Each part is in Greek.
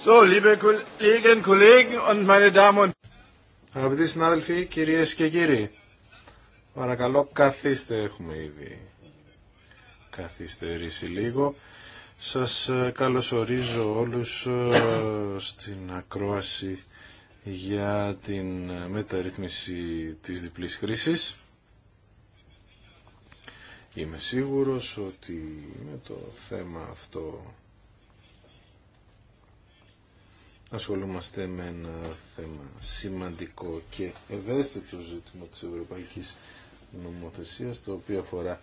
So, liebe Kolleginnen, Kollegen und meine Αγαπητοί συνάδελφοι, κυρίες και κύριοι, παρακαλώ καθίστε, έχουμε ήδη καθυστερήσει λίγο. Σας ε, καλωσορίζω όλους ε, στην ακρόαση για την ε, μεταρρύθμιση της διπλής χρήση. Είμαι σίγουρος ότι με το θέμα αυτό ασχολούμαστε με ένα θέμα σημαντικό και ευαίσθητο ζήτημα της Ευρωπαϊκής Νομοθεσίας το οποίο αφορά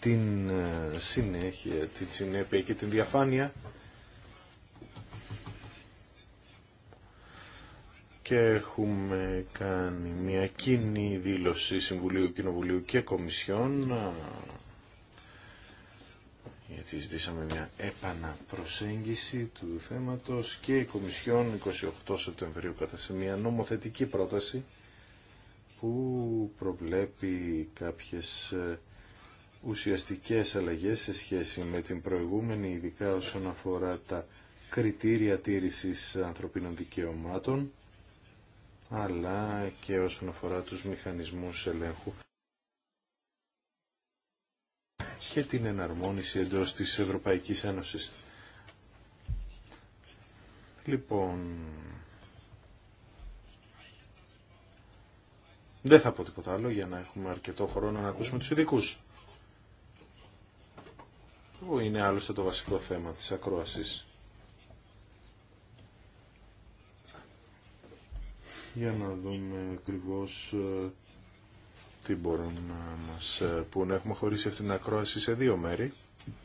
την ε, συνέχεια, την συνέπεια και την διαφάνεια και έχουμε κάνει μια κοινή δήλωση Συμβουλίου, Κοινοβουλίου και Κομισιών γιατί ζητήσαμε μια επαναπροσέγγιση του θέματος και η Κομισιόν 28 Σεπτεμβρίου κατάσε μια νομοθετική πρόταση που προβλέπει κάποιες ε, ουσιαστικές αλλαγές σε σχέση με την προηγούμενη, ειδικά όσον αφορά τα κριτήρια τήρησης ανθρωπίνων δικαιωμάτων, αλλά και όσον αφορά τους μηχανισμούς ελέγχου και την εναρμόνιση εντός της Ευρωπαϊκής Ένωσης. Λοιπόν, δεν θα πω τίποτα άλλο για να έχουμε αρκετό χρόνο να ακούσουμε τους ειδικού. Που είναι άλλωστε το βασικό θέμα της ακρόασης. Για να δούμε ακριβώς ε, τι μπορούν να μας πούν. Έχουμε χωρίσει αυτή την ακρόαση σε δύο μέρη.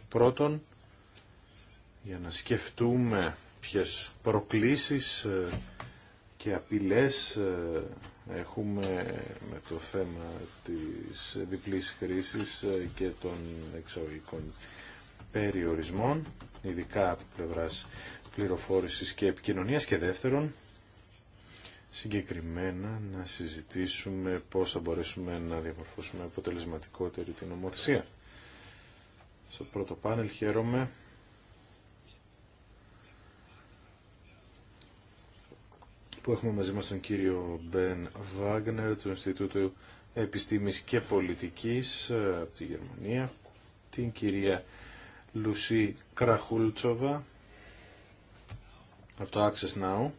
Πρώτον, για να σκεφτούμε ποιες προκλήσεις ε, και απειλές ε, έχουμε με το θέμα της διπλής χρήσης ε, και των εξαγωγικών περιορισμών, ειδικά από πλευράς πληροφόρησης και επικοινωνίας και δεύτερον, συγκεκριμένα να συζητήσουμε πώς θα μπορέσουμε να διαμορφώσουμε αποτελεσματικότερη την νομοθεσία. Στο πρώτο πάνελ χαίρομαι που έχουμε μαζί μας τον κύριο Μπεν Βάγνερ του Ινστιτούτου Επιστήμης και Πολιτικής ε, από τη Γερμανία, την κυρία Λουσί Κραχούλτσοβα από το Access Now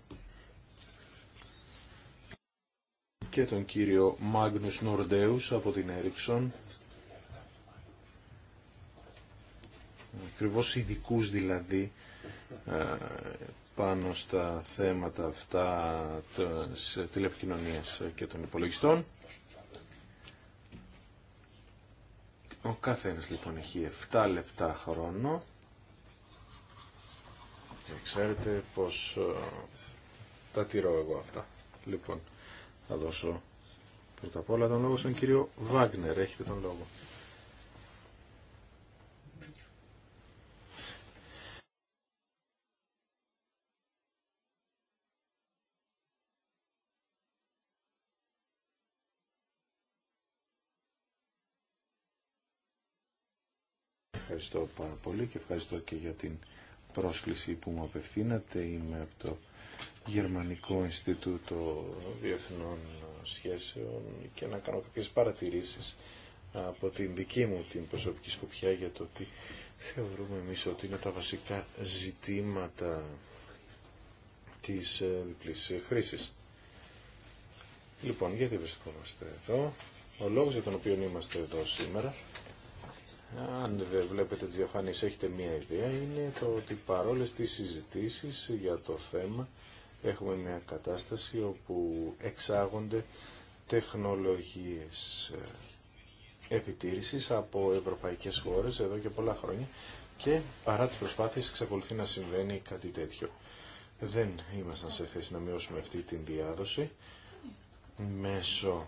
και τον κύριο Μάγνους Νορντέους από την Έριξον. Ακριβώ ειδικού δηλαδή ε, πάνω στα θέματα αυτά της τηλεπικοινωνίας και των υπολογιστών. Ο καθένας λοιπόν έχει 7 λεπτά χρόνο και ξέρετε πως ε, τα τηρώ εγώ αυτά. Λοιπόν, θα δώσω πρώτα απ' όλα τον λόγο στον κύριο Βάγνερ. Έχετε τον λόγο. Ευχαριστώ πάρα πολύ και ευχαριστώ και για την πρόσκληση που μου απευθύνατε. Είμαι από το Γερμανικό Ινστιτούτο Διεθνών Σχέσεων και να κάνω κάποιες παρατηρήσεις από την δική μου την προσωπική σκοπιά για το ότι θεωρούμε εμείς ότι είναι τα βασικά ζητήματα της ε, διπλής χρήσης. Λοιπόν, γιατί βρισκόμαστε εδώ. Ο λόγος για τον οποίο είμαστε εδώ σήμερα, αν δεν βλέπετε τις διαφάνειες έχετε μία ιδέα, είναι το ότι παρόλες τις συζητήσεις για το θέμα έχουμε μια κατάσταση όπου εξάγονται τεχνολογίες ε, επιτήρησης από ευρωπαϊκές χώρες εδώ και πολλά χρόνια και παρά τις προσπάθειες εξακολουθεί να συμβαίνει κάτι τέτοιο. Δεν ήμασταν σε θέση να μειώσουμε αυτή την διάδοση μέσω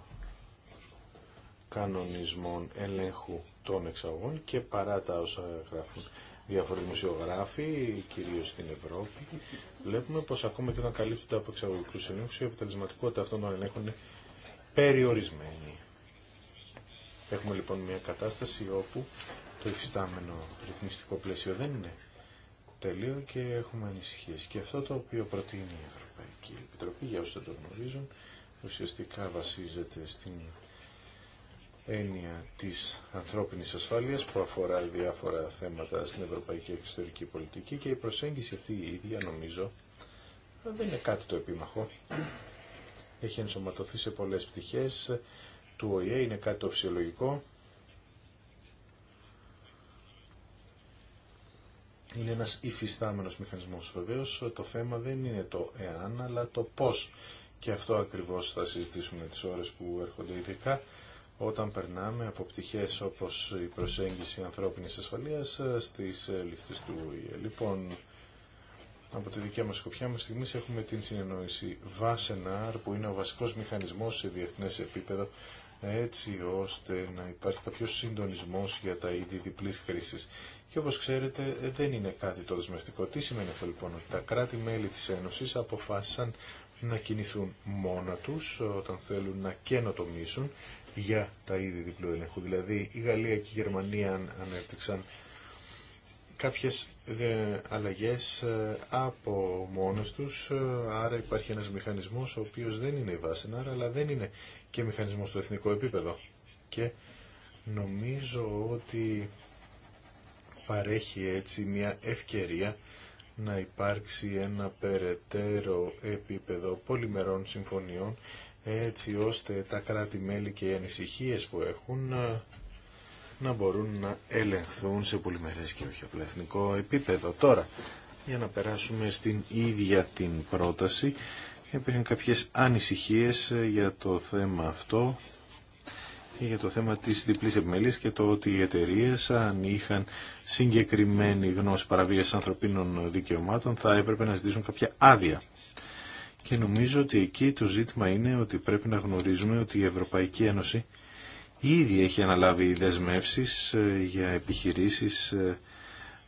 κανονισμών ελέγχου των εξαγών και παρά τα όσα γράφουν διάφοροι δημοσιογράφοι, κυρίως στην Ευρώπη, βλέπουμε πως ακόμα και όταν καλύπτονται από εξαγωγικούς ελέγχους, η αποτελεσματικότητα αυτών των ελέγχων είναι περιορισμένη. Έχουμε λοιπόν μια κατάσταση όπου το υφιστάμενο ρυθμιστικό πλαίσιο δεν είναι τελείο και έχουμε ανησυχίες. Και αυτό το οποίο προτείνει η Ευρωπαϊκή Επιτροπή, για όσους δεν το γνωρίζουν, ουσιαστικά βασίζεται στην έννοια της ανθρώπινης ασφάλειας που αφορά διάφορα θέματα στην ευρωπαϊκή εξωτερική πολιτική και η προσέγγιση αυτή η ίδια νομίζω δεν είναι κάτι το επίμαχο. Έχει ενσωματωθεί σε πολλές πτυχές του ΟΗΕ, είναι κάτι το φυσιολογικό. Είναι ένας υφιστάμενος μηχανισμός βεβαίως. Το θέμα δεν είναι το εάν αλλά το πώς. Και αυτό ακριβώς θα συζητήσουμε τις ώρες που έρχονται ειδικά όταν περνάμε από πτυχές όπως η προσέγγιση ανθρώπινης ασφαλείας ε, στις ε, ληφθείς του ΟΗΕ. Λοιπόν, από τη δικιά μας σκοπιά μας στιγμής έχουμε την συνεννόηση Βασενάρ που είναι ο βασικός μηχανισμός σε διεθνές επίπεδο έτσι ώστε να υπάρχει κάποιο συντονισμός για τα είδη διπλής χρήσης. Και όπως ξέρετε ε, δεν είναι κάτι το δεσμευτικό. Τι σημαίνει αυτό λοιπόν, ότι τα κράτη-μέλη της Ένωσης αποφάσισαν να κινηθούν μόνα του όταν θέλουν να καινοτομήσουν για τα είδη διπλού ελέγχου. Δηλαδή η Γαλλία και η Γερμανία ανέπτυξαν κάποιες αλλαγές ε, από μόνος τους, ε, άρα υπάρχει ένας μηχανισμός ο οποίος δεν είναι η βάση, αλλά δεν είναι και μηχανισμός στο εθνικό επίπεδο. Και νομίζω ότι παρέχει έτσι μια ευκαιρία να υπάρξει ένα περαιτέρω επίπεδο πολυμερών συμφωνιών έτσι ώστε τα κράτη-μέλη και οι ανησυχίες που έχουν ε, να μπορούν να ελεγχθούν σε πολυμερές και όχι απλά επίπεδο. Τώρα, για να περάσουμε στην ίδια την πρόταση, υπήρχαν κάποιες ανησυχίες ε, για το θέμα αυτό και για το θέμα της διπλής επιμέλειας και το ότι οι εταιρείε αν είχαν συγκεκριμένη γνώση παραβίασης ανθρωπίνων δικαιωμάτων θα έπρεπε να ζητήσουν κάποια άδεια. Και νομίζω ότι εκεί το ζήτημα είναι ότι πρέπει να γνωρίζουμε ότι η Ευρωπαϊκή Ένωση ήδη έχει αναλάβει δεσμεύσει ε, για επιχειρήσεις ε,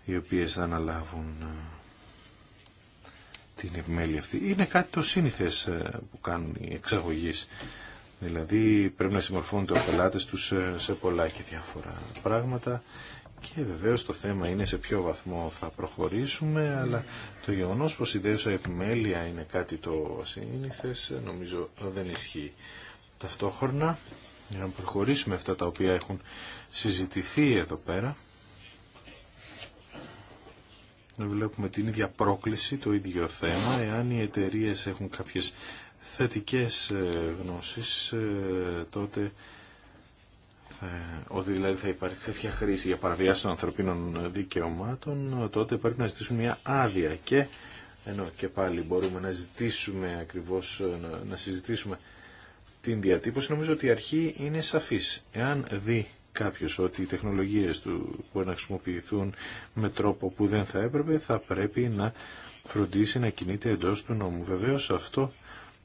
οι οποίες θα αναλάβουν ε, την επιμέλεια αυτή. Είναι κάτι το σύνηθες που κάνουν οι εξαγωγείς. Δηλαδή πρέπει να συμμορφώνουν ο πελάτες τους σε πολλά και διάφορα πράγματα και βεβαίως το θέμα είναι σε ποιο βαθμό θα προχωρήσουμε, αλλά το γεγονός πως η δέουσα επιμέλεια είναι κάτι το ασύνηθες, νομίζω δεν ισχύει ταυτόχρονα. Για να προχωρήσουμε αυτά τα οποία έχουν συζητηθεί εδώ πέρα, να βλέπουμε την ίδια πρόκληση, το ίδιο θέμα, εάν οι εταιρείε έχουν κάποιες θετικές ε, γνώσεις, ε, τότε ότι δηλαδή θα υπάρξει τέτοια χρήση για παραβιάση των ανθρωπίνων δικαιωμάτων, τότε πρέπει να ζητήσουμε μια άδεια και ενώ και πάλι μπορούμε να ζητήσουμε ακριβώς, να, συζητήσουμε την διατύπωση, νομίζω ότι η αρχή είναι σαφής. Εάν δει κάποιο ότι οι τεχνολογίες του μπορεί να χρησιμοποιηθούν με τρόπο που δεν θα έπρεπε, θα πρέπει να φροντίσει να κινείται εντός του νόμου. Βεβαίω αυτό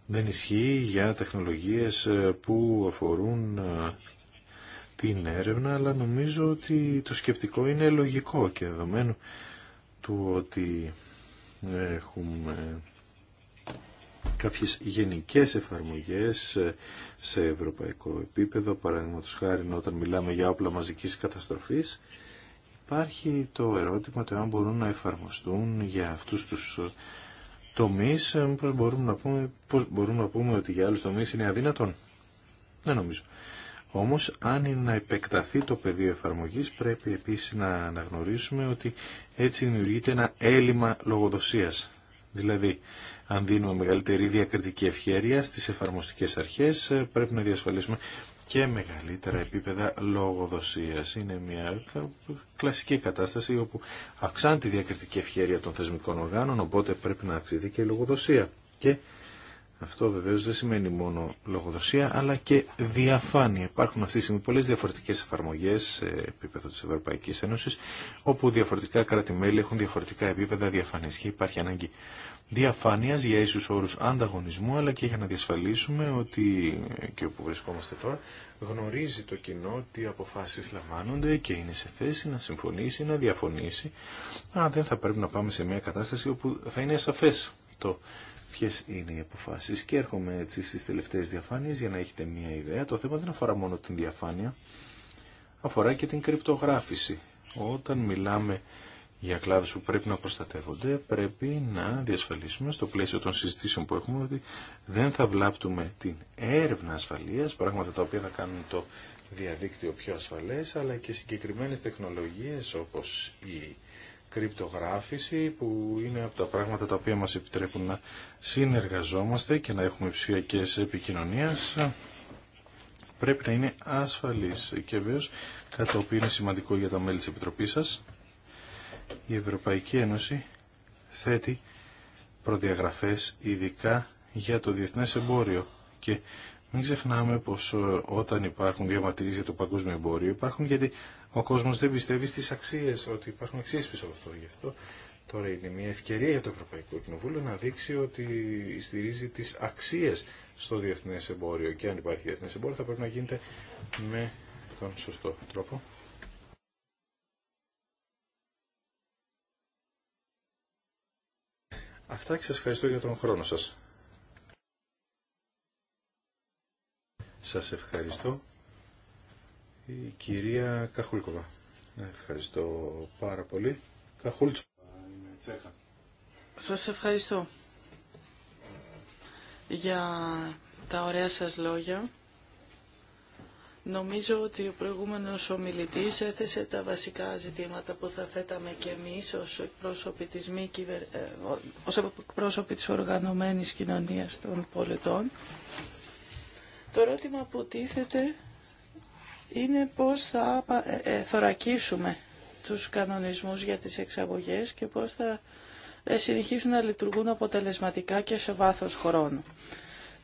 δεν ισχύει για τεχνολογίες ε, που αφορούν ε, την έρευνα, αλλά νομίζω ότι το σκεπτικό είναι λογικό και δεδομένου του ότι έχουμε κάποιες γενικές εφαρμογές σε ευρωπαϊκό επίπεδο, παραδείγματος χάρη όταν μιλάμε για όπλα μαζικής καταστροφής, υπάρχει το ερώτημα το αν μπορούν να εφαρμοστούν για αυτούς τους τομείς, πώς μπορούμε να πούμε, πώς μπορούμε να πούμε ότι για άλλους τομείς είναι αδύνατον. Δεν νομίζω. Όμως, αν είναι να επεκταθεί το πεδίο εφαρμογής, πρέπει επίσης να αναγνωρίσουμε ότι έτσι δημιουργείται ένα έλλειμμα λογοδοσίας. Δηλαδή, αν δίνουμε μεγαλύτερη διακριτική ευχέρεια στις εφαρμοστικές αρχές, ε, πρέπει να διασφαλίσουμε και μεγαλύτερα επίπεδα λογοδοσίας. Είναι μια κλασική κατάσταση όπου αυξάνει τη διακριτική ευχέρεια των θεσμικών οργάνων, οπότε πρέπει να αυξηθεί και η λογοδοσία. Και αυτό βεβαίως δεν σημαίνει μόνο λογοδοσία, αλλά και διαφάνεια. Υπάρχουν αυτή τη στιγμή πολλές διαφορετικές εφαρμογές σε επίπεδο της Ευρωπαϊκής Ένωσης, όπου διαφορετικά κράτη-μέλη έχουν διαφορετικά επίπεδα διαφάνειας και υπάρχει ανάγκη διαφάνεια για ίσους όρους ανταγωνισμού, αλλά και για να διασφαλίσουμε ότι, και όπου βρισκόμαστε τώρα, γνωρίζει το κοινό τι αποφάσεις λαμβάνονται και είναι σε θέση να συμφωνήσει, να διαφωνήσει. αν δεν θα πρέπει να πάμε σε μια κατάσταση όπου θα είναι σαφές το ποιες είναι οι αποφάσεις και έρχομαι έτσι στις τελευταίες διαφάνειες για να έχετε μία ιδέα. Το θέμα δεν αφορά μόνο την διαφάνεια, αφορά και την κρυπτογράφηση. Όταν μιλάμε για κλάδους που πρέπει να προστατεύονται, πρέπει να διασφαλίσουμε στο πλαίσιο των συζητήσεων που έχουμε ότι δεν θα βλάπτουμε την έρευνα ασφαλείας, πράγματα τα οποία θα κάνουν το διαδίκτυο πιο ασφαλές, αλλά και συγκεκριμένες τεχνολογίες όπως η κρυπτογράφηση που είναι από τα πράγματα τα οποία μας επιτρέπουν να συνεργαζόμαστε και να έχουμε ψηφιακές επικοινωνίες πρέπει να είναι ασφαλής και βέβαια κάτι το οποίο είναι σημαντικό για τα μέλη της Επιτροπής σας η Ευρωπαϊκή Ένωση θέτει προδιαγραφές ειδικά για το διεθνές εμπόριο και μην ξεχνάμε πως ε, όταν υπάρχουν διαμαρτυρίες για το παγκόσμιο εμπόριο υπάρχουν γιατί ο κόσμος δεν πιστεύει στις αξίες, ότι υπάρχουν αξίες πίσω από αυτό. Γι' αυτό τώρα είναι μια ευκαιρία για το Ευρωπαϊκό Κοινοβούλιο να δείξει ότι στηρίζει τις αξίες στο διεθνές εμπόριο. Και αν υπάρχει διεθνές εμπόριο θα πρέπει να γίνεται με τον σωστό τρόπο. Αυτά και σας ευχαριστώ για τον χρόνο σας. Σας ευχαριστώ η κυρία Καχούλκοβα. Ευχαριστώ πάρα πολύ. Καχούλτσοβα, είμαι Τσέχα. Σας ευχαριστώ για τα ωραία σας λόγια. Νομίζω ότι ο προηγούμενος ομιλητής έθεσε τα βασικά ζητήματα που θα θέταμε και εμείς ως εκπρόσωποι της, μη κυβερ... Ε, ως εκπρόσωποι της οργανωμένης κοινωνίας των πολιτών. Το ερώτημα που τίθεται είναι πώς θα ε, ε, θωρακίσουμε τους κανονισμούς για τις εξαγωγές και πώς θα ε, συνεχίσουν να λειτουργούν αποτελεσματικά και σε βάθος χρόνου.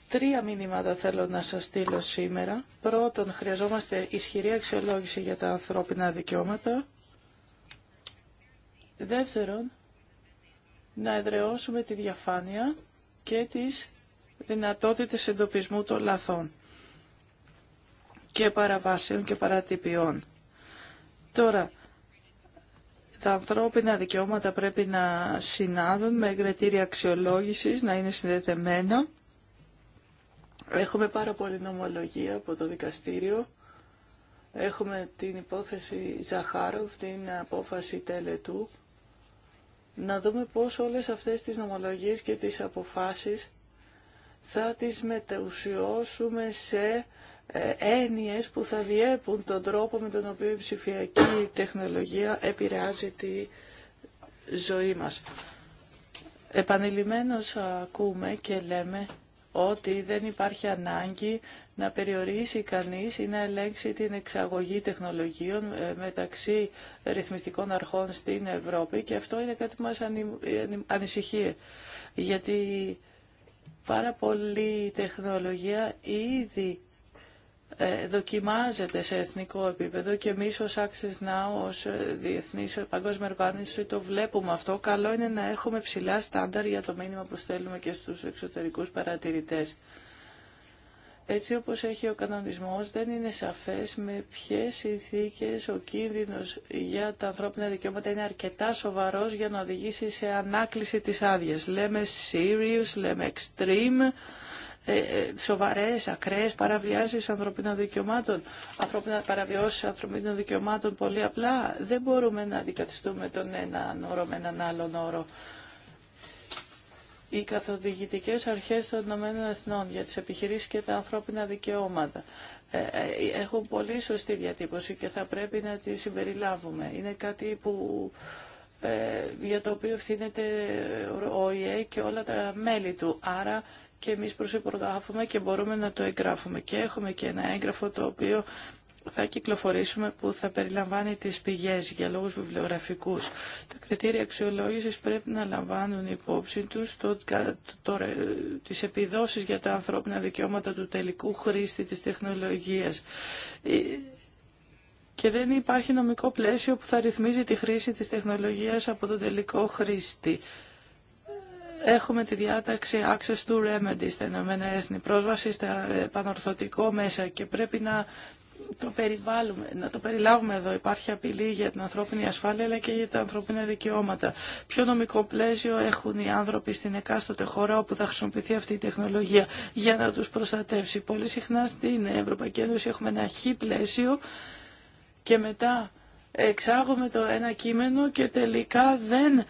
Τρία μηνύματα θέλω να σας στείλω σήμερα. Πρώτον, χρειαζόμαστε ισχυρή αξιολόγηση για τα ανθρώπινα δικαιώματα. Δεύτερον, να εδραιώσουμε τη διαφάνεια και τις δυνατότητες εντοπισμού των λαθών και παραβάσεων και παρατυπιών. Τώρα, τα ανθρώπινα δικαιώματα πρέπει να συνάδουν με κριτήρια αξιολόγησης, να είναι συνδεδεμένα. Έχουμε πάρα πολλή νομολογία από το δικαστήριο. Έχουμε την υπόθεση Ζαχάροφ, την απόφαση τέλετου. Να δούμε πώς όλες αυτές τις νομολογίες και τις αποφάσεις θα τις μετεουσιώσουμε σε ε, έννοιες που θα διέπουν τον τρόπο με τον οποίο η ψηφιακή τεχνολογία επηρεάζει τη ζωή μας. Επανειλημμένως ακούμε και λέμε ότι δεν υπάρχει ανάγκη να περιορίσει κανείς ή να ελέγξει την εξαγωγή τεχνολογίων ε, μεταξύ ρυθμιστικών αρχών στην Ευρώπη και αυτό είναι κάτι που μας ανησυχεί. Γιατί πάρα πολλή τεχνολογία ήδη ε, δοκιμάζεται σε εθνικό επίπεδο και εμεί ω Access Now, ω ε, διεθνή παγκόσμια οργάνωση, το βλέπουμε αυτό. Καλό είναι να έχουμε ψηλά στάνταρ για το μήνυμα που στέλνουμε και στου εξωτερικού παρατηρητέ. Έτσι όπως έχει ο κανονισμός δεν είναι σαφές με ποιες συνθήκες ο κίνδυνος για τα ανθρώπινα δικαιώματα είναι αρκετά σοβαρός για να οδηγήσει σε ανάκληση της άδειας. Λέμε serious, λέμε extreme, ε, ε, σοβαρές, ακραίες παραβιάσεις ανθρωπίνων δικαιωμάτων, ανθρώπινα παραβιώσεις ανθρωπίνων δικαιωμάτων πολύ απλά. Δεν μπορούμε να αντικαθιστούμε τον έναν όρο με έναν άλλον όρο. Οι καθοδηγητικές αρχές των Ηνωμένων Εθνών για τις επιχειρήσεις και τα ανθρώπινα δικαιώματα ε, έχουν πολύ σωστή διατύπωση και θα πρέπει να τη συμπεριλάβουμε. Είναι κάτι που για το οποίο ευθύνεται ο ΙΕ και όλα τα μέλη του. Άρα και εμείς προσυπογράφουμε και μπορούμε να το εγγράφουμε. Και έχουμε και ένα έγγραφο το οποίο θα κυκλοφορήσουμε που θα περιλαμβάνει τις πηγές για λόγους βιβλιογραφικούς. Τα κριτήρια αξιολόγησης πρέπει να λαμβάνουν υπόψη τους το, το, τις επιδόσεις για τα ανθρώπινα δικαιώματα του τελικού χρήστη της τεχνολογίας. Ε, και δεν υπάρχει νομικό πλαίσιο που θα ρυθμίζει τη χρήση της τεχνολογίας από τον τελικό χρήστη. Έχουμε τη διάταξη Access to Remedy στα Ηνωμένα Έθνη, πρόσβαση στα επανορθωτικό μέσα και πρέπει να το περιβάλλουμε, να το περιλάβουμε εδώ. Υπάρχει απειλή για την ανθρώπινη ασφάλεια αλλά και για τα ανθρώπινα δικαιώματα. Ποιο νομικό πλαίσιο έχουν οι άνθρωποι στην εκάστοτε χώρα όπου θα χρησιμοποιηθεί αυτή η τεχνολογία για να τους προστατεύσει. Πολύ συχνά στην Ευρωπαϊκή Ένωση έχουμε ένα χι πλαίσιο και μετά εξάγουμε το ένα κείμενο και τελικά δεν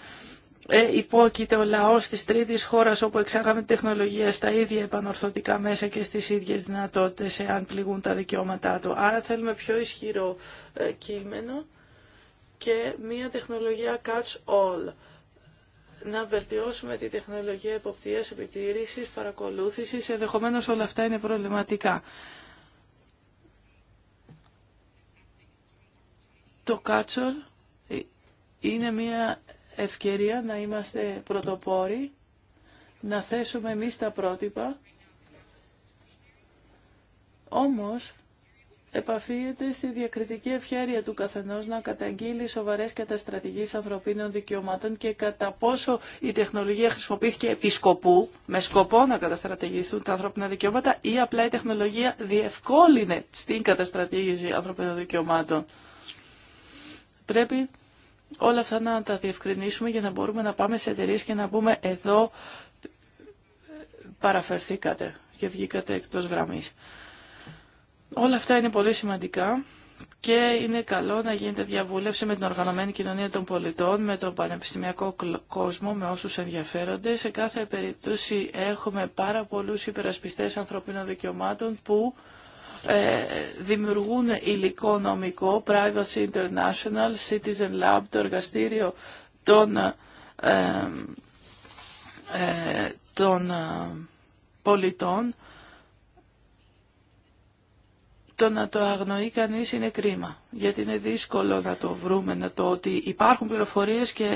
ε, υπόκειται ο λαός της τρίτης χώρας όπου εξάγαμε τεχνολογία στα ίδια επανορθωτικά μέσα και στις ίδιες δυνατότητες εάν πληγούν τα δικαιώματά του. Άρα θέλουμε πιο ισχυρό ε, κείμενο και μια τεχνολογία catch all. Να βελτιώσουμε τη τεχνολογία εποπτείας, επιτήρησης, παρακολούθησης, ενδεχομένως όλα αυτά είναι προβληματικά. Το catch all ε, είναι μια ευκαιρία να είμαστε πρωτοπόροι, να θέσουμε εμείς τα πρότυπα. Όμως, επαφίεται στη διακριτική ευχαίρεια του καθενός να καταγγείλει σοβαρές καταστρατηγίες ανθρωπίνων δικαιωμάτων και κατά πόσο η τεχνολογία χρησιμοποιήθηκε επί σκοπού, με σκοπό να καταστρατηγηθούν τα ανθρώπινα δικαιώματα ή απλά η τεχνολογία διευκόλυνε στην καταστρατήγηση ανθρωπίνων δικαιωμάτων. Πρέπει όλα αυτά να τα διευκρινίσουμε για να μπορούμε να πάμε σε εταιρείε και να πούμε εδώ παραφερθήκατε και βγήκατε εκτός γραμμής. Όλα αυτά είναι πολύ σημαντικά και είναι καλό να γίνεται διαβούλευση με την οργανωμένη κοινωνία των πολιτών, με τον πανεπιστημιακό κόσμο, με όσους ενδιαφέρονται. Σε κάθε περίπτωση έχουμε πάρα πολλούς υπερασπιστές ανθρωπίνων δικαιωμάτων που ε, δημιουργούν υλικό νομικό, Privacy International, Citizen Lab, το εργαστήριο των, ε, ε, των πολιτών, το να το αγνοεί κανείς είναι κρίμα, γιατί είναι δύσκολο να το βρούμε, να το ότι υπάρχουν πληροφορίες και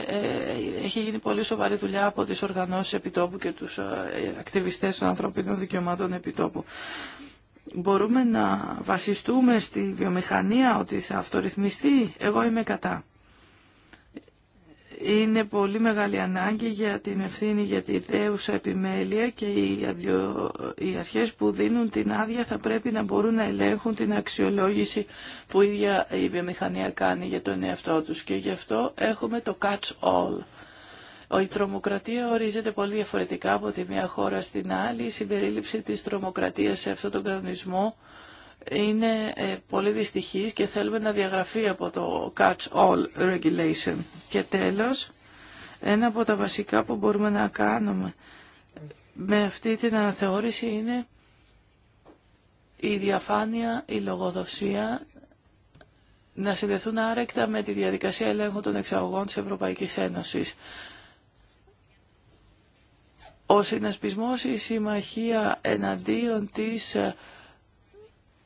έχει γίνει πολύ σοβαρή δουλειά από τις οργανώσεις επιτόπου και τους ε, ακτιβιστές των ανθρωπίνων δικαιωμάτων επιτόπου μπορούμε να βασιστούμε στη βιομηχανία ότι θα αυτορυθμιστεί, εγώ είμαι κατά. Είναι πολύ μεγάλη ανάγκη για την ευθύνη για τη δέουσα επιμέλεια και οι, αρχές που δίνουν την άδεια θα πρέπει να μπορούν να ελέγχουν την αξιολόγηση που η ίδια η βιομηχανία κάνει για τον εαυτό τους και γι' αυτό έχουμε το catch all η τρομοκρατία ορίζεται πολύ διαφορετικά από τη μία χώρα στην άλλη. Η συμπερίληψη της τρομοκρατίας σε αυτόν τον κανονισμό είναι ε, πολύ δυστυχής και θέλουμε να διαγραφεί από το catch-all regulation. Και τέλος, ένα από τα βασικά που μπορούμε να κάνουμε με αυτή την αναθεώρηση είναι η διαφάνεια, η λογοδοσία να συνδεθούν άρεκτα με τη διαδικασία ελέγχου των εξαγωγών της Ευρωπαϊκής Ένωσης. Ο συνασπισμός, η συμμαχία εναντίον της ε,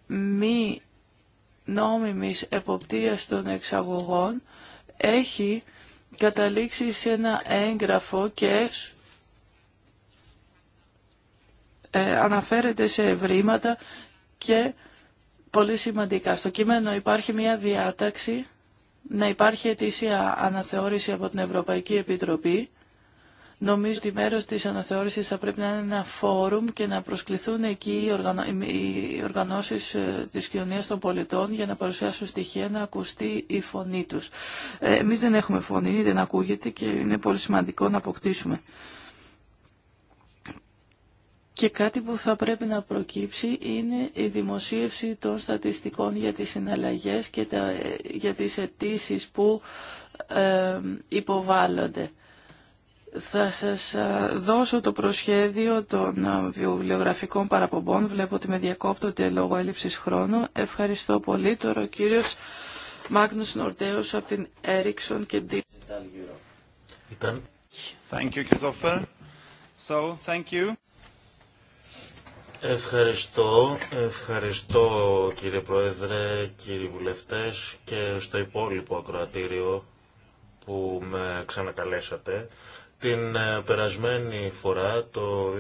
μη νόμιμης εποπτείας των εξαγωγών έχει καταλήξει σε ένα έγγραφο και ε, αναφέρεται σε ευρήματα και πολύ σημαντικά. Στο κείμενο υπάρχει μια διάταξη να υπάρχει αιτήσια αναθεώρηση από την Ευρωπαϊκή Επιτροπή Νομίζω ότι μέρο τη αναθεώρηση θα πρέπει να είναι ένα φόρουμ και να προσκληθούν εκεί οι οργανώσει ε, τη κοινωνία των πολιτών για να παρουσιάσουν στοιχεία, να ακουστεί η φωνή τους. Ε, Εμεί δεν έχουμε φωνή, δεν ακούγεται και είναι πολύ σημαντικό να αποκτήσουμε. Και κάτι που θα πρέπει να προκύψει είναι η δημοσίευση των στατιστικών για τις συναλλαγές και για τις αιτήσει που ε, υποβάλλονται. Θα σας δώσω το προσχέδιο των βιβλιογραφικών παραπομπών. Βλέπω ότι με διακόπτωται λόγω έλλειψης χρόνου. Ευχαριστώ πολύ. Τώρα ο κύριος Μάγνους Νορτέος από την Ericsson και Digital Europe. Thank you, So, thank you. Ευχαριστώ, ευχαριστώ κύριε Πρόεδρε, κύριοι βουλευτές και στο υπόλοιπο ακροατήριο που με ξανακαλέσατε. Την ε, περασμένη φορά, το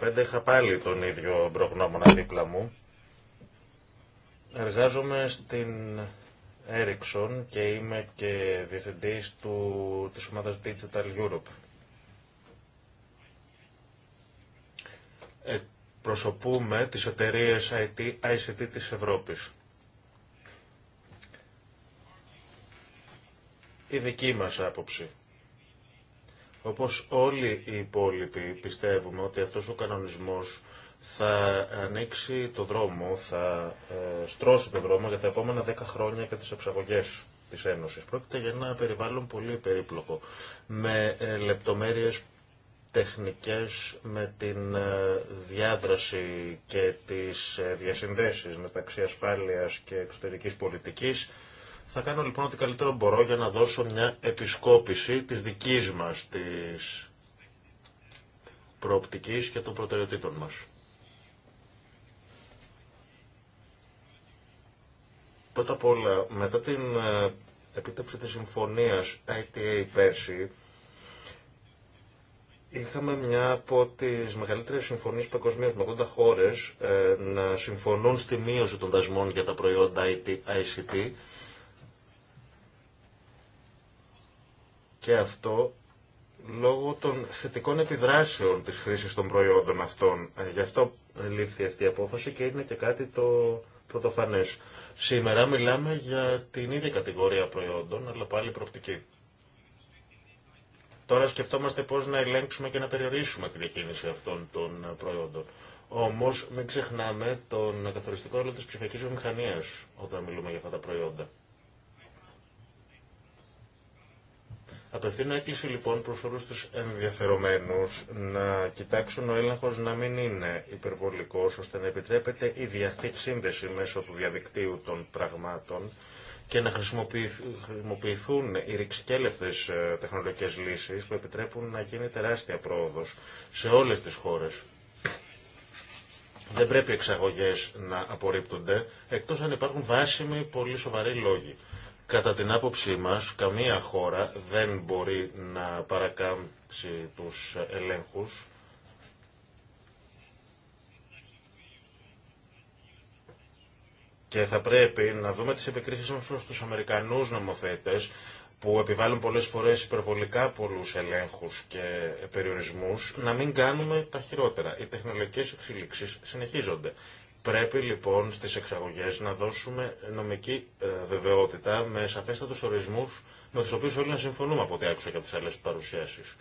2015, είχα πάλι τον ίδιο προγνώμονα δίπλα μου. Εργάζομαι στην Ericsson και είμαι και διευθυντής του, της ομάδας Digital Europe. Ε, προσωπούμε τις εταιρείες IT, ICT της Ευρώπης. Η δική μας άποψη όπως όλοι οι υπόλοιποι πιστεύουμε ότι αυτός ο κανονισμός θα ανοίξει το δρόμο, θα ε, στρώσει το δρόμο για τα επόμενα δέκα χρόνια και τις εξαγωγές της Ένωσης. Πρόκειται για ένα περιβάλλον πολύ περίπλοκο, με ε, λεπτομέρειες τεχνικές με την ε, διάδραση και τις διασυνδέσεις μεταξύ ασφάλειας και εξωτερικής πολιτικής, θα κάνω λοιπόν ό,τι καλύτερο μπορώ για να δώσω μια επισκόπηση της δικής μας της προοπτικής και των προτεραιοτήτων μας. Πρώτα απ' όλα, μετά την ε, επίτευξη της συμφωνίας ITA πέρσι, Είχαμε μια από τις μεγαλύτερες συμφωνίες παγκοσμίως με 80 χώρες ε, να συμφωνούν στη μείωση των δασμών για τα προϊόντα ICT Και αυτό λόγω των θετικών επιδράσεων της χρήσης των προϊόντων αυτών. Ε, γι' αυτό λήφθη αυτή η απόφαση και είναι και κάτι το πρωτοφανές. Σήμερα μιλάμε για την ίδια κατηγορία προϊόντων, αλλά πάλι προπτική. Τώρα σκεφτόμαστε πώς να ελέγξουμε και να περιορίσουμε τη διακίνηση αυτών των προϊόντων. Όμως μην ξεχνάμε τον καθοριστικό όλο της ψηφιακής μηχανίας όταν μιλούμε για αυτά τα προϊόντα. Απευθύνω έκκληση λοιπόν προς όλους τους ενδιαφερομένους να κοιτάξουν ο έλεγχος να μην είναι υπερβολικός ώστε να επιτρέπεται η διαχτή σύνδεση μέσω του διαδικτύου των πραγμάτων και να χρησιμοποιηθούν οι ρηξικέλευτες ε, τεχνολογικές λύσεις που επιτρέπουν να γίνει τεράστια πρόοδος σε όλες τις χώρες. Δεν πρέπει εξαγωγές να απορρίπτονται, εκτός αν υπάρχουν βάσιμοι πολύ σοβαροί λόγοι. Κατά την άποψή μας, καμία χώρα δεν μπορεί να παρακάμψει τους ελέγχους και θα πρέπει να δούμε τις επικρίσεις μας προς τους Αμερικανούς νομοθέτες που επιβάλλουν πολλές φορές υπερβολικά πολλούς ελέγχους και περιορισμούς, να μην κάνουμε τα χειρότερα. Οι τεχνολογικές εξελίξεις συνεχίζονται. Πρέπει λοιπόν στις εξαγωγές να δώσουμε νομική ε, βεβαιότητα με σαφέστατους ορισμούς με τους οποίους όλοι να συμφωνούμε από ό,τι άκουσα και από τις άλλες παρουσιάσεις.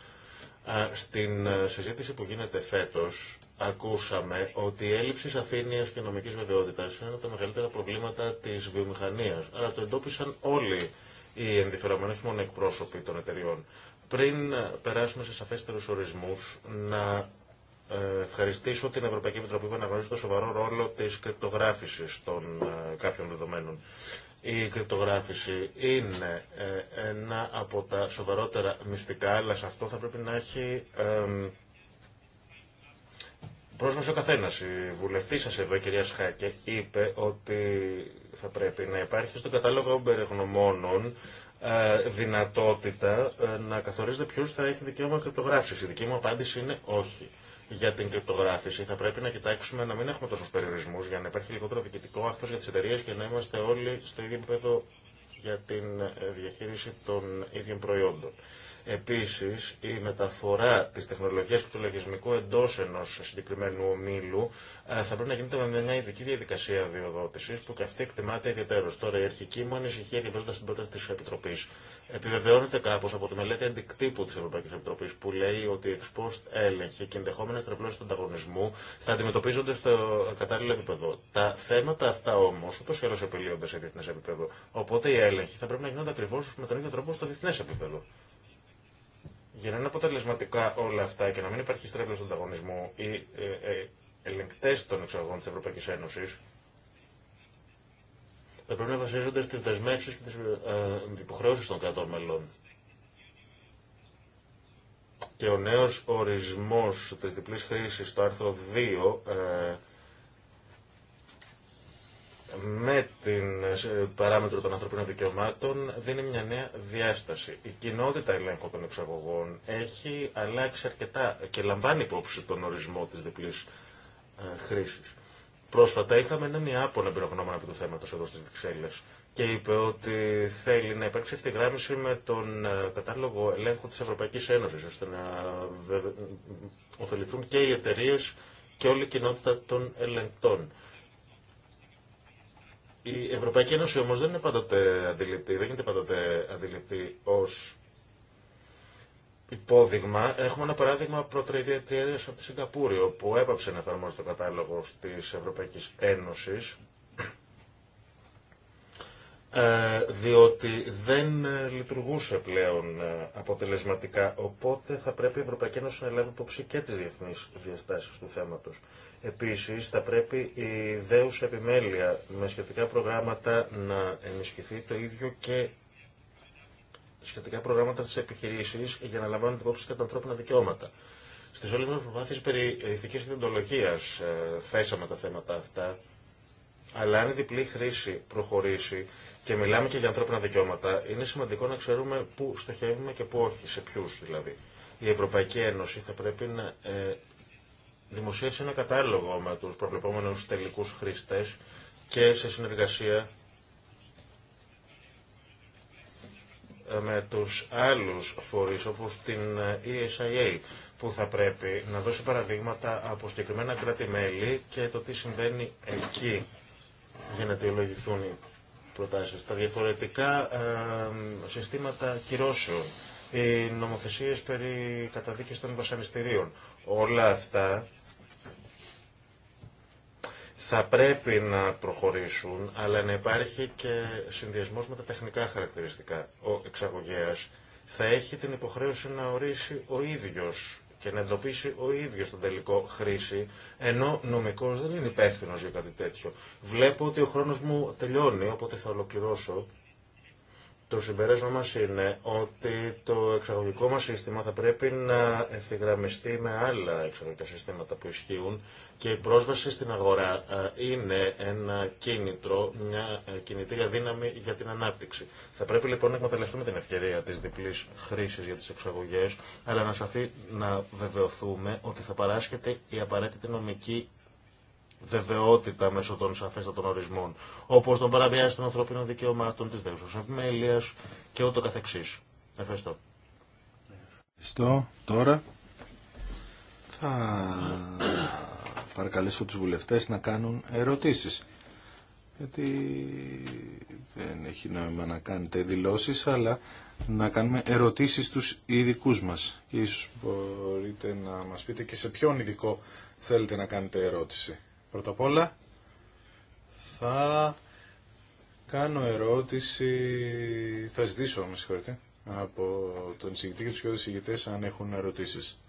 Στην ε, συζήτηση που γίνεται φέτος ακούσαμε ότι η έλλειψη σαφήνειας και νομικής βεβαιότητας είναι ένα από τα μεγαλύτερα προβλήματα της βιομηχανίας. Αλλά το εντόπισαν όλοι οι ενδιαφερομένοι, όχι μόνο εκπρόσωποι των εταιριών. Πριν ε, περάσουμε σε σαφέστερους ορισμούς, να ε, ευχαριστήσω την Ευρωπαϊκή Επιτροπή που αναγνωρίζει το σοβαρό ρόλο της κρυπτογράφησης των ε, κάποιων δεδομένων. Η κρυπτογράφηση είναι ε, ένα από τα σοβαρότερα μυστικά, αλλά σε αυτό θα πρέπει να έχει πρόσβαση ο καθένα. Η βουλευτή σα εδώ, η κυρία Σχάκε, είπε ότι θα πρέπει να υπάρχει στον κατάλογο περιγνωμόνων δυνατότητα να καθορίζεται ποιο θα έχει δικαίωμα κρυπτογράφηση. Η δική μου απάντηση είναι όχι για την κρυπτογράφηση θα πρέπει να κοιτάξουμε να μην έχουμε τόσου περιορισμού για να υπάρχει λιγότερο διοικητικό άχθο για τι εταιρείε και να είμαστε όλοι στο ίδιο επίπεδο για την ε, διαχείριση των ίδιων προϊόντων. Επίσης, η μεταφορά της τεχνολογίας και του λογισμικού εντός ενός συγκεκριμένου ομίλου ε, θα πρέπει να γίνεται με μια ειδική διαδικασία διοδότησης που και αυτή εκτιμάται ιδιαίτερως. Τώρα η αρχική μου ανησυχία διαβάζοντας την πρόταση της Επιτροπής επιβεβαιώνεται κάπως από τη μελέτη αντικτύπου της Ευρωπαϊκής Επιτροπής που λέει ότι εξ exposed έλεγχη και ενδεχόμενες τρευλώσεις του ανταγωνισμού θα αντιμετωπίζονται στο κατάλληλο επίπεδο. Τα θέματα αυτά όμως ούτως ή άλλως επιλύονται σε διεθνές επίπεδο. Οπότε οι έλεγχοι θα πρέπει να γίνονται ακριβώς με τον ίδιο τρόπο στο διεθνές επίπεδο. Για να είναι αποτελεσματικά όλα αυτά και να μην υπάρχει στρέβλο στον ανταγωνισμό, οι ε, ε ελεγκτέ των εξαγωγών τη Ευρωπαϊκή Ένωση θα πρέπει να βασίζονται στι δεσμεύσει και τι ε, ε, υποχρεώσει των κρατών μελών. Και ο νέο ορισμός της διπλής χρήση το άρθρο 2 ε, με την ε, παράμετρο των ανθρωπίνων δικαιωμάτων δίνει μια νέα διάσταση. Η κοινότητα ελέγχου των εξαγωγών έχει αλλάξει αρκετά και λαμβάνει υπόψη τον ορισμό της διπλής ε, χρήσης. Πρόσφατα είχαμε έναν Ιάπωνα εμπειρογνώμα από το θέμα εδώ στις Βρυξέλλες και είπε ότι θέλει να υπάρξει αυτή γράμμιση με τον ε, κατάλογο ελέγχου της Ευρωπαϊκής Ένωσης ώστε να ωφεληθούν και οι εταιρείε και όλη η κοινότητα των ελεγκτών. Η Ευρωπαϊκή Ένωση όμως δεν είναι πάντοτε αντιληπτή, δεν γίνεται πάντοτε αντιληπτή ως υπόδειγμα. Έχουμε ένα παράδειγμα από τη Σιγκαπούρη, όπου έπαψε να εφαρμόζει το κατάλογο της Ευρωπαϊκής Ένωσης, ε, διότι δεν ε, λειτουργούσε πλέον ε, αποτελεσματικά, οπότε θα πρέπει η Ευρωπαϊκή Ένωση να λάβει υπόψη και τις διεθνείς διαστάσεις του θέματος. Επίση, θα πρέπει η δέουσα επιμέλεια με σχετικά προγράμματα να ενισχυθεί το ίδιο και σχετικά προγράμματα στι επιχειρήσει για να λαμβάνουν υπόψη και τα ανθρώπινα δικαιώματα. Στι όλε μα προσπάθειες περί ηθικής ε, θέσαμε τα θέματα αυτά, αλλά αν η διπλή χρήση προχωρήσει και μιλάμε και για ανθρώπινα δικαιώματα, είναι σημαντικό να ξέρουμε πού στοχεύουμε και πού όχι, σε ποιου, δηλαδή. Η Ευρωπαϊκή Ένωση θα πρέπει να ε, δημοσίευσε ένα κατάλογο με τους προβλεπόμενους τελικούς χρήστες και σε συνεργασία με τους άλλους φορείς όπως την ESIA ε που θα πρέπει να δώσει παραδείγματα από συγκεκριμένα κράτη-μέλη και το τι συμβαίνει εκεί για να αιτιολογηθούν οι προτάσεις. Τα διαφορετικά συστήματα κυρώσεων, οι νομοθεσίες περί καταδίκης των βασανιστήριων, όλα αυτά θα πρέπει να προχωρήσουν, αλλά να υπάρχει και συνδυασμό με τα τεχνικά χαρακτηριστικά. Ο εξαγωγέας θα έχει την υποχρέωση να ορίσει ο ίδιος και να εντοπίσει ο ίδιο τον τελικό χρήση, ενώ νομικό δεν είναι υπεύθυνο για κάτι τέτοιο. Βλέπω ότι ο χρόνο μου τελειώνει, οπότε θα ολοκληρώσω. Το συμπέρασμα μας είναι ότι το εξαγωγικό μας σύστημα θα πρέπει να ευθυγραμμιστεί με άλλα εξαγωγικά συστήματα που ισχύουν και η πρόσβαση στην αγορά ε, είναι ένα κίνητρο, μια ε, κινητήρια δύναμη για την ανάπτυξη. Θα πρέπει λοιπόν να εκμεταλλευτούμε την ευκαιρία της διπλής χρήσης για τις εξαγωγές, αλλά να, σαφή, να βεβαιωθούμε ότι θα παράσχεται η απαραίτητη νομική βεβαιότητα μέσω των σαφέστατων ορισμών, όπω τον παραβιάζει των ανθρωπίνων δικαιωμάτων, τη δέουσα επιμέλεια και ούτω καθεξή. Ευχαριστώ. Ευχαριστώ. Τώρα θα παρακαλέσω τους βουλευτές να κάνουν ερωτήσεις. Γιατί δεν έχει νόημα να κάνετε δηλώσεις, αλλά να κάνουμε ερωτήσεις στους ειδικού μας. Και ίσως μπορείτε να μας πείτε και σε ποιον ειδικό θέλετε να κάνετε ερώτηση. Πρώτα απ' όλα θα κάνω ερώτηση, θα ζητήσω με συγχωρείτε, από τον συγκριτή και τους κοιόδες συγκητές αν έχουν ερωτήσεις.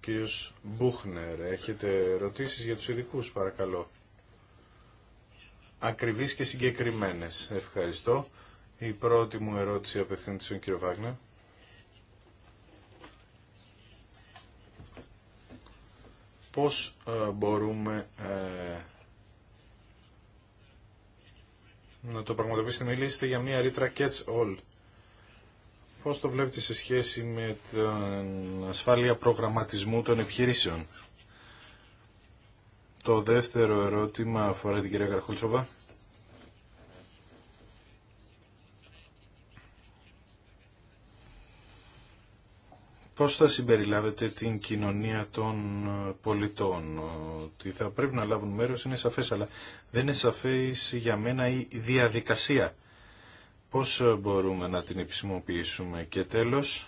Κύριος Μπούχνερ, έχετε ερωτήσεις για τους ειδικού, παρακαλώ. Ακριβείς και συγκεκριμένες. Ευχαριστώ. Η πρώτη μου ερώτηση απευθύνεται στον κύριο Βάγνερ. πώς ε, μπορούμε ε, να το πραγματοποιήσουμε, Μιλήσετε για μια ρήτρα catch all. Πώς το βλέπετε σε σχέση με την ασφάλεια προγραμματισμού των επιχειρήσεων. Το δεύτερο ερώτημα αφορά την κυρία Καρχολτσόβα. πώς θα συμπεριλάβετε την κοινωνία των ε, πολιτών. Ότι θα πρέπει να λάβουν μέρος είναι σαφές, αλλά δεν είναι σαφές για μένα η διαδικασία. Πώς ε, μπορούμε να την επισημοποιήσουμε. Και τέλος,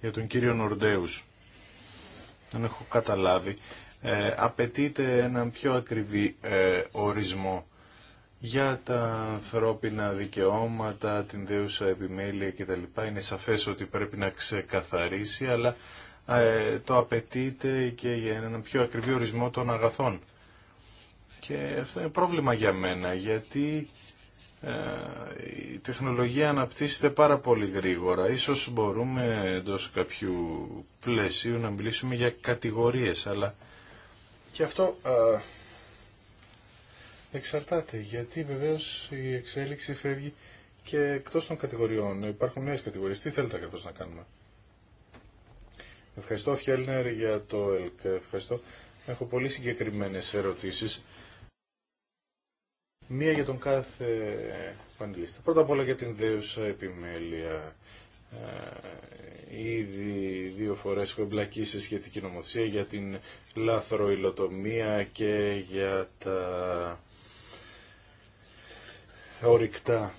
για τον κύριο Νορντέους, δεν έχω καταλάβει, ε, απαιτείται έναν πιο ακριβή ε, ορισμό για τα ανθρώπινα δικαιώματα, την δέουσα επιμέλεια κτλ. Είναι σαφές ότι πρέπει να ξεκαθαρίσει, αλλά ε, το απαιτείται και για έναν πιο ακριβή ορισμό των αγαθών. Και αυτό είναι πρόβλημα για μένα, γιατί ε, η τεχνολογία αναπτύσσεται πάρα πολύ γρήγορα. Ίσως μπορούμε εντό κάποιου πλαισίου να μιλήσουμε για κατηγορίες, αλλά και αυτό... Ε, εξαρτάται, γιατί βεβαίω η εξέλιξη φεύγει και εκτό των κατηγοριών. Υπάρχουν νέε κατηγορίες. Τι θέλετε ακριβώ να κάνουμε. Ευχαριστώ Φιέλνερ για το ΕΛΚ. Ευχαριστώ. Έχω πολύ συγκεκριμένες ερωτήσεις. Μία για τον κάθε πανελίστα. Πρώτα απ' όλα για την δέουσα επιμέλεια. Ε, ήδη δύο φορές έχω εμπλακεί σε σχετική νομοθεσία για την λάθρο υλοτομία και για τα ορυκτά.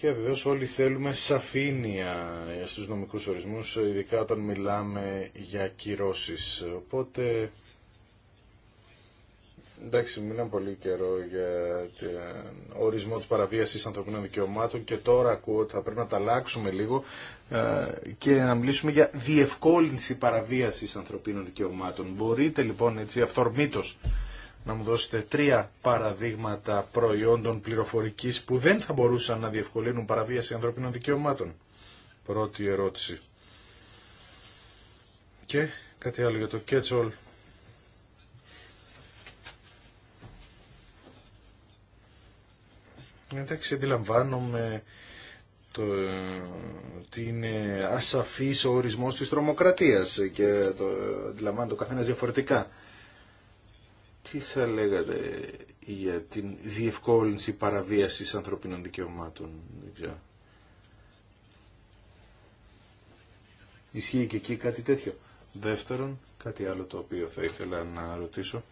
Και βεβαίω όλοι θέλουμε σαφήνεια στους νομικούς ορισμούς, ειδικά όταν μιλάμε για κυρώσεις. Οπότε, εντάξει, μιλάμε πολύ καιρό για τον ορισμό της παραβίασης ανθρωπίνων δικαιωμάτων και τώρα ακούω ότι θα πρέπει να τα αλλάξουμε λίγο ε, και να μιλήσουμε για διευκόλυνση παραβίασης ανθρωπίνων δικαιωμάτων. Μπορείτε λοιπόν έτσι αυθορμήτως να μου δώσετε τρία παραδείγματα προϊόντων πληροφορικής που δεν θα μπορούσαν να διευκολύνουν παραβίαση ανθρωπίνων δικαιωμάτων. Πρώτη ερώτηση. Και κάτι άλλο για το catch all. Εντάξει, αντιλαμβάνομαι το, ότι είναι ασαφής ο ορισμός της τρομοκρατίας και το αντιλαμβάνεται ο καθένας διαφορετικά. Τι θα λέγατε για την διευκόλυνση παραβίασης ανθρωπίνων δικαιωμάτων. Δεν ξέρω. Ισχύει και εκεί κάτι τέτοιο. Δεύτερον, κάτι άλλο το οποίο θα ήθελα να ρωτήσω.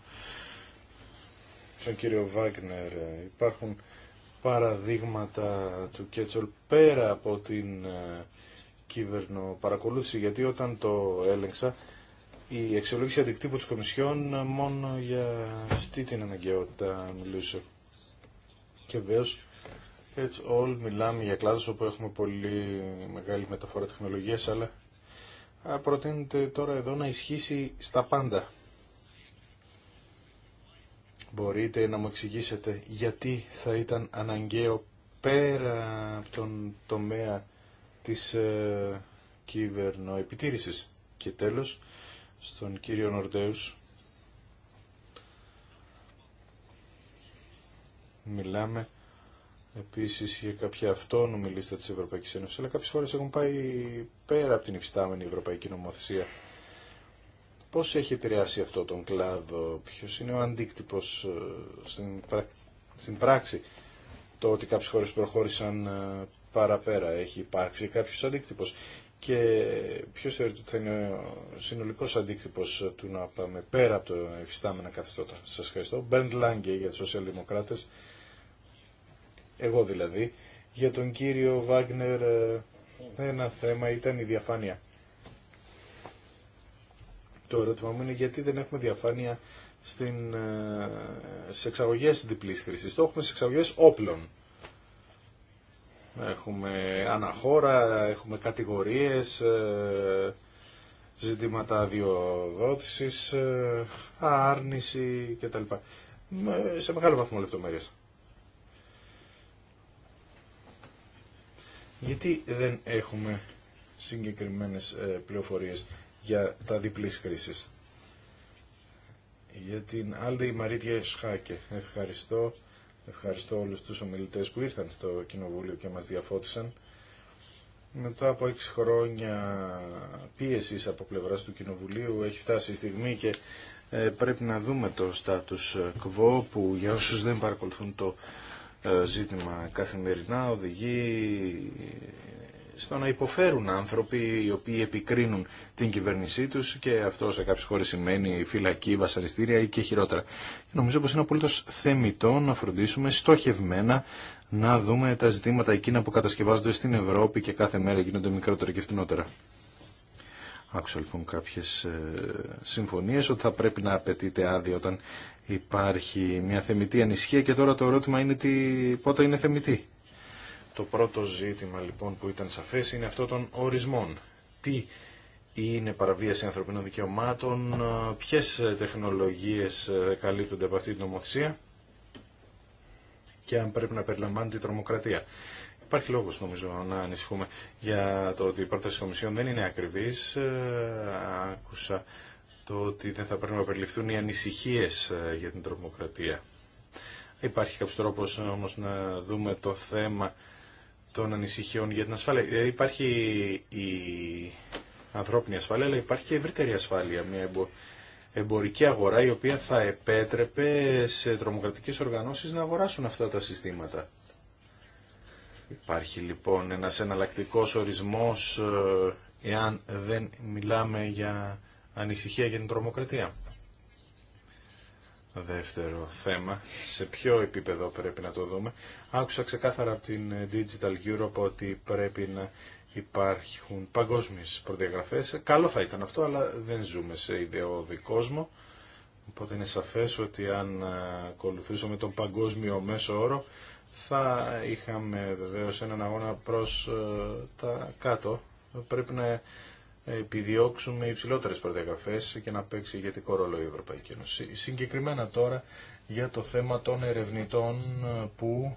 Στον κύριο Βάγνερ υπάρχουν παραδείγματα του Κέτσολ πέρα από την ε, κυβερνοπαρακολούθηση γιατί όταν το έλεγξα η αξιολόγηση αντικτύπου της Κομισιόν ε, μόνο για αυτή την αναγκαιότητα μιλούσε. Και βεβαίω έτσι όλοι μιλάμε για κλάδους όπου έχουμε πολύ μεγάλη μεταφορά τεχνολογίας, αλλά προτείνεται τώρα εδώ να ισχύσει στα πάντα. Μπορείτε να μου εξηγήσετε γιατί θα ήταν αναγκαίο πέρα από τον τομέα της ε, κυβερνοεπιτήρησης. Και τέλος, στον κύριο Νορντέους. Μιλάμε επίσης για κάποια αυτόνομη λίστα της Ευρωπαϊκής Ένωσης, αλλά κάποιες φορές έχουν πάει πέρα από την υφιστάμενη Ευρωπαϊκή Νομοθεσία. Πώς έχει επηρεάσει αυτό τον κλάδο, ποιος είναι ο αντίκτυπος ε, στην, στην πράξη, το ότι κάποιες χώρες προχώρησαν ε, παραπέρα, έχει υπάρξει κάποιος αντίκτυπος και ποιο θεωρείτε ότι θα είναι ο συνολικό αντίκτυπο του να πάμε πέρα από το εφιστάμενα καθεστώτα. Σας ευχαριστώ. Μπέρντ Λάγκε για τους σοσιαλδημοκράτες, εγώ δηλαδή, για τον κύριο Βάγνερ ε, ένα θέμα ήταν η διαφάνεια. Το ερώτημα μου είναι γιατί δεν έχουμε διαφάνεια στι ε, εξαγωγέ διπλή χρήση. Το έχουμε στι εξαγωγέ όπλων. Έχουμε αναχώρα, έχουμε κατηγορίες, ε, ζητήματα αδειοδότησης, ε, άρνηση κτλ. Σε μεγάλο βαθμό λεπτομέρειες. Γιατί δεν έχουμε συγκεκριμένες ε, πληροφορίες για τα διπλής κρίσης. Για την άλλη η Μαρίτια Σχάκε. Ευχαριστώ. Ευχαριστώ όλους τους ομιλητές που ήρθαν στο Κοινοβούλιο και μας διαφώτισαν. Μετά από έξι χρόνια πίεσης από πλευράς του Κοινοβουλίου έχει φτάσει η στιγμή και ε, πρέπει να δούμε το status quo που για όσους δεν παρακολουθούν το ε, ζήτημα καθημερινά οδηγεί στο να υποφέρουν άνθρωποι οι οποίοι επικρίνουν την κυβέρνησή του και αυτό σε κάποιε χώρε σημαίνει φυλακή, βασαριστήρια ή και χειρότερα. Νομίζω πως είναι απολύτω θεμητό να φροντίσουμε στοχευμένα να δούμε τα ζητήματα εκείνα που κατασκευάζονται στην Ευρώπη και κάθε μέρα γίνονται μικρότερα και φθηνότερα. Άκουσα λοιπόν κάποιε συμφωνίε ότι θα πρέπει να απαιτείται άδεια όταν υπάρχει μια θεμητή ανησυχία και τώρα το ερώτημα είναι τι, πότε είναι θεμητή. Το πρώτο ζήτημα λοιπόν που ήταν σαφές είναι αυτό των ορισμών. Τι είναι παραβίαση ανθρωπίνων δικαιωμάτων, ποιες τεχνολογίες ε, καλύπτονται από αυτή την νομοθεσία και αν πρέπει να περιλαμβάνεται η τρομοκρατία. Υπάρχει λόγο νομίζω να ανησυχούμε για το ότι η πρόταση Κομισιόν δεν είναι ακριβή. Ε, άκουσα το ότι δεν θα πρέπει να περιληφθούν οι ανησυχίε ε, για την τρομοκρατία. Υπάρχει κάποιο τρόπο όμω να δούμε το θέμα των ανησυχιών για την ασφάλεια. Ε, υπάρχει η ανθρώπινη ασφάλεια, αλλά υπάρχει και ευρύτερη ασφάλεια, μια εμπορική αγορά η οποία θα επέτρεπε σε τρομοκρατικές οργανώσεις να αγοράσουν αυτά τα συστήματα. Υπάρχει λοιπόν ένας εναλλακτικό ορισμός ε, εάν δεν μιλάμε για ανησυχία για την τρομοκρατία δεύτερο θέμα. Σε ποιο επίπεδο πρέπει να το δούμε. Άκουσα ξεκάθαρα από την Digital Europe ότι πρέπει να υπάρχουν παγκόσμιες προδιαγραφές. Καλό θα ήταν αυτό, αλλά δεν ζούμε σε ιδεώδη κόσμο. Οπότε είναι σαφές ότι αν ακολουθούσαμε τον παγκόσμιο μέσο όρο, θα είχαμε βεβαίω έναν αγώνα προς ε, τα κάτω. Πρέπει να επιδιώξουμε υψηλότερες προδιαγραφές και να παίξει ηγετικό ρόλο η Ευρωπαϊκή Ένωση. Συγκεκριμένα τώρα για το θέμα των ερευνητών που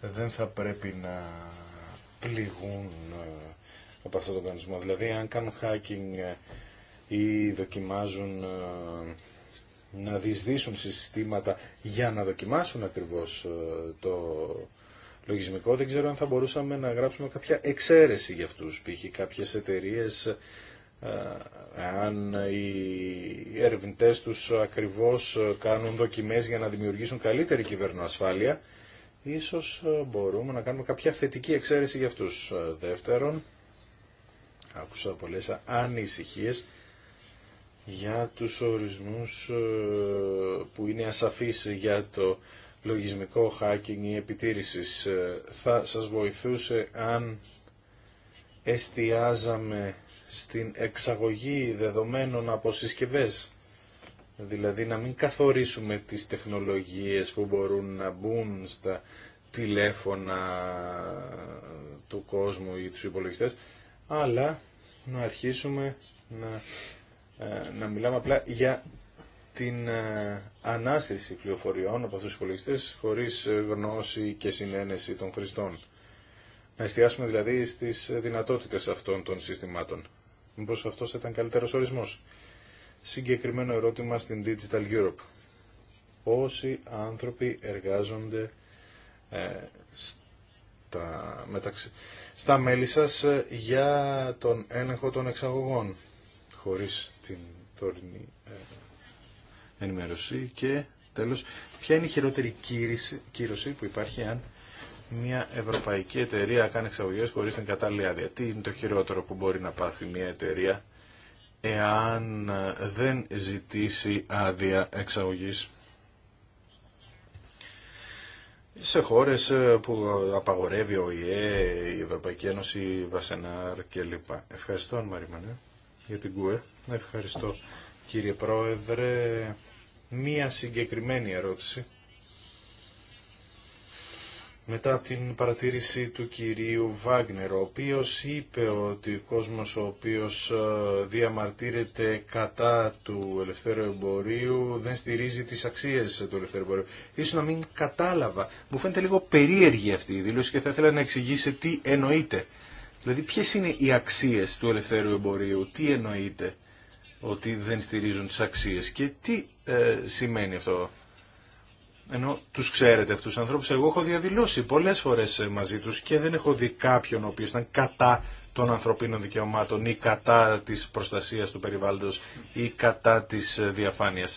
δεν θα πρέπει να πληγούν ε, από αυτόν τον κανονισμό. Δηλαδή αν κάνουν hacking ε, ή δοκιμάζουν ε, να διεισδύσουν συστήματα για να δοκιμάσουν ακριβώς το λογισμικό. Δεν ξέρω αν θα μπορούσαμε να γράψουμε κάποια εξαίρεση για αυτούς. Π.χ. κάποιες εταιρείες, αν ε, οι ερευνητές τους ακριβώς κάνουν δοκιμές για να δημιουργήσουν καλύτερη κυβερνοασφάλεια, ίσως ε, μπορούμε να κάνουμε κάποια θετική εξαίρεση για αυτούς. Ε, δεύτερον, άκουσα πολλές ανησυχίες για τους ορισμούς που είναι ασαφείς για το λογισμικό hacking ή επιτήρησης. Ε, θα σας βοηθούσε αν εστιάζαμε στην εξαγωγή δεδομένων από συσκευές. Δηλαδή να μην καθορίσουμε τις τεχνολογίες που μπορούν να μπουν στα τηλέφωνα του κόσμου ή τους υπολογιστές, αλλά να αρχίσουμε να, ε, να μιλάμε απλά για την ε, ανάστηση πληροφοριών από αυτούς τους υπολογιστές χωρίς ε, γνώση και συνένεση των χρηστών. Να εστιάσουμε δηλαδή στις δυνατότητες αυτών των συστημάτων. Μήπως αυτός ήταν καλύτερος ορισμός. Συγκεκριμένο ερώτημα στην Digital Europe. Πόσοι άνθρωποι εργάζονται ε, στα, μεταξύ, μέλη σας για τον έλεγχο των εξαγωγών χωρίς την τωρινή ενημέρωση και τέλος ποια είναι η χειρότερη κύρωση που υπάρχει αν μια ευρωπαϊκή εταιρεία κάνει εξαγωγέ χωρί την κατάλληλη άδεια. Τι είναι το χειρότερο που μπορεί να πάθει μια εταιρεία εάν δεν ζητήσει άδεια εξαγωγής σε χώρες που απαγορεύει ο ΙΕ, η Ευρωπαϊκή Ένωση, η Βασενάρ κλπ. Ευχαριστώ, Μαρίμανε, για την ΚΟΕ. Ευχαριστώ, κύριε Πρόεδρε μία συγκεκριμένη ερώτηση. Μετά από την παρατήρηση του κυρίου Βάγνερ, ο οποίος είπε ότι ο κόσμος ο οποίος ε, διαμαρτύρεται κατά του ελευθέρου εμπορίου δεν στηρίζει τις αξίες του ελευθέρου εμπορίου. Ίσως να μην κατάλαβα. Μου φαίνεται λίγο περίεργη αυτή η δήλωση και θα ήθελα να εξηγήσει τι εννοείται. Δηλαδή ποιες είναι οι αξίες του ελευθέρου εμπορίου, τι εννοείται ότι δεν στηρίζουν τις αξίες και τι ε, σημαίνει αυτό. Ενώ του ξέρετε αυτού του ανθρώπου, εγώ έχω διαδηλώσει πολλέ φορέ μαζί του και δεν έχω δει κάποιον ο οποίο ήταν κατά των ανθρωπίνων δικαιωμάτων ή κατά τη προστασία του περιβάλλοντο ή κατά τη διαφάνεια.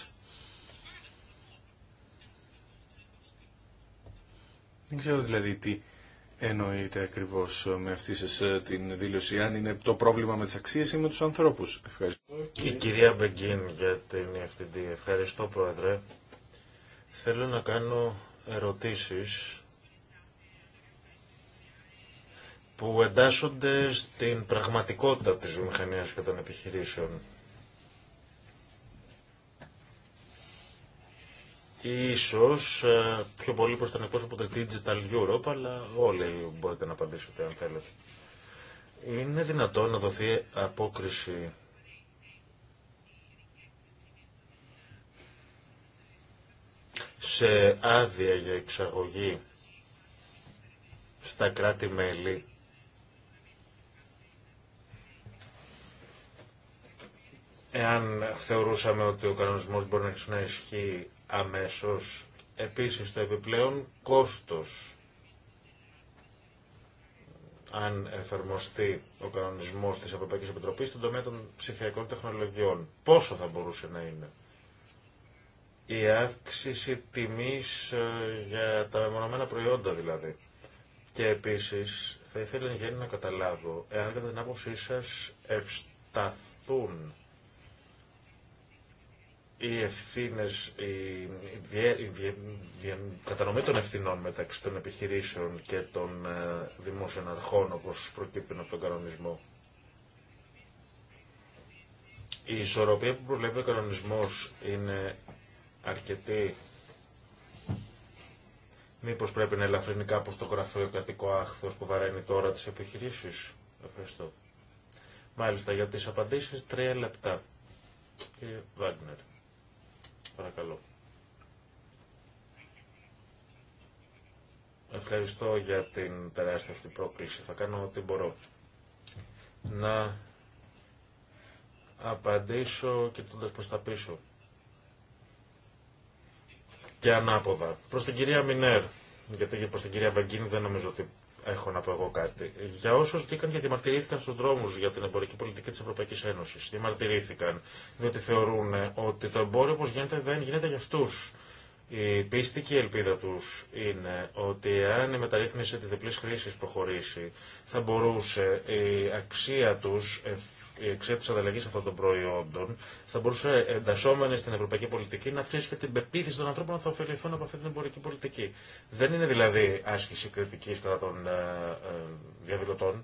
Δεν ξέρω δηλαδή τι Εννοείται ακριβώς με αυτή σα ε, την δήλωση, αν είναι το πρόβλημα με τις αξίες ή με τους ανθρώπους. Ευχαριστώ. Η κυρία Μπεγκίν για την EFTD. Ευχαριστώ Πρόεδρε. Θέλω να κάνω ερωτήσεις που εντάσσονται στην πραγματικότητα της βιομηχανίας και των επιχειρήσεων. Ίσως ε, πιο πολύ προς τον εκπρόσωπο της Digital Europe, αλλά όλοι μπορείτε να απαντήσετε αν θέλετε. Είναι δυνατόν να δοθεί απόκριση σε άδεια για εξαγωγή στα κράτη-μέλη εάν θεωρούσαμε ότι ο κανονισμός μπορεί να ισχύει αμέσως. Επίσης, το επιπλέον κόστος, αν εφαρμοστεί ο κανονισμός της Ευρωπαϊκής Επιτροπής στον τομέα των ψηφιακών τεχνολογιών, πόσο θα μπορούσε να είναι. Η αύξηση τιμής ε, για τα μεμονωμένα προϊόντα δηλαδή. Και επίσης, θα ήθελα να καταλάβω, εάν κατά την άποψή σας ευσταθούν οι ευθύνε, η, κατανομή των ευθυνών μεταξύ των επιχειρήσεων και των ε, δημόσιων αρχών, όπως προκύπτουν από τον κανονισμό. Η ισορροπία που προβλέπει ο κανονισμός είναι αρκετή. Μήπως πρέπει να ελαφρύνει κάπως το γραφειοκρατικό άχθος που βαραίνει τώρα τις επιχειρήσεις. Ευχαριστώ. Μάλιστα, για τις απαντήσεις τρία λεπτά. Κύριε Βάγκνερ. Ευχαριστώ για την τεράστια αυτή πρόκληση. Θα κάνω ό,τι μπορώ. Να απαντήσω κοιτώντα προς τα πίσω. Και ανάποδα. Προς την κυρία Μινέρ, γιατί για προς την κυρία Βαγκίνη δεν νομίζω ότι έχω να πω εγώ κάτι. Για όσου βγήκαν και διαμαρτυρήθηκαν στου δρόμου για την εμπορική πολιτική τη Ευρωπαϊκή Ένωση. Διαμαρτυρήθηκαν διότι θεωρούν ότι το εμπόριο όπω γίνεται δεν γίνεται για αυτού. Η πίστη και η ελπίδα του είναι ότι αν η μεταρρύθμιση τη διπλή χρήση προχωρήσει, θα μπορούσε η αξία του, η αλλαγή ανταλλαγή αυτών των προϊόντων θα μπορούσε εντασσόμενη στην ευρωπαϊκή πολιτική να αυξήσει και την πεποίθηση των ανθρώπων να θα ωφεληθούν από αυτή την εμπορική πολιτική. Δεν είναι δηλαδή άσκηση κριτική κατά των ε, ε, διαδηλωτών,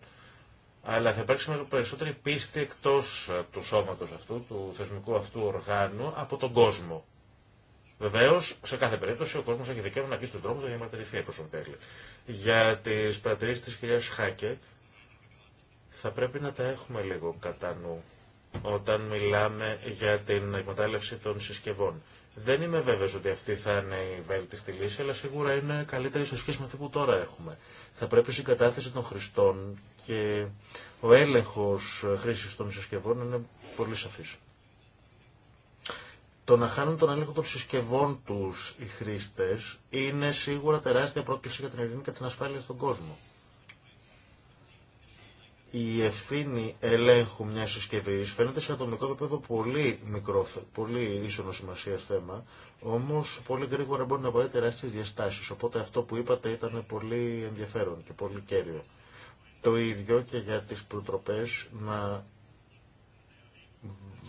αλλά θα υπάρξει περισσότερη πίστη εκτό ε, του σώματο αυτού, του θεσμικού αυτού οργάνου, από τον κόσμο. Βεβαίω, σε κάθε περίπτωση ο κόσμο έχει δικαίωμα να πει στου δρόμου να διαμαρτυρηθεί εφόσον θέλει. Για τι παρατηρήσει τη κυρία Χάκε, θα πρέπει να τα έχουμε λίγο κατά νου όταν μιλάμε για την εκμετάλλευση των συσκευών. Δεν είμαι βέβαιος ότι αυτή θα είναι η βέλτιστη λύση, αλλά σίγουρα είναι καλύτερη σε σχέση με αυτή που τώρα έχουμε. Θα πρέπει η συγκατάθεση των χρηστών και ο έλεγχος χρήσης των συσκευών είναι πολύ σαφής. Το να χάνουν τον έλεγχο των συσκευών τους οι χρήστες είναι σίγουρα τεράστια πρόκληση για την ειρήνη και την ασφάλεια στον κόσμο η ευθύνη ελέγχου μια συσκευή φαίνεται σε ατομικό επίπεδο πολύ μικρό, πολύ ίσονο σημασία θέμα, όμω πολύ γρήγορα μπορεί να πάρει τεράστιε διαστάσει. Οπότε αυτό που είπατε ήταν πολύ ενδιαφέρον και πολύ κέριο. Το ίδιο και για τι προτροπέ να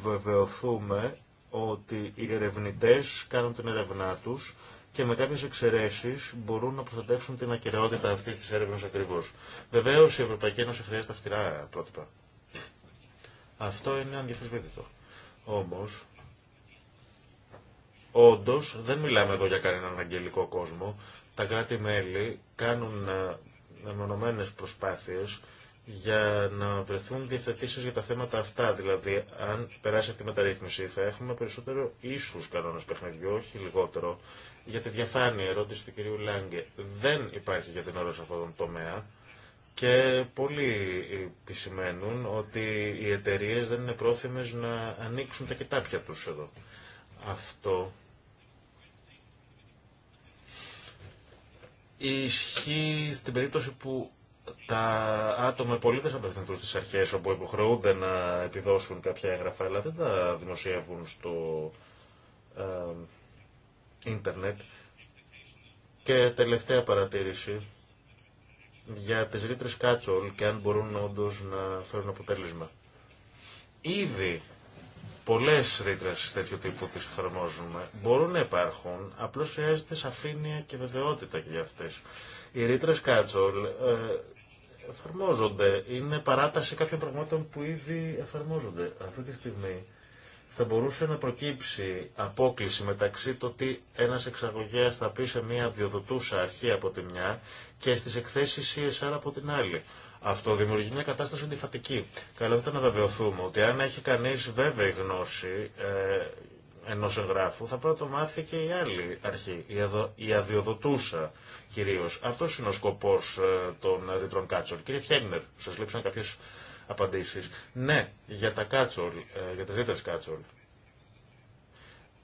βεβαιωθούμε ότι οι ερευνητέ κάνουν την ερευνά τους και με κάποιε εξαιρέσει μπορούν να προστατεύσουν την ακαιρεότητα αυτή τη έρευνα ακριβώ. Βεβαίω η Ευρωπαϊκή Ένωση χρειάζεται αυστηρά πρότυπα. Αυτό είναι ανδιαφεσβήτητο. Όμω, όντω δεν μιλάμε εδώ για κανέναν αγγελικό κόσμο. Τα κράτη-μέλη κάνουν ε, μεμονωμένε προσπάθειε για να βρεθούν διευθετήσει για τα θέματα αυτά. Δηλαδή, αν περάσει αυτή η μεταρρύθμιση, θα έχουμε περισσότερο ίσου κανόνε παιχνιδιού, όχι λιγότερο. Για τη διαφάνεια, ερώτηση του κυρίου Λάγκε. Δεν υπάρχει για την ώρα σε αυτόν τον τομέα και πολλοί επισημαίνουν ότι οι εταιρείε δεν είναι πρόθυμες να ανοίξουν τα κοιτάπια τους εδώ. Αυτό ισχύει στην περίπτωση που τα άτομα οι πολίτες απευθυνθούν στις αρχές όπου υποχρεούνται να επιδώσουν κάποια έγγραφα αλλά δεν τα δημοσιεύουν στο, ε, ίντερνετ. Και τελευταία παρατήρηση για τις ρήτρες κάτσολ και αν μπορούν όντω να φέρουν αποτέλεσμα. Ήδη πολλές ρήτρες τέτοιου τύπου τις εφαρμόζουμε. Μπορούν να υπάρχουν, απλώς χρειάζεται σαφήνεια και βεβαιότητα για αυτές. Οι ρήτρες κάτσολ ε, εφαρμόζονται, είναι παράταση κάποιων πραγμάτων που ήδη εφαρμόζονται. Αυτή τη στιγμή θα μπορούσε να προκύψει απόκληση μεταξύ το ότι ένας εξαγωγέας θα πει σε μια διοδοτούσα αρχή από τη μια και στις εκθέσεις CSR από την άλλη. Αυτό δημιουργεί μια κατάσταση αντιφατική. Καλό θα ήταν να βεβαιωθούμε ότι αν έχει κανείς βέβαιη γνώση ε, ενός εγγράφου θα πρέπει να το μάθει και η άλλη αρχή, η, αδο, η αδειοδοτούσα κυρίως. Αυτός είναι ο σκοπός ε, των ρήτρων κάτσων. Κύριε Φιέγνερ, σας λείψαν κάποιες ναι, για τα κάτσολ, ε, για τις ρήτρες κάτσολ.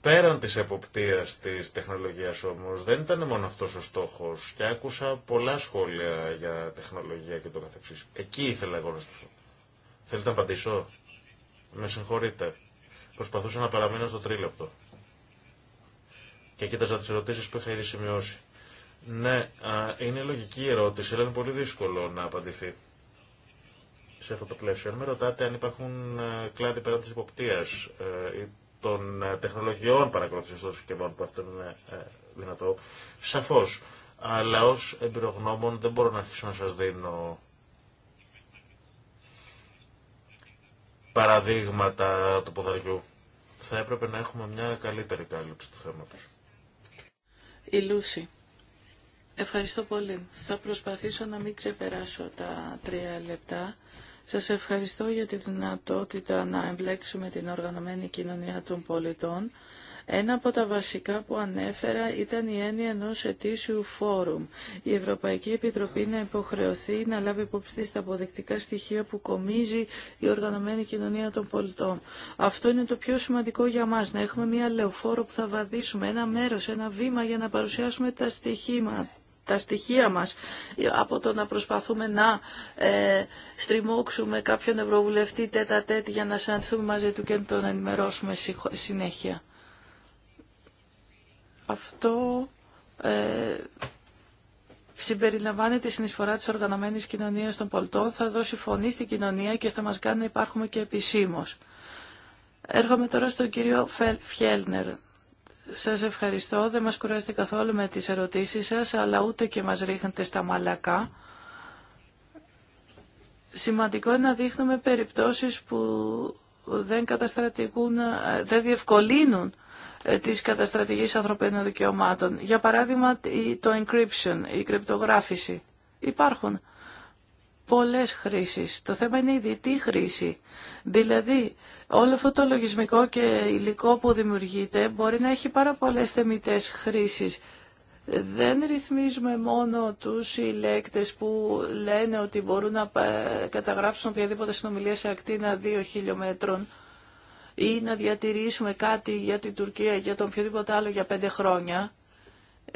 Πέραν της εποπτείας της τεχνολογίας όμως, δεν ήταν μόνο αυτός ο στόχος και άκουσα πολλά σχόλια για τεχνολογία και το καθεξής. Εκεί ήθελα εγώ να σταθώ. Θέλετε να απαντήσω. Με συγχωρείτε. Προσπαθούσα να παραμείνω στο τρίλεπτο. Και κοίταζα τις ερωτήσεις που είχα ήδη σημειώσει. Ναι, είναι λογική η ερώτηση, αλλά είναι πολύ δύσκολο να απαντηθεί σε αυτό το πλαίσιο. Αν με ρωτάτε αν υπάρχουν ε, κλάδοι πέραν τη υποπτία ε, ή των ε, τεχνολογιών παρακολούθηση των συσκευών που αυτό είναι δυνατό, σαφώ. Αλλά ω εμπειρογνώμων δεν μπορώ να αρχίσω να σα δίνω παραδείγματα του ποδαριού. Θα έπρεπε να έχουμε μια καλύτερη κάλυψη του θέματος. Η Λούση. Ευχαριστώ πολύ. Θα προσπαθήσω να μην ξεπεράσω τα τρία λεπτά. Σας ευχαριστώ για τη δυνατότητα να εμπλέξουμε την οργανωμένη κοινωνία των πολιτών. Ένα από τα βασικά που ανέφερα ήταν η έννοια ενό ετήσιου φόρουμ. Η Ευρωπαϊκή Επιτροπή να υποχρεωθεί να λάβει υπόψη τα αποδεκτικά στοιχεία που κομίζει η οργανωμένη κοινωνία των πολιτών. Αυτό είναι το πιο σημαντικό για μας, να έχουμε μια λεωφόρο που θα βαδίσουμε ένα μέρος, ένα βήμα για να παρουσιάσουμε τα στοιχήματα τα στοιχεία μας από το να προσπαθούμε να ε, στριμώξουμε κάποιον ευρωβουλευτή τέτα τέτ για να συναντηθούμε μαζί του και να τον ενημερώσουμε συνέχεια. Αυτό ε, συμπεριλαμβάνει τη συνεισφορά της οργανωμένης κοινωνίας των πολιτών, θα δώσει φωνή στην κοινωνία και θα μας κάνει να υπάρχουμε και επισήμως. Έρχομαι τώρα στον κύριο Φιέλνερ. Σας ευχαριστώ. Δεν μας κουράζετε καθόλου με τις ερωτήσεις σας, αλλά ούτε και μας ρίχνετε στα μαλακά. Σημαντικό είναι να δείχνουμε περιπτώσεις που δεν καταστρατηγούν, δεν διευκολύνουν ε, τις καταστρατηγίες ανθρωπίνων δικαιωμάτων. Για παράδειγμα, το encryption, η κρυπτογράφηση. Υπάρχουν πολλές χρήσεις. Το θέμα είναι η διτή χρήση. Δηλαδή, Όλο αυτό το λογισμικό και υλικό που δημιουργείται μπορεί να έχει πάρα πολλές θεμητές χρήσεις. Δεν ρυθμίζουμε μόνο τους ηλέκτες που λένε ότι μπορούν να καταγράψουν οποιαδήποτε συνομιλία σε ακτίνα 2 χιλιόμετρων ή να διατηρήσουμε κάτι για την Τουρκία, για τον οποιοδήποτε άλλο για πέντε χρόνια.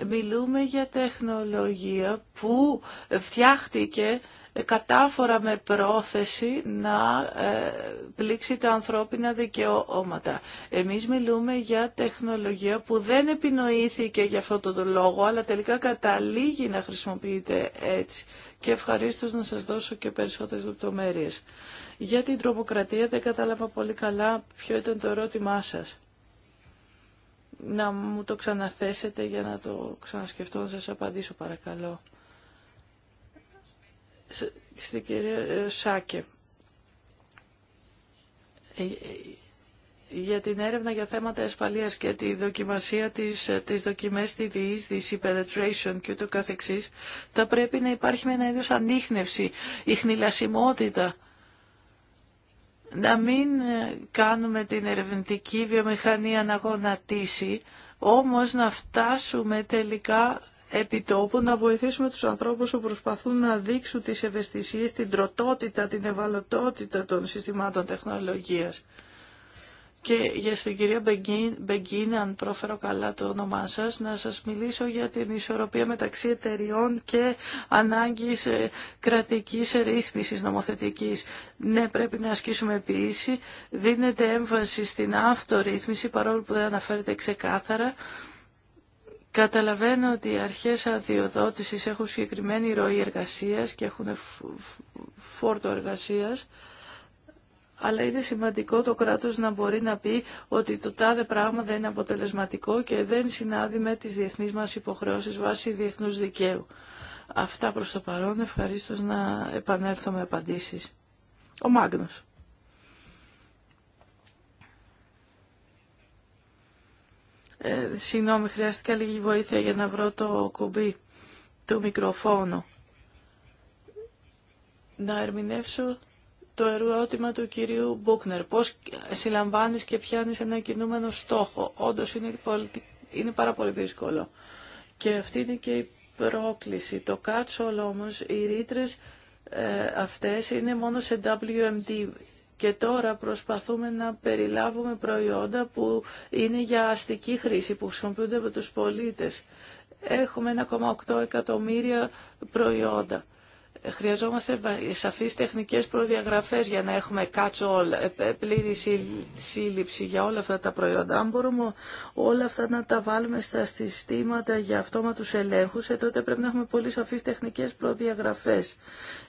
Μιλούμε για τεχνολογία που φτιάχτηκε κατάφορα με πρόθεση να ε, πλήξει τα ανθρώπινα δικαιώματα. Εμείς μιλούμε για τεχνολογία που δεν επινοήθηκε για αυτόν τον λόγο, αλλά τελικά καταλήγει να χρησιμοποιείται έτσι. Και ευχαρίστω να σας δώσω και περισσότερες λεπτομέρειες. Για την τροποκρατία δεν κατάλαβα πολύ καλά ποιο ήταν το ερώτημά σας να μου το ξαναθέσετε για να το ξανασκεφτώ να σας απαντήσω παρακαλώ στην κυρία ε, Σάκε ε, ε, για την έρευνα για θέματα ασφαλείας και τη δοκιμασία της, της δοκιμές στη διείσδυση, penetration και ούτω καθεξής, θα πρέπει να υπάρχει ένα είδος ανείχνευση, ηχνηλασιμότητα. Να μην κάνουμε την ερευνητική βιομηχανία να γονατίσει, όμως να φτάσουμε τελικά επιτόπου να βοηθήσουμε τους ανθρώπους που προσπαθούν να δείξουν τις ευαισθησίες, την τροτότητα, την ευαλωτότητα των συστημάτων τεχνολογίας. Και για στην κυρία Μπεγκίν, αν πρόφερω καλά το όνομά σας, να σας μιλήσω για την ισορροπία μεταξύ εταιριών και ανάγκης ε, κρατικής ρύθμισης νομοθετικής. Ναι, πρέπει να ασκήσουμε ποιήση. Δίνεται έμφαση στην αυτορύθμιση, παρόλο που δεν αναφέρεται ξεκάθαρα. Καταλαβαίνω ότι οι αρχές αδειοδότησης έχουν συγκεκριμένη ροή εργασίας και έχουν φόρτο εργασίας, αλλά είναι σημαντικό το κράτος να μπορεί να πει ότι το τάδε πράγμα δεν είναι αποτελεσματικό και δεν συνάδει με τις διεθνείς μας υποχρεώσεις βάσει διεθνούς δικαίου. Αυτά προς το παρόν. Ευχαριστώ να επανέλθω με απαντήσεις. Ο Μάγνος. Ε, συγγνώμη, χρειάστηκα λίγη βοήθεια για να βρω το κουμπί του μικροφόνου. Να ερμηνεύσω το ερώτημα του κυρίου Μπούκνερ. Πώς συλλαμβάνεις και πιάνεις ένα κινούμενο στόχο. Όντως είναι, είναι πάρα πολύ δύσκολο. Και αυτή είναι και η πρόκληση. Το catch all όμως, οι ρήτρε ε, αυτές είναι μόνο σε WMD και τώρα προσπαθούμε να περιλάβουμε προϊόντα που είναι για αστική χρήση, που χρησιμοποιούνται από τους πολίτες. Έχουμε 1,8 εκατομμύρια προϊόντα. Χρειαζόμαστε σαφείς τεχνικές προδιαγραφές για να έχουμε catch-all, ε, ε, πλήρη σύλληψη για όλα αυτά τα προϊόντα. Αν μπορούμε όλα αυτά να τα βάλουμε στα συστήματα για αυτόματους ελέγχους, ε, τότε πρέπει να έχουμε πολύ σαφείς τεχνικές προδιαγραφές.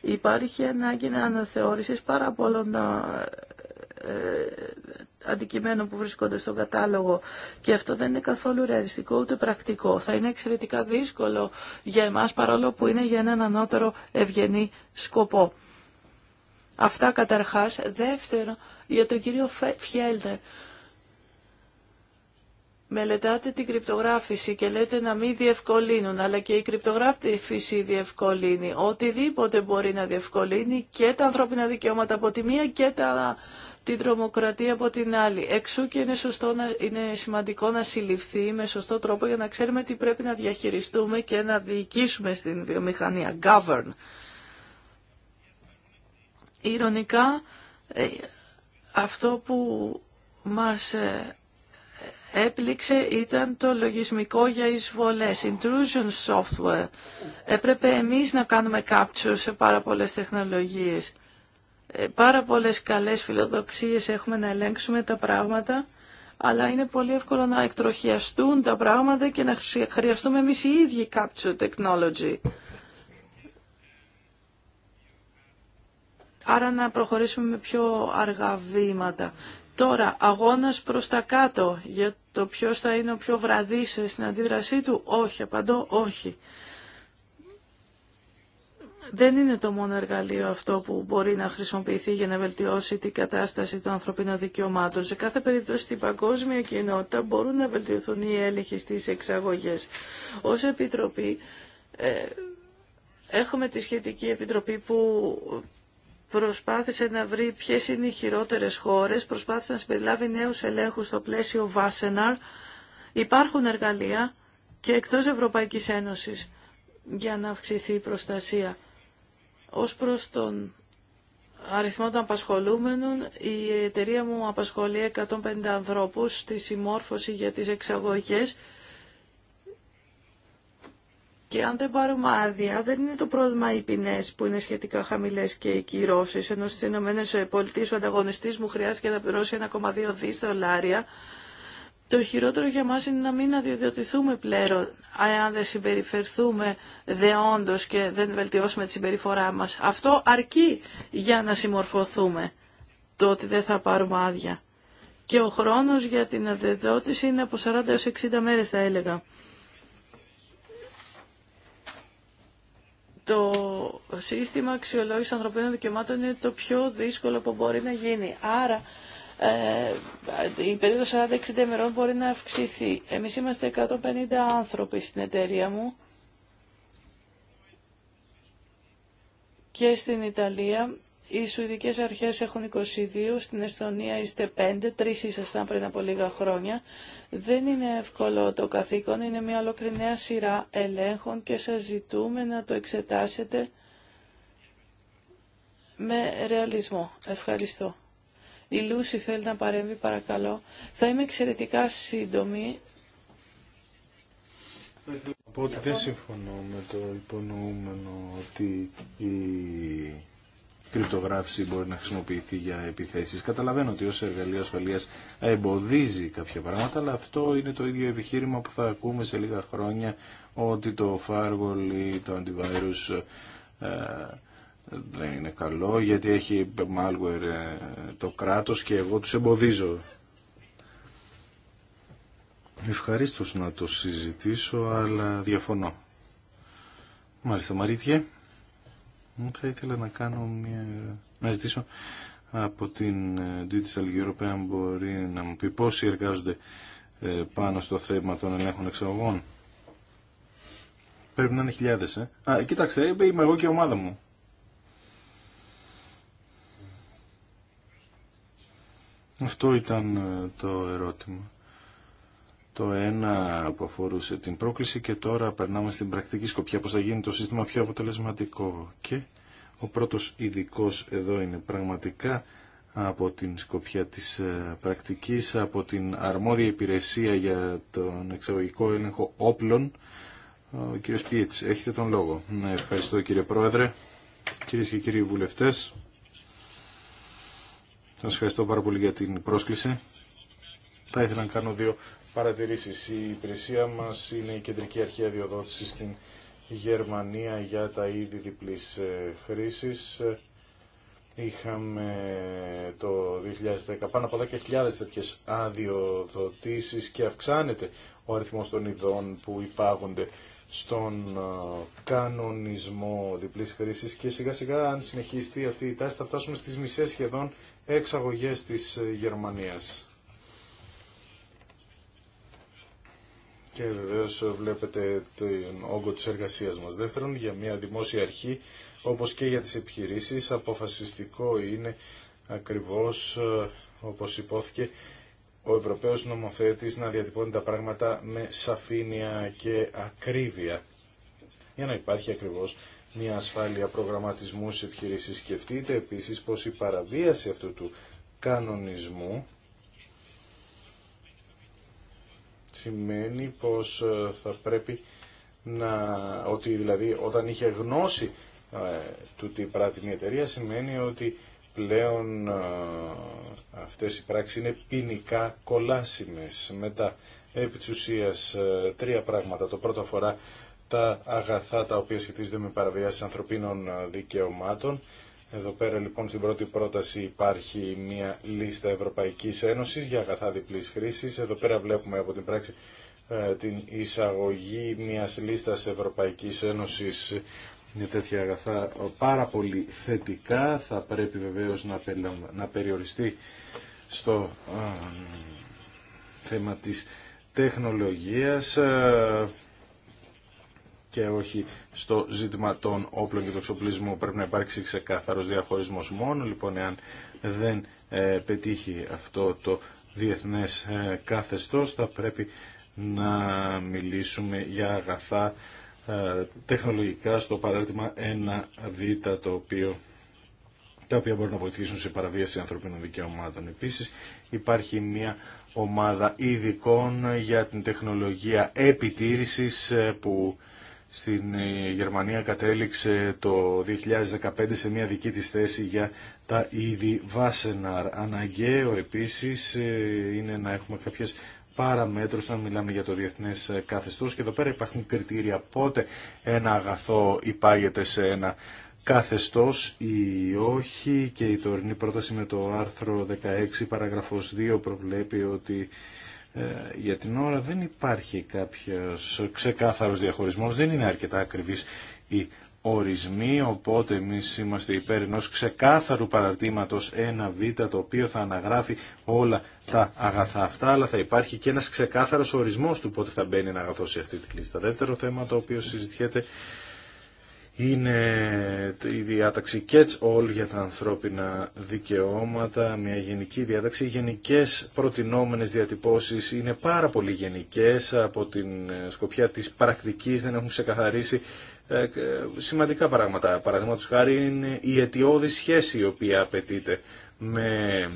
Υπάρχει ανάγκη να αναθεώρησης πάρα πολλών ε, ε, αντικειμένων που βρίσκονται στον κατάλογο και αυτό δεν είναι καθόλου ρεαλιστικό ούτε πρακτικό. Θα είναι εξαιρετικά δύσκολο για εμάς παρόλο που είναι για έναν ανώτερο ευγενή σκοπό. Αυτά καταρχάς. Δεύτερο, για τον κύριο Φιέλτερ. Μελετάτε την κρυπτογράφηση και λέτε να μην διευκολύνουν, αλλά και η κρυπτογράφηση διευκολύνει. Οτιδήποτε μπορεί να διευκολύνει και τα ανθρώπινα δικαιώματα από τη μία και τα την τρομοκρατία από την άλλη. Εξού και είναι, σημαντικό να συλληφθεί με σωστό τρόπο για να ξέρουμε τι πρέπει να διαχειριστούμε και να διοικήσουμε στην βιομηχανία. Govern. Ηρωνικά, ε, αυτό που μας ε, έπληξε ήταν το λογισμικό για εισβολές, intrusion software. Έπρεπε εμείς να κάνουμε capture σε πάρα πολλές τεχνολογίες. Ε, πάρα πολλές καλές φιλοδοξίες έχουμε να ελέγξουμε τα πράγματα, αλλά είναι πολύ εύκολο να εκτροχιαστούν τα πράγματα και να χρειαστούμε εμείς οι ίδιοι capture technology. Άρα να προχωρήσουμε με πιο αργά βήματα. Τώρα, αγώνας προς τα κάτω για το ποιος θα είναι ο πιο βραδύς στην αντίδρασή του. Όχι, απαντώ, όχι δεν είναι το μόνο εργαλείο αυτό που μπορεί να χρησιμοποιηθεί για να βελτιώσει την κατάσταση των ανθρωπίνων δικαιωμάτων. Σε κάθε περίπτωση στην παγκόσμια κοινότητα μπορούν να βελτιωθούν οι έλεγχοι στις εξαγωγές. Ως Επιτροπή ε, έχουμε τη σχετική Επιτροπή που προσπάθησε να βρει ποιες είναι οι χειρότερες χώρες, προσπάθησε να συμπεριλάβει νέους ελέγχους στο πλαίσιο Βάσεναρ. Υπάρχουν εργαλεία και εκτός Ευρωπαϊκής Ένωσης για να αυξηθεί η προστασία ως προς τον αριθμό των απασχολούμενων, η εταιρεία μου απασχολεί 150 ανθρώπους στη συμμόρφωση για τις εξαγωγές και αν δεν πάρουμε άδεια, δεν είναι το πρόβλημα οι ποινέ που είναι σχετικά χαμηλέ και οι κυρώσει. Ενώ στι ΗΠΑ ο ανταγωνιστή μου χρειάζεται να πληρώσει 1,2 δι δολάρια το χειρότερο για μας είναι να μην αδειοδοτηθούμε πλέον, αν δεν συμπεριφερθούμε δεόντως και δεν βελτιώσουμε τη συμπεριφορά μας. Αυτό αρκεί για να συμμορφωθούμε το ότι δεν θα πάρουμε άδεια. Και ο χρόνος για την αδειοδότηση είναι από 40 έως 60 μέρες θα έλεγα. Το σύστημα αξιολόγηση ανθρωπίνων δικαιωμάτων είναι το πιο δύσκολο που μπορεί να γίνει. Άρα ε, η περίοδος 40-60 ημερών μπορεί να αυξηθεί. Εμείς είμαστε 150 άνθρωποι στην εταιρεία μου και στην Ιταλία. Οι Σουηδικές αρχές έχουν 22, στην Εσθονία είστε 5, τρεις ήσασταν πριν από λίγα χρόνια. Δεν είναι εύκολο το καθήκον, είναι μια ολοκληρή σειρά ελέγχων και σας ζητούμε να το εξετάσετε με ρεαλισμό. Ευχαριστώ. Η Λούση θέλει να παρέμβει, παρακαλώ. Θα είμαι εξαιρετικά σύντομη. Θα ότι δεν συμφωνώ με το υπονοούμενο ότι η κρυπτογράφηση μπορεί να χρησιμοποιηθεί για επιθέσεις. Καταλαβαίνω ότι ως εργαλείο ασφαλείας εμποδίζει κάποια πράγματα, αλλά αυτό είναι το ίδιο επιχείρημα που θα ακούμε σε λίγα χρόνια ότι το firewall ή το antivirus ε, δεν είναι καλό γιατί έχει malware ε, το κράτος και εγώ τους εμποδίζω. Ευχαρίστω να το συζητήσω, αλλά διαφωνώ. Μάλιστα, Μαρίτια, θα ήθελα να κάνω μια... να ζητήσω από την ε, Digital Europe αν μπορεί να μου πει πόσοι εργάζονται ε, πάνω στο θέμα των ελέγχων εξαγωγών. Πρέπει να είναι χιλιάδες, ε. Α, κοίταξε, είμαι εγώ και η ομάδα μου. Αυτό ήταν ε, το ερώτημα. Το ένα που αφορούσε την πρόκληση και τώρα περνάμε στην πρακτική σκοπιά πώς θα γίνει το σύστημα πιο αποτελεσματικό. Και ο πρώτος ειδικό εδώ είναι πραγματικά από την σκοπιά της ε, πρακτικής, από την αρμόδια υπηρεσία για τον εξαγωγικό έλεγχο όπλων. Ο κύριος Πιέτς, έχετε τον λόγο. Ναι, ευχαριστώ κύριε Πρόεδρε, κυρίες και κύριοι βουλευτές. Σας ευχαριστώ πάρα πολύ για την πρόσκληση. Θα ήθελα να κάνω δύο παρατηρήσεις. Η υπηρεσία μας είναι η κεντρική αρχή αδειοδότηση στην Γερμανία για τα είδη διπλής ε, χρήσης. Είχαμε το 2010 πάνω από 10.000 τέτοιες αδειοδοτήσεις και αυξάνεται ο αριθμός των ειδών που υπάγονται στον ε, κανονισμό διπλής χρήση και σιγά σιγά αν συνεχιστεί αυτή η τάση θα φτάσουμε στις μισές σχεδόν εξαγωγές της ε, Γερμανίας. Και βεβαίω ε, βλέπετε τον όγκο της εργασίας μας. Δεύτερον, για μια δημόσια αρχή, όπως και για τις επιχειρήσεις, αποφασιστικό είναι ακριβώς, όπως υπόθηκε, ο Ευρωπαίος νομοθέτης να διατυπώνει τα πράγματα με σαφήνεια και ακρίβεια για να υπάρχει ακριβώς μια ασφάλεια προγραμματισμού σε επιχειρήσεις. Σκεφτείτε επίσης πως η παραβίαση αυτού του κανονισμού σημαίνει πως ε, θα πρέπει να, ότι δηλαδή όταν είχε γνώση ε, του τι πράττει μια εταιρεία σημαίνει ότι πλέον ε, αυτές οι πράξεις είναι ποινικά κολάσιμες. Μετά, επί της ουσίας, ε, τρία πράγματα. Το πρώτο αφορά τα αγαθά τα οποία σχετίζονται με παραβιάσεις ανθρωπίνων ε, δικαιωμάτων. Εδώ πέρα λοιπόν στην πρώτη πρόταση υπάρχει μια λίστα Ευρωπαϊκής Ένωσης για αγαθά διπλής χρήσης. Εδώ πέρα βλέπουμε από την πράξη την εισαγωγή μιας λίστας Ευρωπαϊκής Ένωσης μια τέτοια αγαθά πάρα πολύ θετικά. Θα πρέπει βεβαίως να περιοριστεί στο θέμα της τεχνολογίας και όχι στο ζήτημα των όπλων και του εξοπλισμού. Πρέπει να υπάρξει ξεκάθαρος διαχωρισμός μόνο. Λοιπόν, εάν δεν ε, πετύχει αυτό το διεθνές ε, κάθεστος, θα πρέπει να μιλήσουμε για αγαθά ε, τεχνολογικά στο παραδειγμα ένα 1β το οποίο τα οποία μπορούν να βοηθήσουν σε παραβίαση ανθρωπίνων δικαιωμάτων. Επίσης υπάρχει μια ομάδα ειδικών για την τεχνολογία επιτήρησης ε, που στην ε, Γερμανία κατέληξε το 2015 σε μια δική της θέση για τα είδη Βάσεναρ. Αναγκαίο επίσης είναι να έχουμε κάποιες παραμέτρους όταν μιλάμε για το διεθνές ε, καθεστώς και εδώ πέρα υπάρχουν κριτήρια πότε ένα αγαθό υπάγεται σε ένα καθεστώς ή όχι και η τωρινή πρόταση με το άρθρο 16 παραγραφός 2 προβλέπει ότι ε, για την ώρα δεν υπάρχει κάποιος ξεκάθαρος διαχωρισμός, δεν είναι αρκετά ακριβής η ορισμοί, οπότε εμείς είμαστε υπέρ ενός ξεκάθαρου παραρτήματος 1β, το οποίο θα αναγράφει όλα τα αγαθά αυτά, αλλά θα υπάρχει και ένας ξεκάθαρος ορισμός του πότε θα μπαίνει ένα αγαθό σε αυτή τη κλίση. Το δεύτερο θέμα το οποίο συζητιέται είναι η διάταξη catch all για τα ανθρώπινα δικαιώματα, μια γενική διάταξη. Οι γενικές προτινόμενες διατυπώσεις είναι πάρα πολύ γενικές από την σκοπιά της πρακτικής, δεν έχουν ξεκαθαρίσει ε, σημαντικά πράγματα. Παραδείγματο χάρη είναι η αιτιώδη σχέση η οποία απαιτείται με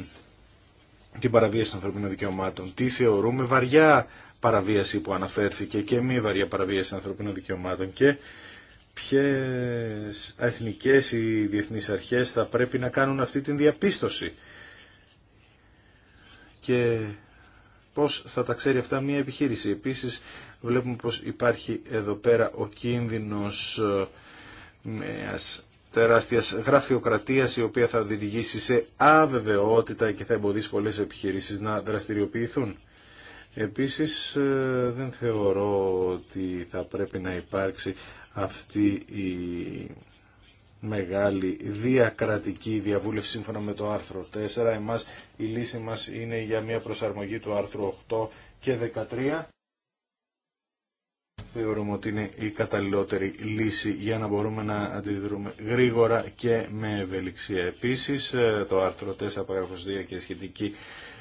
την παραβίαση των ανθρωπίνων δικαιωμάτων. Τι θεωρούμε βαριά παραβίαση που αναφέρθηκε και μη βαριά παραβίαση των ανθρωπίνων δικαιωμάτων και ποιε εθνικέ ή διεθνείς αρχές θα πρέπει να κάνουν αυτή την διαπίστωση και πώς θα τα ξέρει αυτά μια επιχείρηση. Επίσης βλέπουμε πως υπάρχει εδώ πέρα ο κίνδυνος ε, μιας τεράστιας γραφειοκρατίας η οποία θα διηγήσει σε αβεβαιότητα και θα εμποδίσει πολλές επιχειρήσεις να δραστηριοποιηθούν. Επίσης ε, δεν θεωρώ ότι θα πρέπει να υπάρξει αυτή η μεγάλη διακρατική διαβούλευση σύμφωνα με το άρθρο 4. Εμάς η λύση μας είναι για μια προσαρμογή του άρθρου 8 και 13 θεωρούμε ότι είναι η καταλληλότερη λύση για να μπορούμε να αντιδρούμε γρήγορα και με ευελιξία. Επίσης, ε, το άρθρο 4 παράγραφος 2 και σχετική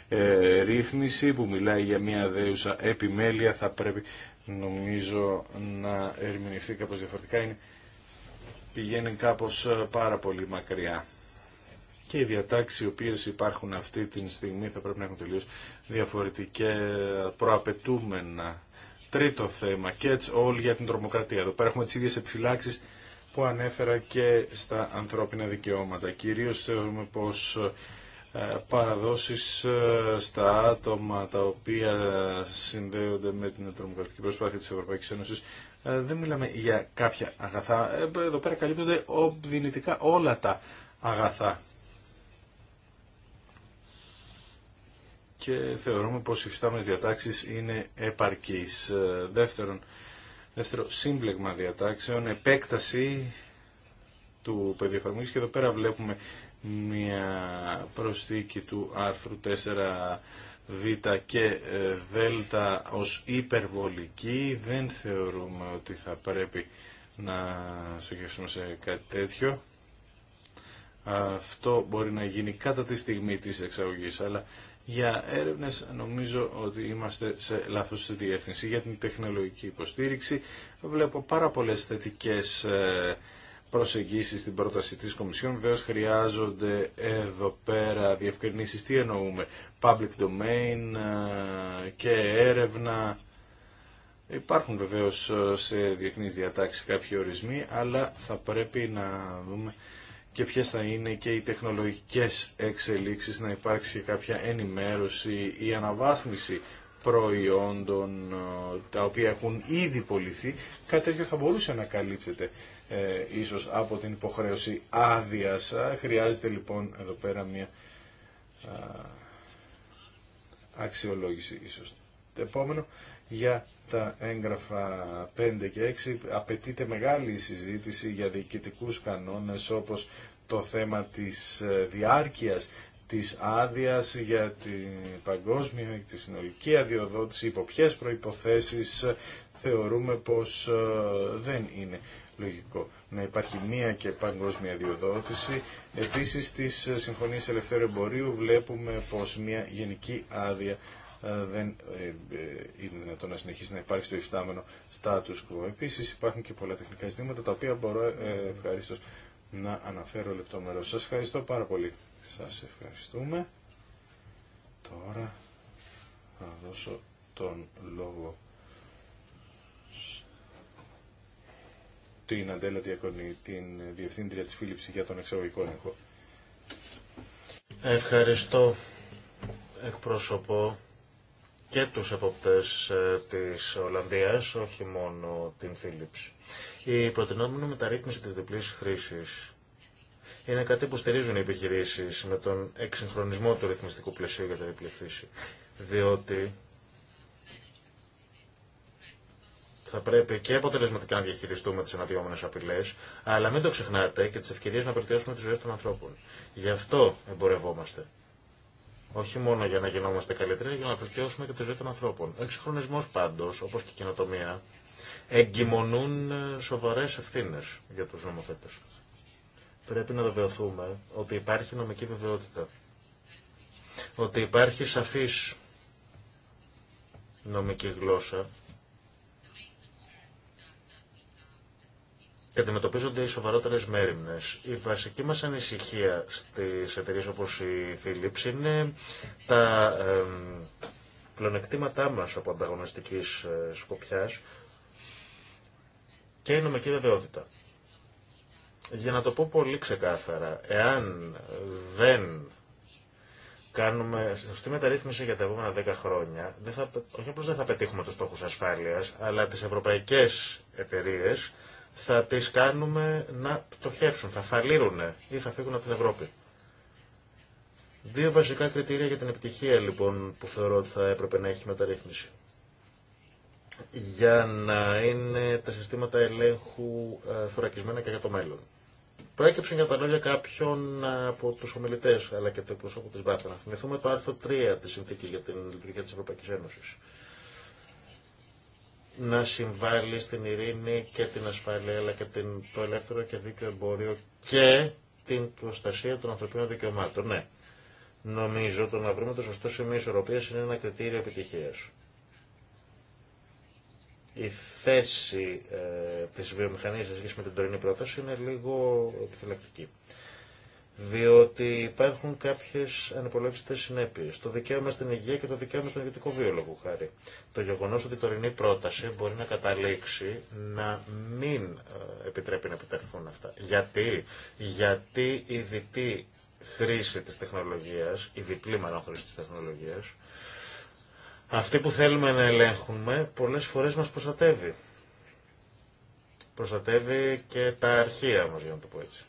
ε, ρύθμιση που μιλάει για μια δέουσα επιμέλεια θα πρέπει νομίζω να ερμηνευτεί κάπως διαφορετικά. Είναι, πηγαίνει κάπως ε, πάρα πολύ μακριά. Και οι διατάξει οι οποίες υπάρχουν αυτή τη στιγμή θα πρέπει να έχουν τελείως διαφορετικέ προαπαιτούμενα Τρίτο θέμα, catch all για την τρομοκρατία. Εδώ πέρα έχουμε τις ίδιες επιφυλάξεις που ανέφερα και στα ανθρώπινα δικαιώματα. Κυρίως θεωρούμε πως ε, παραδόσεις ε, στα άτομα τα οποία συνδέονται με την τρομοκρατική προσπάθεια της Ευρωπαϊκής Ένωσης. Ε, δεν μιλάμε για κάποια αγαθά. Εδώ πέρα καλύπτονται δυνητικά όλα τα αγαθά και θεωρούμε πως οι φυστάμενες διατάξεις είναι επαρκείς. Ε, δεύτερον, δεύτερο σύμπλεγμα διατάξεων, επέκταση του παιδιοφαρμογής και εδώ πέρα βλέπουμε μια προσθήκη του άρθρου 4 Β και ε, Δ ως υπερβολική δεν θεωρούμε ότι θα πρέπει να στοχεύσουμε σε κάτι τέτοιο. Αυτό μπορεί να γίνει κατά τη στιγμή της εξαγωγής, αλλά για έρευνες νομίζω ότι είμαστε σε λάθος διεύθυνση. Για την τεχνολογική υποστήριξη βλέπω πάρα πολλές θετικές ε, προσεγγίσεις στην πρόταση της Κομισιόν. Βεβαίω χρειάζονται εδώ πέρα διευκρινήσεις τι εννοούμε. Public domain ε, και έρευνα. Υπάρχουν βεβαίως ε, σε διεθνείς διατάξεις κάποιοι ορισμοί, αλλά θα πρέπει να δούμε και ποιες θα είναι και οι τεχνολογικές εξελίξεις, να υπάρξει κάποια ενημέρωση ή αναβάθμιση προϊόντων ε, τα οποία έχουν ήδη πολιθεί, κάτι τέτοιο θα μπορούσε να καλύπτεται ε, ίσως από την υποχρέωση άδεια. Χρειάζεται λοιπόν εδώ πέρα μια αξιολόγηση ίσως. Το επόμενο για τα έγγραφα 5 και 6 απαιτείται μεγάλη συζήτηση για διοικητικούς κανόνες όπως το θέμα της ε, διάρκειας της άδεια για την παγκόσμια και τη συνολική αδειοδότηση, υπό ποιε προϋποθέσεις ε, θεωρούμε πως ε, δεν είναι λογικό να υπάρχει μία και παγκόσμια αδειοδότηση. Επίσης, στις συμφωνίες ελευθέρου εμπορίου βλέπουμε πως μία γενική άδεια ε, δεν ε, ε, είναι δυνατόν να συνεχίσει να υπάρχει στο υφιστάμενο status quo. Επίσης υπάρχουν και πολλά τεχνικά ζητήματα τα οποία μπορώ ευχαριστώ, να αναφέρω λεπτομερώς. Σας ευχαριστώ πάρα πολύ. Σας ευχαριστούμε. Τώρα θα δώσω τον λόγο την Αντέλα Διακονή, την Διευθύντρια της Φίλιψη για τον εξαγωγικό έλεγχο. Ευχαριστώ εκπρόσωπο και τους εποπτές ε, της Ολλανδίας, όχι μόνο την Philips. Η προτινόμενη μεταρρύθμιση της διπλής χρήσης είναι κάτι που στηρίζουν οι επιχειρήσεις με τον εξυγχρονισμό του ρυθμιστικού πλαισίου για τη διπλή χρήση. Διότι θα πρέπει και αποτελεσματικά να διαχειριστούμε τις αναδυόμενες απειλές, αλλά μην το ξεχνάτε και τις ευκαιρίε να περτιώσουμε τις ζωές των ανθρώπων. Γι' αυτό εμπορευόμαστε. Όχι μόνο για να γινόμαστε καλύτεροι, αλλά για να βελτιώσουμε και τη ζωή των ανθρώπων. Ο εξυγχρονισμό πάντω, όπω και η κοινοτομία, εγκυμονούν ε, σοβαρέ ευθύνε για του νομοθέτε. Πρέπει να βεβαιωθούμε ότι υπάρχει νομική βεβαιότητα. Ότι υπάρχει σαφή νομική γλώσσα και αντιμετωπίζονται οι σοβαρότερε μέρημνε. Η βασική μα ανησυχία στι εταιρείε όπω η Philips είναι τα ε, πλεονεκτήματά μα από ανταγωνιστική σκοπιά και η νομική βεβαιότητα. Για να το πω πολύ ξεκάθαρα, εάν δεν κάνουμε σωστή μεταρρύθμιση για τα επόμενα 10 χρόνια, δεν θα, όχι απλώς δεν θα πετύχουμε τους στόχους ασφάλειας, αλλά τις ευρωπαϊκές εταιρείες θα τις κάνουμε να πτωχεύσουν, θα φαλήρουν ή θα φύγουν από την Ευρώπη. Δύο βασικά κριτήρια για την επιτυχία λοιπόν που θεωρώ ότι θα έπρεπε να έχει μεταρρύθμιση. Για να είναι τα συστήματα ελέγχου ε, θωρακισμένα και για το μέλλον. Προέκυψαν για τα λόγια κάποιων από του ομιλητέ αλλά και του εκπροσώπου τη Μπάρτα. Να θυμηθούμε το άρθρο 3 τη συνθήκη για την λειτουργία τη Ευρωπαϊκή Ένωση να συμβάλλει στην ειρήνη και την ασφάλεια, αλλά και την, το ελεύθερο και δίκαιο εμπόριο και την προστασία των ανθρωπίνων δικαιωμάτων. Ναι, νομίζω το να βρούμε το σωστό σημείο ισορροπία είναι ένα κριτήριο επιτυχία. Η θέση ε, της βιομηχανίας σε με την τωρινή πρόταση είναι λίγο επιφυλακτική διότι υπάρχουν κάποιε ανυπολόγιστε συνέπειε. Το δικαίωμα στην υγεία και το δικαίωμα στον ιδιωτικό βίολογο, χάρη. Το γεγονό ότι η τωρινή πρόταση μπορεί να καταλήξει να μην ε, επιτρέπει να επιτευχθούν αυτά. Γιατί, Γιατί η διτή χρήση τη τεχνολογία, η διπλή μάλλον χρήση τη τεχνολογία, αυτή που θέλουμε να ελέγχουμε, πολλέ φορέ μα προστατεύει. Προστατεύει και τα αρχεία μα, για να το πω έτσι.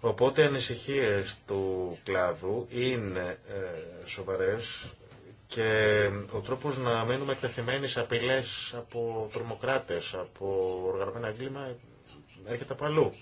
Οπότε οι ανησυχίες του κλάδου είναι ε, σοβαρές και ο τρόπος να μένουμε εκτεθειμένοι σε από τρομοκράτες, από οργανωμένα έγκλημα έρχεται από αλλού.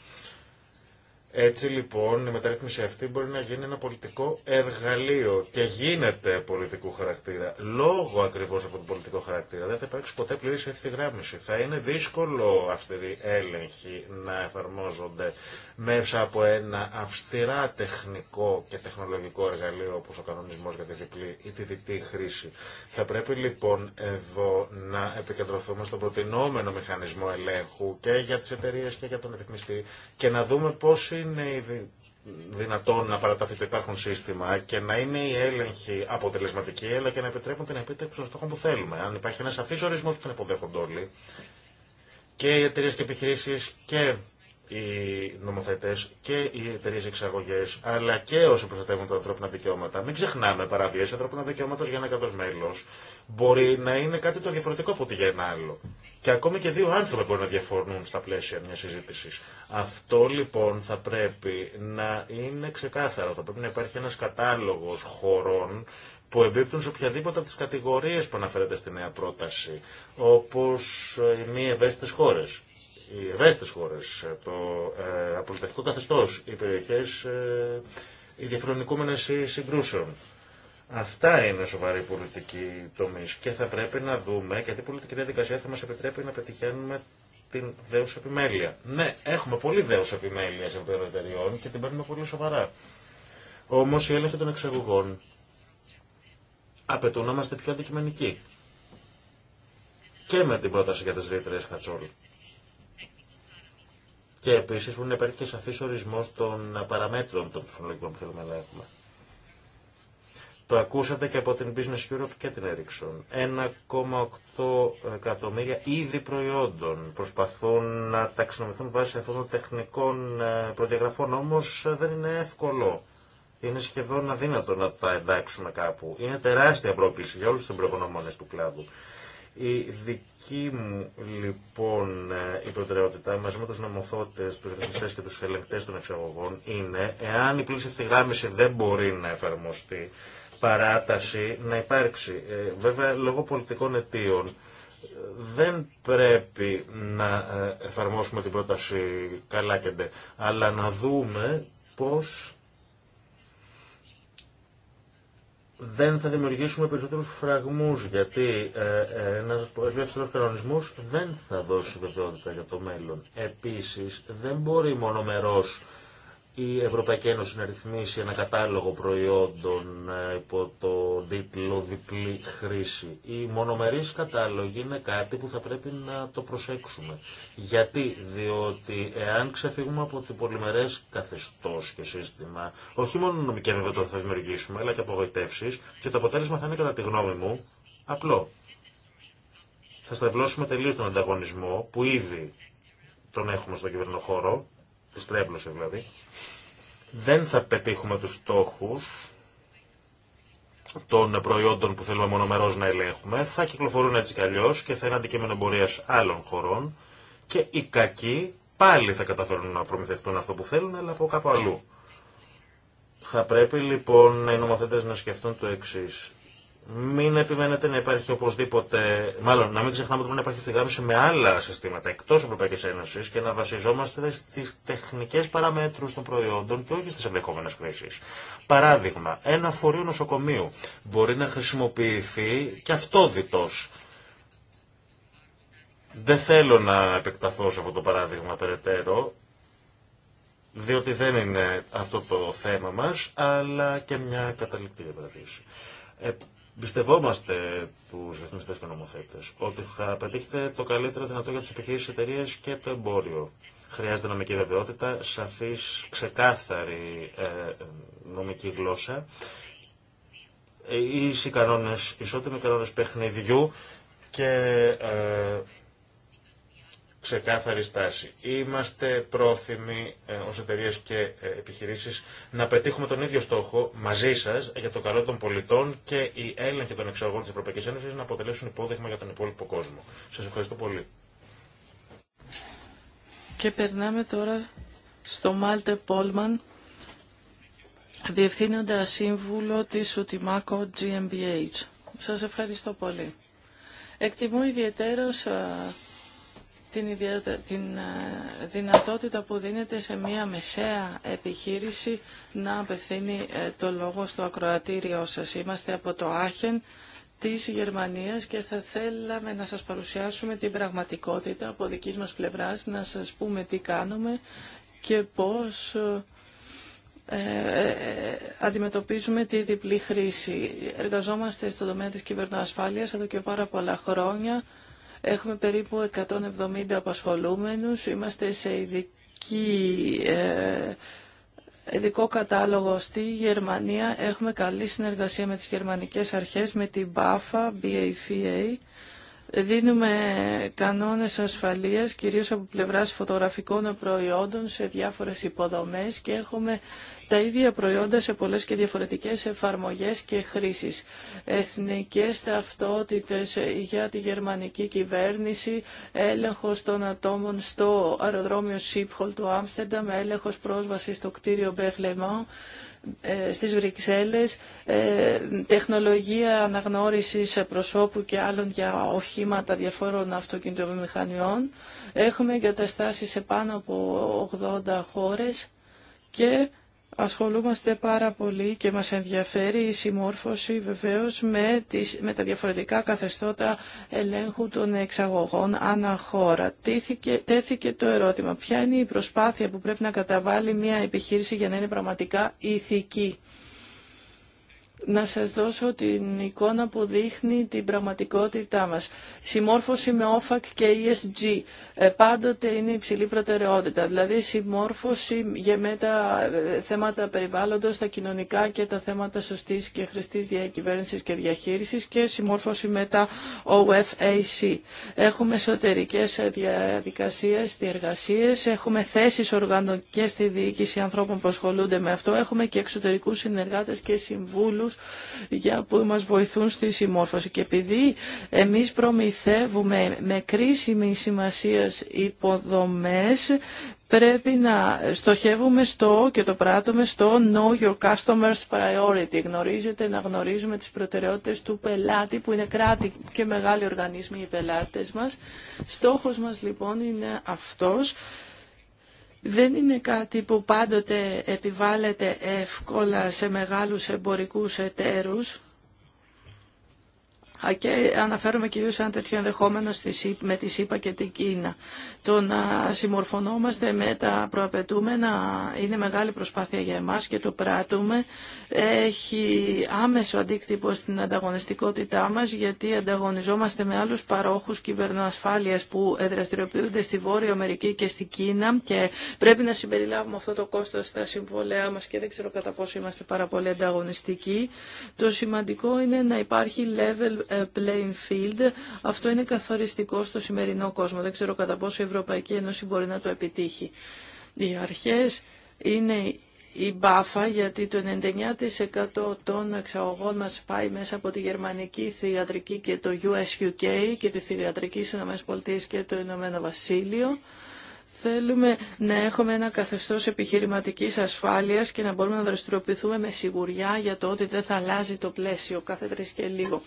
Έτσι λοιπόν η μεταρρύθμιση αυτή μπορεί να γίνει ένα πολιτικό εργαλείο και γίνεται πολιτικού χαρακτήρα. Λόγω ακριβώς αυτού του πολιτικού χαρακτήρα δεν θα υπάρξει ποτέ πλήρης ευθυγράμμιση. Θα είναι δύσκολο αυστηροί έλεγχοι να εφαρμόζονται μέσα από ένα αυστηρά τεχνικό και τεχνολογικό εργαλείο όπως ο κανονισμός για τη διπλή ή τη διτή χρήση. Θα πρέπει λοιπόν εδώ να επικεντρωθούμε στον προτινόμενο μηχανισμό ελέγχου και για τις εταιρείε και για τον ρυθμιστή και να δούμε πώς είναι δυνατόν να παραταθεί το υπάρχον σύστημα και να είναι η έλεγχη αποτελεσματική, αλλά και να επιτρέπουν την επίτευξη των στόχων που θέλουμε. Αν υπάρχει ένα σαφή ορισμό που τον υποδέχονται όλοι, και οι εταιρείε και επιχειρήσει και οι νομοθέτε και οι εταιρείε εξαγωγέ, αλλά και όσοι προστατεύουν τα ανθρώπινα δικαιώματα. Μην ξεχνάμε, παραβίαση ανθρώπινα δικαιώματο για ένα κατό μέλο μπορεί να είναι κάτι το διαφορετικό από ότι για ένα άλλο. Και ακόμη και δύο άνθρωποι μπορεί να διαφωνούν στα πλαίσια μια συζήτηση. Αυτό λοιπόν θα πρέπει να είναι ξεκάθαρο. Θα πρέπει να υπάρχει ένα κατάλογο χωρών που εμπίπτουν σε οποιαδήποτε από τι κατηγορίε που αναφέρεται στη νέα πρόταση, όπω οι μη ευαίσθητε χώρε οι ευαίσθητες χώρες, ε, το ε, απολυταρχικό καθεστώς, οι περιοχές, ε, οι διαφρονικούμενες συγκρούσεων. Αυτά είναι σοβαρή πολιτική τομή και θα πρέπει να δούμε γιατί η πολιτική διαδικασία θα μας επιτρέπει να πετυχαίνουμε την δέουσα επιμέλεια. Ναι, έχουμε πολύ δέουσα επιμέλεια σε επίπεδο και την παίρνουμε πολύ σοβαρά. Όμως, η έλεγχη των εξαγωγών απαιτούν να είμαστε πιο αντικειμενικοί. Και με την πρόταση για τι ρήτρε χατσόλου. Και επίση πρέπει να υπάρχει και σαφή ορισμό των παραμέτρων των τεχνολογικών που θέλουμε να έχουμε. Το ακούσατε και από την Business Europe και την Ericsson. 1,8 εκατομμύρια είδη προϊόντων προσπαθούν να ταξινομηθούν βάσει αυτών των τεχνικών ε, προδιαγραφών, όμω ε, δεν είναι εύκολο. Είναι σχεδόν αδύνατο να τα εντάξουμε κάπου. Είναι τεράστια πρόκληση για όλου του εμπρογνωμόνε του κλάδου. Η δική μου λοιπόν ε, η προτεραιότητα μαζί με τους νομοθότες, τους ρυθμιστές και τους ελεγκτές των εξαγωγών είναι εάν η πλήρης ευθυγράμμιση δεν μπορεί να εφαρμοστεί παράταση να υπάρξει. Ε, βέβαια λόγω πολιτικών αιτίων δεν πρέπει να ε, εφαρμόσουμε την πρόταση καλά και ντε, αλλά να δούμε πώς δεν θα δημιουργήσουμε περισσότερους φραγμούς, γιατί ε, ένας ελεύθερος κανονισμός δεν θα δώσει βεβαιότητα για το μέλλον. Επίσης, δεν μπορεί μονομερός η Ευρωπαϊκή Ένωση να ρυθμίσει ένα κατάλογο προϊόντων ε, υπό το τίτλο διπλή χρήση. Οι μονομερείς κατάλογοι είναι κάτι που θα πρέπει να το προσέξουμε. Γιατί, διότι εάν ξεφύγουμε από το πολυμερές καθεστώς και σύστημα, όχι μόνο νομικέ βέβαια το θα δημιουργήσουμε, αλλά και απογοητεύσει και το αποτέλεσμα θα είναι κατά τη γνώμη μου απλό. Θα στρεβλώσουμε τελείως τον ανταγωνισμό που ήδη τον έχουμε στον κυβερνοχώρο τη δηλαδή, δεν θα πετύχουμε τους στόχους των προϊόντων που θέλουμε μονομερώς να ελέγχουμε, θα κυκλοφορούν έτσι κι και θα είναι αντικείμενο εμπορία άλλων χωρών και οι κακοί πάλι θα καταφέρουν να προμηθευτούν αυτό που θέλουν, αλλά από κάπου αλλού. Θα πρέπει λοιπόν οι νομοθέτες να σκεφτούν το εξής μην επιμένετε να υπάρχει οπωσδήποτε, μάλλον να μην ξεχνάμε ότι μπορεί να υπάρχει ευθυγράμμιση με άλλα συστήματα εκτό Ευρωπαϊκή Ένωση και να βασιζόμαστε στι τεχνικέ παραμέτρου των προϊόντων και όχι στι ενδεχόμενε κρίσει. Παράδειγμα, ένα φορείο νοσοκομείου μπορεί να χρησιμοποιηθεί και αυτόδητο. Δεν θέλω να επεκταθώ σε αυτό το παράδειγμα περαιτέρω, διότι δεν είναι αυτό το θέμα μας, αλλά και μια καταληκτή διαπραγμάτευση. Ε, Πιστευόμαστε του ρυθμιστέ και νομοθέτε ότι θα πετύχετε το καλύτερο δυνατό για τι επιχειρήσει, εταιρείε και το εμπόριο. Χρειάζεται νομική βεβαιότητα, σαφή, ξεκάθαρη ε, νομική γλώσσα, ε, ίσοι κανόνε, ισότιμοι κανόνε παιχνιδιού και ε, ξεκάθαρη στάση. Είμαστε πρόθυμοι ε, ως εταιρείε και ε, επιχειρήσεις να πετύχουμε τον ίδιο στόχο μαζί σας για το καλό των πολιτών και η έλεγχοι των εξαγωγών της Ευρωπαϊκής Ένωσης να αποτελέσουν υπόδειγμα για τον υπόλοιπο κόσμο. Σας ευχαριστώ πολύ. Και περνάμε τώρα στο Μάλτε Πόλμαν, Διευθύνοντα Σύμβουλο της Ουτιμάκο GmbH. Σας ευχαριστώ πολύ. Εκτιμώ ιδιαίτερος την, την ε, δυνατότητα που δίνεται σε μια μεσαία επιχείρηση να απευθύνει ε, το λόγο στο ακροατήριό σας. Είμαστε από το Άχεν της Γερμανίας και θα θέλαμε να σας παρουσιάσουμε την πραγματικότητα από δικής μας πλευράς, να σας πούμε τι κάνουμε και πώς ε, ε αντιμετωπίζουμε τη διπλή χρήση. Εργαζόμαστε στον τομέα της κυβερνοασφάλειας εδώ και πάρα πολλά χρόνια. Έχουμε περίπου 170 απασχολούμενους. Είμαστε σε ειδική, ε, ειδικό κατάλογο στη Γερμανία. Έχουμε καλή συνεργασία με τις γερμανικές αρχές, με την BAFA, BAFA. Δίνουμε κανόνες ασφαλείας, κυρίως από πλευράς φωτογραφικών προϊόντων σε διάφορες υποδομές και έχουμε τα ίδια προϊόντα σε πολλές και διαφορετικές εφαρμογές και χρήσεις. Εθνικές ταυτότητες για τη γερμανική κυβέρνηση, έλεγχος των ατόμων στο αεροδρόμιο Σίπχολ του Άμστερνταμ, έλεγχος πρόσβασης στο κτίριο Μπερλεμάν, ε, στις Βρυξέλλες, ε, τεχνολογία αναγνώρισης προσώπου και άλλων για οχήματα διαφόρων αυτοκινητοβιομηχανιών. Έχουμε εγκαταστάσεις σε πάνω από 80 χώρες και Ασχολούμαστε πάρα πολύ και μας ενδιαφέρει η συμμόρφωση βεβαίως με, τις, με τα διαφορετικά καθεστώτα ελέγχου των εξαγωγών αναχώρα. χώρα. Τέθηκε, τέθηκε το ερώτημα ποια είναι η προσπάθεια που πρέπει να καταβάλει μια επιχείρηση για να είναι πραγματικά ηθική να σας δώσω την εικόνα που δείχνει την πραγματικότητά μας. Συμμόρφωση με OFAC και ESG ε, πάντοτε είναι υψηλή προτεραιότητα, δηλαδή συμμόρφωση για με τα ε, θέματα περιβάλλοντος, τα κοινωνικά και τα θέματα σωστής και χρηστής διακυβέρνησης και διαχείρισης και συμμόρφωση με τα OFAC. Έχουμε εσωτερικές διαδικασίες, διεργασίες, έχουμε θέσεις οργάνων στη διοίκηση ανθρώπων που ασχολούνται με αυτό, έχουμε και εξωτερικούς συνεργάτες και συμβούλους για που μας βοηθούν στη συμμόρφωση. Και επειδή εμείς προμηθεύουμε με κρίσιμη σημασία υποδομές, πρέπει να στοχεύουμε στο και το πράττουμε στο Know Your Customers Priority. Γνωρίζετε να γνωρίζουμε τις προτεραιότητες του πελάτη που είναι κράτη και μεγάλοι οργανισμοί οι πελάτες μας. Στόχος μας λοιπόν είναι αυτός δεν είναι κάτι που πάντοτε επιβάλλεται εύκολα σε μεγάλους εμπορικούς εταίρους και αναφέρομαι σε ένα τέτοιο ενδεχόμενο με τη ΣΥΠΑ και την Κίνα. Το να συμμορφωνόμαστε με τα προαπαιτούμενα είναι μεγάλη προσπάθεια για εμά και το πράττουμε. Έχει άμεσο αντίκτυπο στην ανταγωνιστικότητά μα, γιατί ανταγωνιζόμαστε με άλλου παρόχου κυβερνοασφάλειας που δραστηριοποιούνται στη Βόρεια Αμερική και στη Κίνα και πρέπει να συμπεριλάβουμε αυτό το κόστο στα συμβολέα μα και δεν ξέρω κατά πόσο είμαστε πάρα πολύ ανταγωνιστικοί. Το σημαντικό είναι να υπάρχει level playing field. Αυτό είναι καθοριστικό στο σημερινό κόσμο. Δεν ξέρω κατά πόσο η Ευρωπαϊκή Ένωση μπορεί να το επιτύχει. Οι αρχές είναι η μπάφα γιατί το 99% των εξαγωγών μας πάει μέσα από τη γερμανική θηγατρική και το USUK και τη θηγατρική στις ΗΠΑ και το Ηνωμένο Βασίλειο. Θέλουμε να έχουμε ένα καθεστώς επιχειρηματικής ασφάλειας και να μπορούμε να δραστηριοποιηθούμε με σιγουριά για το ότι δεν θα αλλάζει το πλαίσιο κάθε τρεις και λίγο.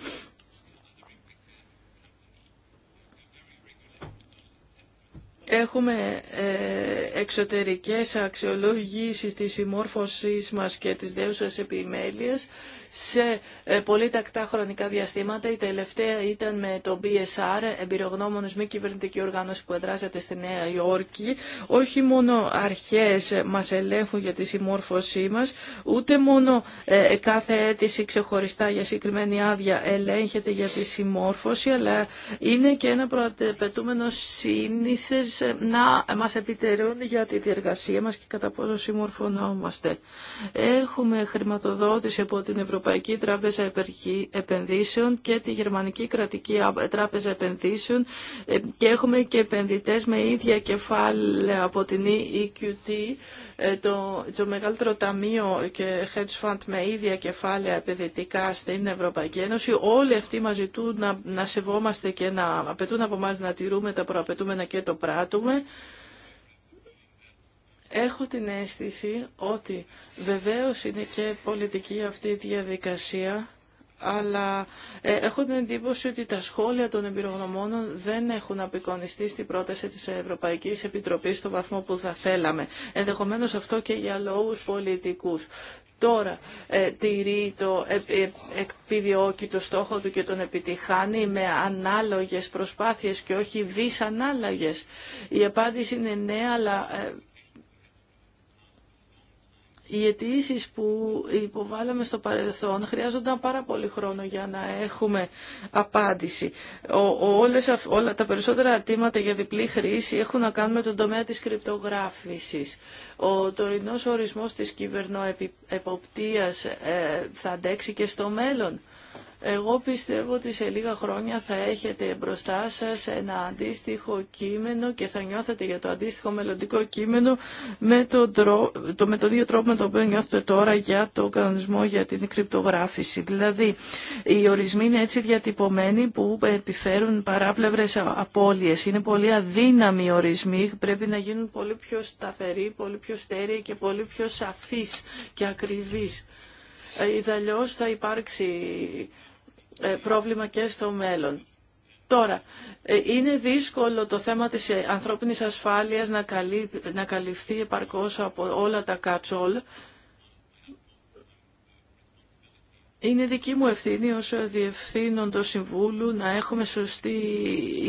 Έχουμε ε, εξωτερικές αξιολόγησεις της συμμόρφωσής μας και της δέουσας επιμέλειας σε ε, πολύ τακτά χρονικά διαστήματα. Η τελευταία ήταν με το BSR, εμπειρογνώμονες μη κυβερνητική οργάνωση που εδράζεται στη Νέα Υόρκη. Όχι μόνο αρχές μας ελέγχουν για τη συμμόρφωσή μας, ούτε μόνο ε, κάθε αίτηση ξεχωριστά για συγκεκριμένη άδεια ελέγχεται για τη συμμόρφωση, αλλά είναι και ένα προαπαιτούμενο σύνηθες ε, να μας επιτερούν για τη διεργασία μας και κατά πόσο συμμορφωνόμαστε. Έχουμε χρηματοδότηση από την Ευρωπαϊκή Ευρωπαϊκή Τράπεζα Επενδύσεων και τη Γερμανική Κρατική Τράπεζα Επενδύσεων ε, και έχουμε και επενδυτές με ίδια κεφάλαια από την EQT, ε, το, το μεγαλύτερο ταμείο και hedge fund με ίδια κεφάλαια επενδυτικά στην Ευρωπαϊκή Ένωση. Όλοι αυτοί μας ζητούν να, να σεβόμαστε και να απαιτούν από εμά να τηρούμε τα προαπαιτούμενα και το πράττουμε. Έχω την αίσθηση ότι βεβαίως είναι και πολιτική αυτή η διαδικασία, αλλά ε, έχω την εντύπωση ότι τα σχόλια των εμπειρογνωμόνων δεν έχουν απεικονιστεί στην πρόταση της Ευρωπαϊκής Επιτροπής στο βαθμό που θα θέλαμε. Ενδεχομένως αυτό και για λόγους πολιτικούς. Τώρα ε, τηρεί το ε, επιδιώκει το στόχο του και τον επιτυχάνει με ανάλογες προσπάθειες και όχι δυσανάλογες. Η απάντηση είναι ναι, αλλά ε, οι αιτήσει που υποβάλαμε στο παρελθόν χρειάζονταν πάρα πολύ χρόνο για να έχουμε απάντηση. όλες, όλα τα περισσότερα αιτήματα για διπλή χρήση έχουν να κάνουν με τον τομέα της κρυπτογράφησης. Ο τωρινός ορισμός της κυβερνοεποπτείας ε, θα αντέξει και στο μέλλον. Εγώ πιστεύω ότι σε λίγα χρόνια θα έχετε μπροστά σας ένα αντίστοιχο κείμενο και θα νιώθετε για το αντίστοιχο μελλοντικό κείμενο με το, τρο... το, με το δύο τρόπο με το οποίο νιώθετε τώρα για το κανονισμό για την κρυπτογράφηση. Δηλαδή, οι ορισμοί είναι έτσι διατυπωμένοι που επιφέρουν παράπλευρες απώλειες. Είναι πολύ αδύναμοι οι ορισμοί, πρέπει να γίνουν πολύ πιο σταθεροί, πολύ πιο στέρεοι και πολύ πιο σαφείς και ακριβείς. Ε, ιδαλλιώς θα υπάρξει ε, πρόβλημα και στο μέλλον. Τώρα, ε, είναι δύσκολο το θέμα της ε, ανθρώπινης ασφάλειας να καλυφθεί επαρκώς από όλα τα κατσόλ. Είναι δική μου ευθύνη ως το συμβούλου να έχουμε σωστή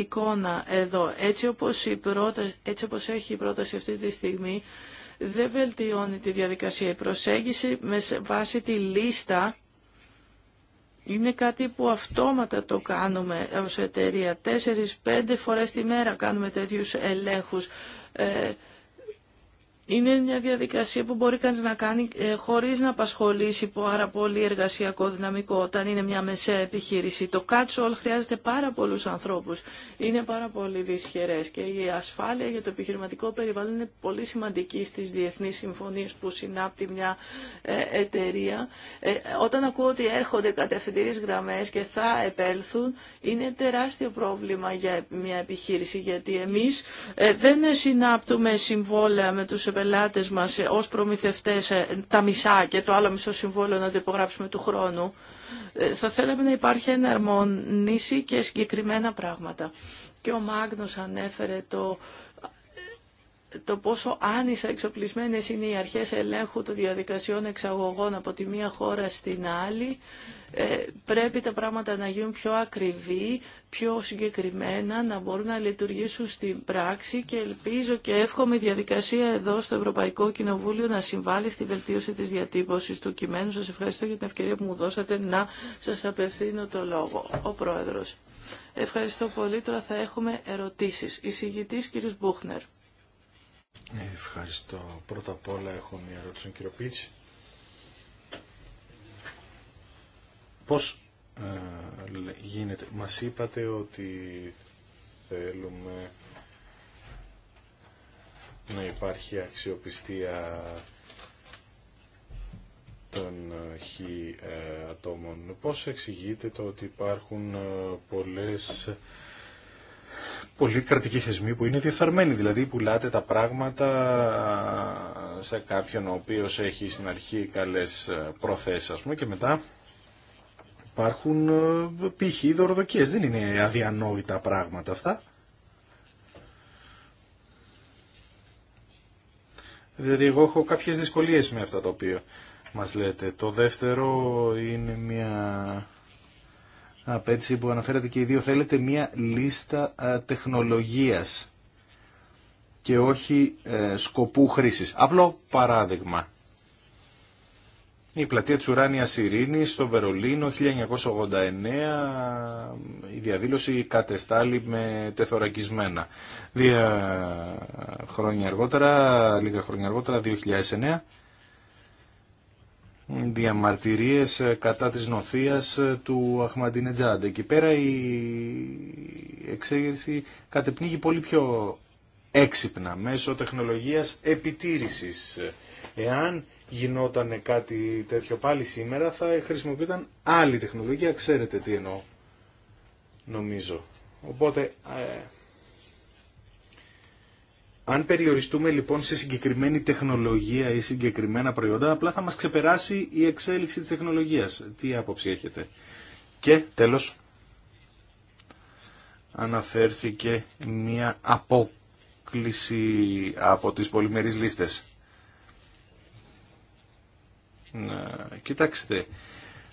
εικόνα εδώ. Έτσι όπως, η έτσι όπως έχει η πρόταση αυτή τη στιγμή, δεν βελτιώνει τη διαδικασία. Η προσέγγιση με βάση τη λίστα είναι κάτι που αυτόματα το κάνουμε ως εταιρεία. Τέσσερις-πέντε φορές τη μέρα κάνουμε τέτοιους ελέγχους. Ε, είναι μια διαδικασία που μπορεί κανείς να κάνει ε, χωρίς να απασχολήσει πάρα πολύ εργασιακό δυναμικό όταν είναι μια μεσαία επιχείρηση. Το catch all χρειάζεται πάρα πολλούς ανθρώπους. Είναι πάρα πολύ δυσχερές και η ασφάλεια για το επιχειρηματικό περιβάλλον είναι πολύ σημαντική στις διεθνείς συμφωνίες που συνάπτει μια ε, εταιρεία. Ε, όταν ακούω ότι έρχονται κατευθυντήριες γραμμές και θα επέλθουν είναι τεράστιο πρόβλημα για μια επιχείρηση γιατί εμείς δεν συνάπτουμε συμβόλαια με τους Ω μας ως προμηθευτές ε, τα μισά και το άλλο μισό συμβόλαιο να το υπογράψουμε του χρόνου. Ε, θα θέλαμε να υπάρχει εναρμονίση και συγκεκριμένα πράγματα. Και ο Μάγνος ανέφερε το το πόσο άνισα εξοπλισμένες είναι οι αρχές ελέγχου των διαδικασιών εξαγωγών από τη μία χώρα στην άλλη, ε, πρέπει τα πράγματα να γίνουν πιο ακριβή, πιο συγκεκριμένα, να μπορούν να λειτουργήσουν στην πράξη και ελπίζω και εύχομαι η διαδικασία εδώ στο Ευρωπαϊκό Κοινοβούλιο να συμβάλλει στη βελτίωση της διατύπωσης του κειμένου. Σας ευχαριστώ για την ευκαιρία που μου δώσατε να σας απευθύνω το λόγο. Ο Πρόεδρος. Ευχαριστώ πολύ. Τώρα θα έχουμε ερωτήσεις. Εισηγητής κ. Μπούχνερ. Ευχαριστώ. Πρώτα απ' όλα έχω μια ερώτηση στον κύριο Πίτση. Πώς ε, γίνεται, μας είπατε ότι θέλουμε να υπάρχει αξιοπιστία των ε, χι ε, ατόμων. Πώς εξηγείτε το ότι υπάρχουν ε, πολλές πολύ κρατικοί θεσμοί που είναι διεφθαρμένοι. Δηλαδή πουλάτε τα πράγματα σε κάποιον ο οποίος έχει στην αρχή καλές ε, προθέσεις ας πούμε και μετά υπάρχουν ε, π.χ. δωροδοκίες. Δεν είναι αδιανόητα πράγματα αυτά. Δηλαδή εγώ έχω κάποιες δυσκολίες με αυτά τα οποία μας λέτε. Το δεύτερο είναι μια απέτηση που αναφέρατε και οι δύο θέλετε μια λίστα ε, τεχνολογίας και όχι ε, σκοπού χρήσης. Απλό παράδειγμα. Η πλατεία της Ουράνιας Ειρήνης στο Βερολίνο 1989 η διαδήλωση κατεστάλλει με τεθωρακισμένα. Δύο χρόνια αργότερα, λίγα χρόνια αργότερα, 2009, διαμαρτυρίες ε, κατά της νοθείας ε, του Αχμαντίνετζάντ. Εκεί πέρα η εξέγερση κατεπνίγει πολύ πιο έξυπνα μέσω τεχνολογίας επιτήρησης. Εάν γινόταν κάτι τέτοιο πάλι σήμερα θα χρησιμοποιούνταν άλλη τεχνολογία, ξέρετε τι εννοώ νομίζω. Οπότε ε, αν περιοριστούμε λοιπόν σε συγκεκριμένη τεχνολογία ή συγκεκριμένα προϊόντα, απλά θα μας ξεπεράσει η εξέλιξη της τεχνολογίας. Τι άποψη έχετε. Και τέλος, αναφέρθηκε μια απόκληση από τις πολυμερείς λίστες. Κοιτάξτε,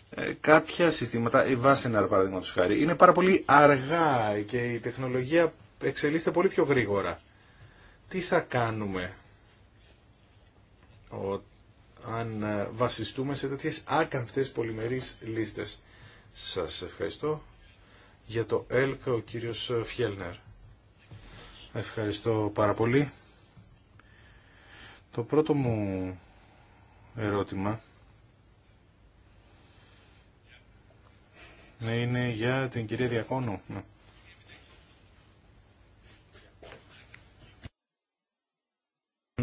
ε, κάποια συστήματα, η Βάσεναρ παραδείγματος χάρη, είναι πάρα πολύ αργά και η τεχνολογία εξελίσσεται πολύ πιο γρήγορα τι θα κάνουμε ο, αν ε, βασιστούμε σε τέτοιες άκαμπτες πολυμερείς λίστες. Σας ευχαριστώ για το ΕΛΚ ο κύριος Φιέλνερ. Ευχαριστώ πάρα πολύ. Το πρώτο μου ερώτημα είναι για την κυρία Διακόνου. Ναι.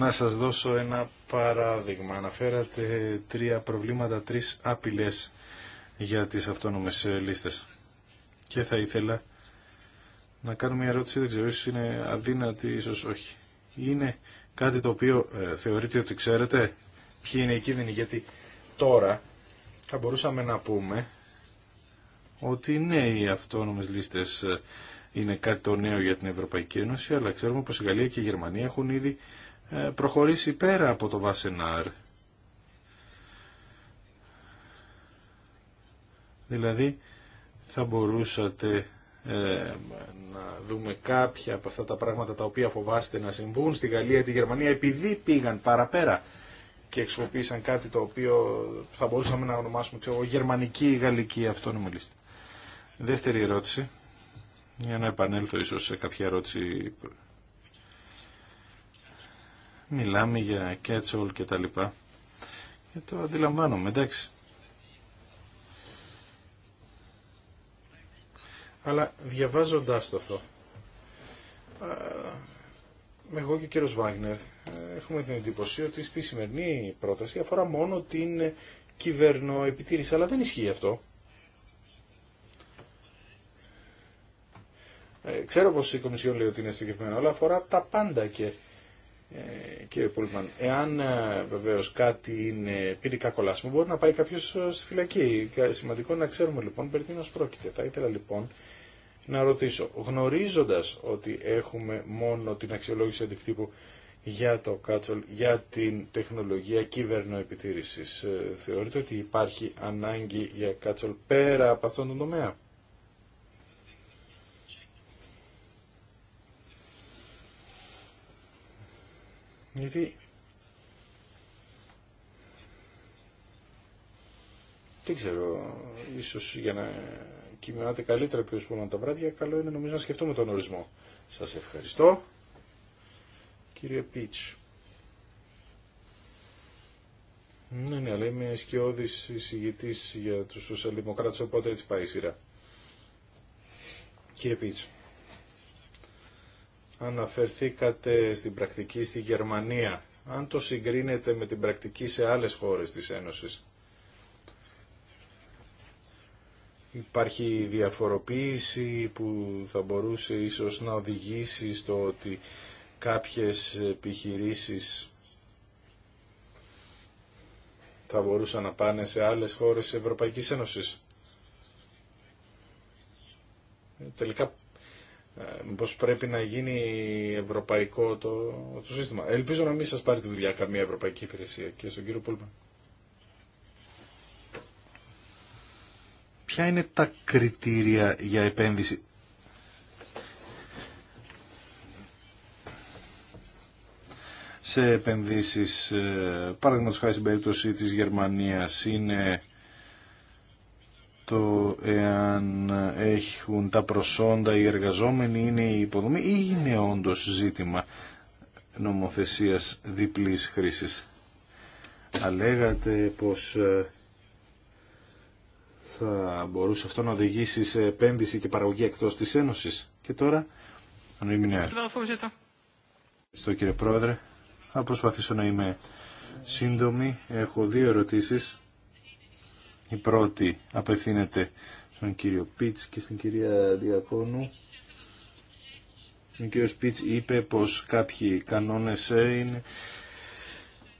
Να σας δώσω ένα παράδειγμα. Αναφέρατε τρία προβλήματα, τρεις απειλές για τις αυτόνομες ε, λίστες. Και θα ήθελα να κάνω μια ερώτηση, δεν ξέρω, ίσως είναι αδύνατη, ίσως όχι. Είναι κάτι το οποίο ε, θεωρείτε ότι ξέρετε ποιοι είναι οι κίνδυνοι, γιατί τώρα θα μπορούσαμε να πούμε ότι ναι, οι αυτόνομες λίστες ε, είναι κάτι το νέο για την Ευρωπαϊκή Ένωση, αλλά ξέρουμε πως η Γαλλία και η Γερμανία έχουν ήδη ε, προχωρήσει πέρα από το Βασενάρ. Δηλαδή θα μπορούσατε ε, να δούμε κάποια από αυτά τα πράγματα τα οποία φοβάστε να συμβούν στη Γαλλία ή τη Γερμανία επειδή πήγαν παραπέρα και εξοπλίσαν κάτι το οποίο θα μπορούσαμε να ονομάσουμε ξέρω, γερμανική ή γαλλική αυτόνομη λίστα. Δεύτερη ερώτηση, για να επανέλθω ίσως σε κάποια ερώτηση μιλάμε για catch-all και τα λοιπά. Και το αντιλαμβάνομαι, εντάξει. Αλλά διαβάζοντάς το αυτό, εγώ και ο κύριος Βάγνερ ε, έχουμε την εντύπωση ότι στη σημερινή πρόταση αφορά μόνο την επιτήρηση. αλλά δεν ισχύει αυτό. Ε, ξέρω πως η Κομισιόν λέει ότι είναι στοχευμένο, αλλά αφορά τα πάντα και ε, κύριε Πούλμαν, εάν ε, βεβαίω κάτι είναι πυρικά κολάσιμο, μπορεί να πάει κάποιο ε, στη φυλακή. Σημαντικό να ξέρουμε λοιπόν περί τίνο πρόκειται. Θα ήθελα λοιπόν να ρωτήσω, γνωρίζοντας ότι έχουμε μόνο την αξιολόγηση αντικτύπου για το κάτσολ, για την τεχνολογία κυβερνοεπιτήρησης, θεωρείτε ότι υπάρχει ανάγκη για κάτσολ πέρα από αυτόν τον τομέα. Γιατί δεν ξέρω, ίσως για να κοιμάται καλύτερα και όσο τα βράδια, καλό είναι νομίζω να σκεφτούμε τον ορισμό. Σας ευχαριστώ. Κύριε Πίτς. Ναι, ναι, αλλά είμαι σκιώδης εισηγητής για τους σοσιαλδημοκράτες, οπότε έτσι πάει η σειρά. Κύριε Πίτς. Αναφερθήκατε στην πρακτική στη Γερμανία. Αν το συγκρίνετε με την πρακτική σε άλλες χώρες της Ένωσης, υπάρχει διαφοροποίηση που θα μπορούσε ίσως να οδηγήσει στο ότι κάποιες επιχειρήσεις θα μπορούσαν να πάνε σε άλλες χώρες της Ευρωπαϊκής Ένωσης. Ε, τελικά ε, πώς πρέπει να γίνει ευρωπαϊκό το, το σύστημα. Ελπίζω να μην σα πάρει τη δουλειά καμία ευρωπαϊκή υπηρεσία και στον κύριο Πούλμαν. Ποια είναι τα κριτήρια για επένδυση. σε επενδύσεις, ε, παραδείγματος χάρη στην περίπτωση της Γερμανίας, είναι το εάν έχουν τα προσόντα οι εργαζόμενοι, είναι η υποδομή ή είναι όντως ζήτημα νομοθεσίας διπλής χρήσης. Αλέγατε πως ε, θα μπορούσε αυτό να οδηγήσει σε επένδυση και παραγωγή εκτός της Ένωσης. Και τώρα, αν είμαι Ευχαριστώ κύριε Πρόεδρε. Θα προσπαθήσω να είμαι σύντομη. Έχω δύο ερωτήσεις. Η πρώτη απευθύνεται στον κύριο Πίτς και στην κυρία Διακόνου. Ο κύριος Πίτς είπε πως κάποιοι κανόνες είναι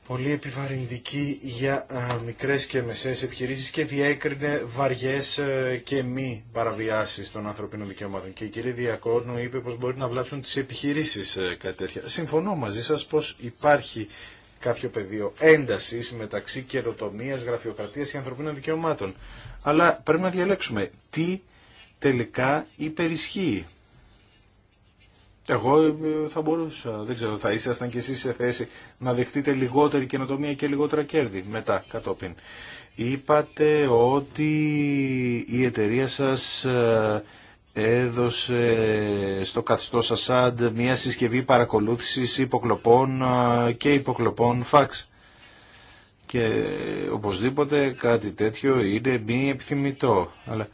πολύ επιβαρυντικοί για μικρές και μεσαίες επιχειρήσεις και διέκρινε βαριές και μη παραβιάσεις των ανθρωπίνων δικαιωμάτων. Και η κυρία Διακόνου είπε πως μπορεί να βλάψουν τις επιχειρήσεις κάτι τέτοια. Συμφωνώ μαζί σας πως υπάρχει κάποιο πεδίο έντασης μεταξύ καιροτομία, γραφειοκρατίας και ανθρωπίνων δικαιωμάτων. Αλλά πρέπει να διαλέξουμε τι τελικά υπερισχύει. Εγώ ε, θα μπορούσα, δεν ξέρω, θα ήσασταν κι εσείς σε θέση να δεχτείτε λιγότερη καινοτομία και λιγότερα κέρδη μετά, κατόπιν. Είπατε ότι η εταιρεία σας ε, έδωσε στο καθιστός Ασάντ μια συσκευή παρακολούθησης υποκλοπών και υποκλοπών φαξ. Και οπωσδήποτε κάτι τέτοιο είναι μη επιθυμητό. Αλλά...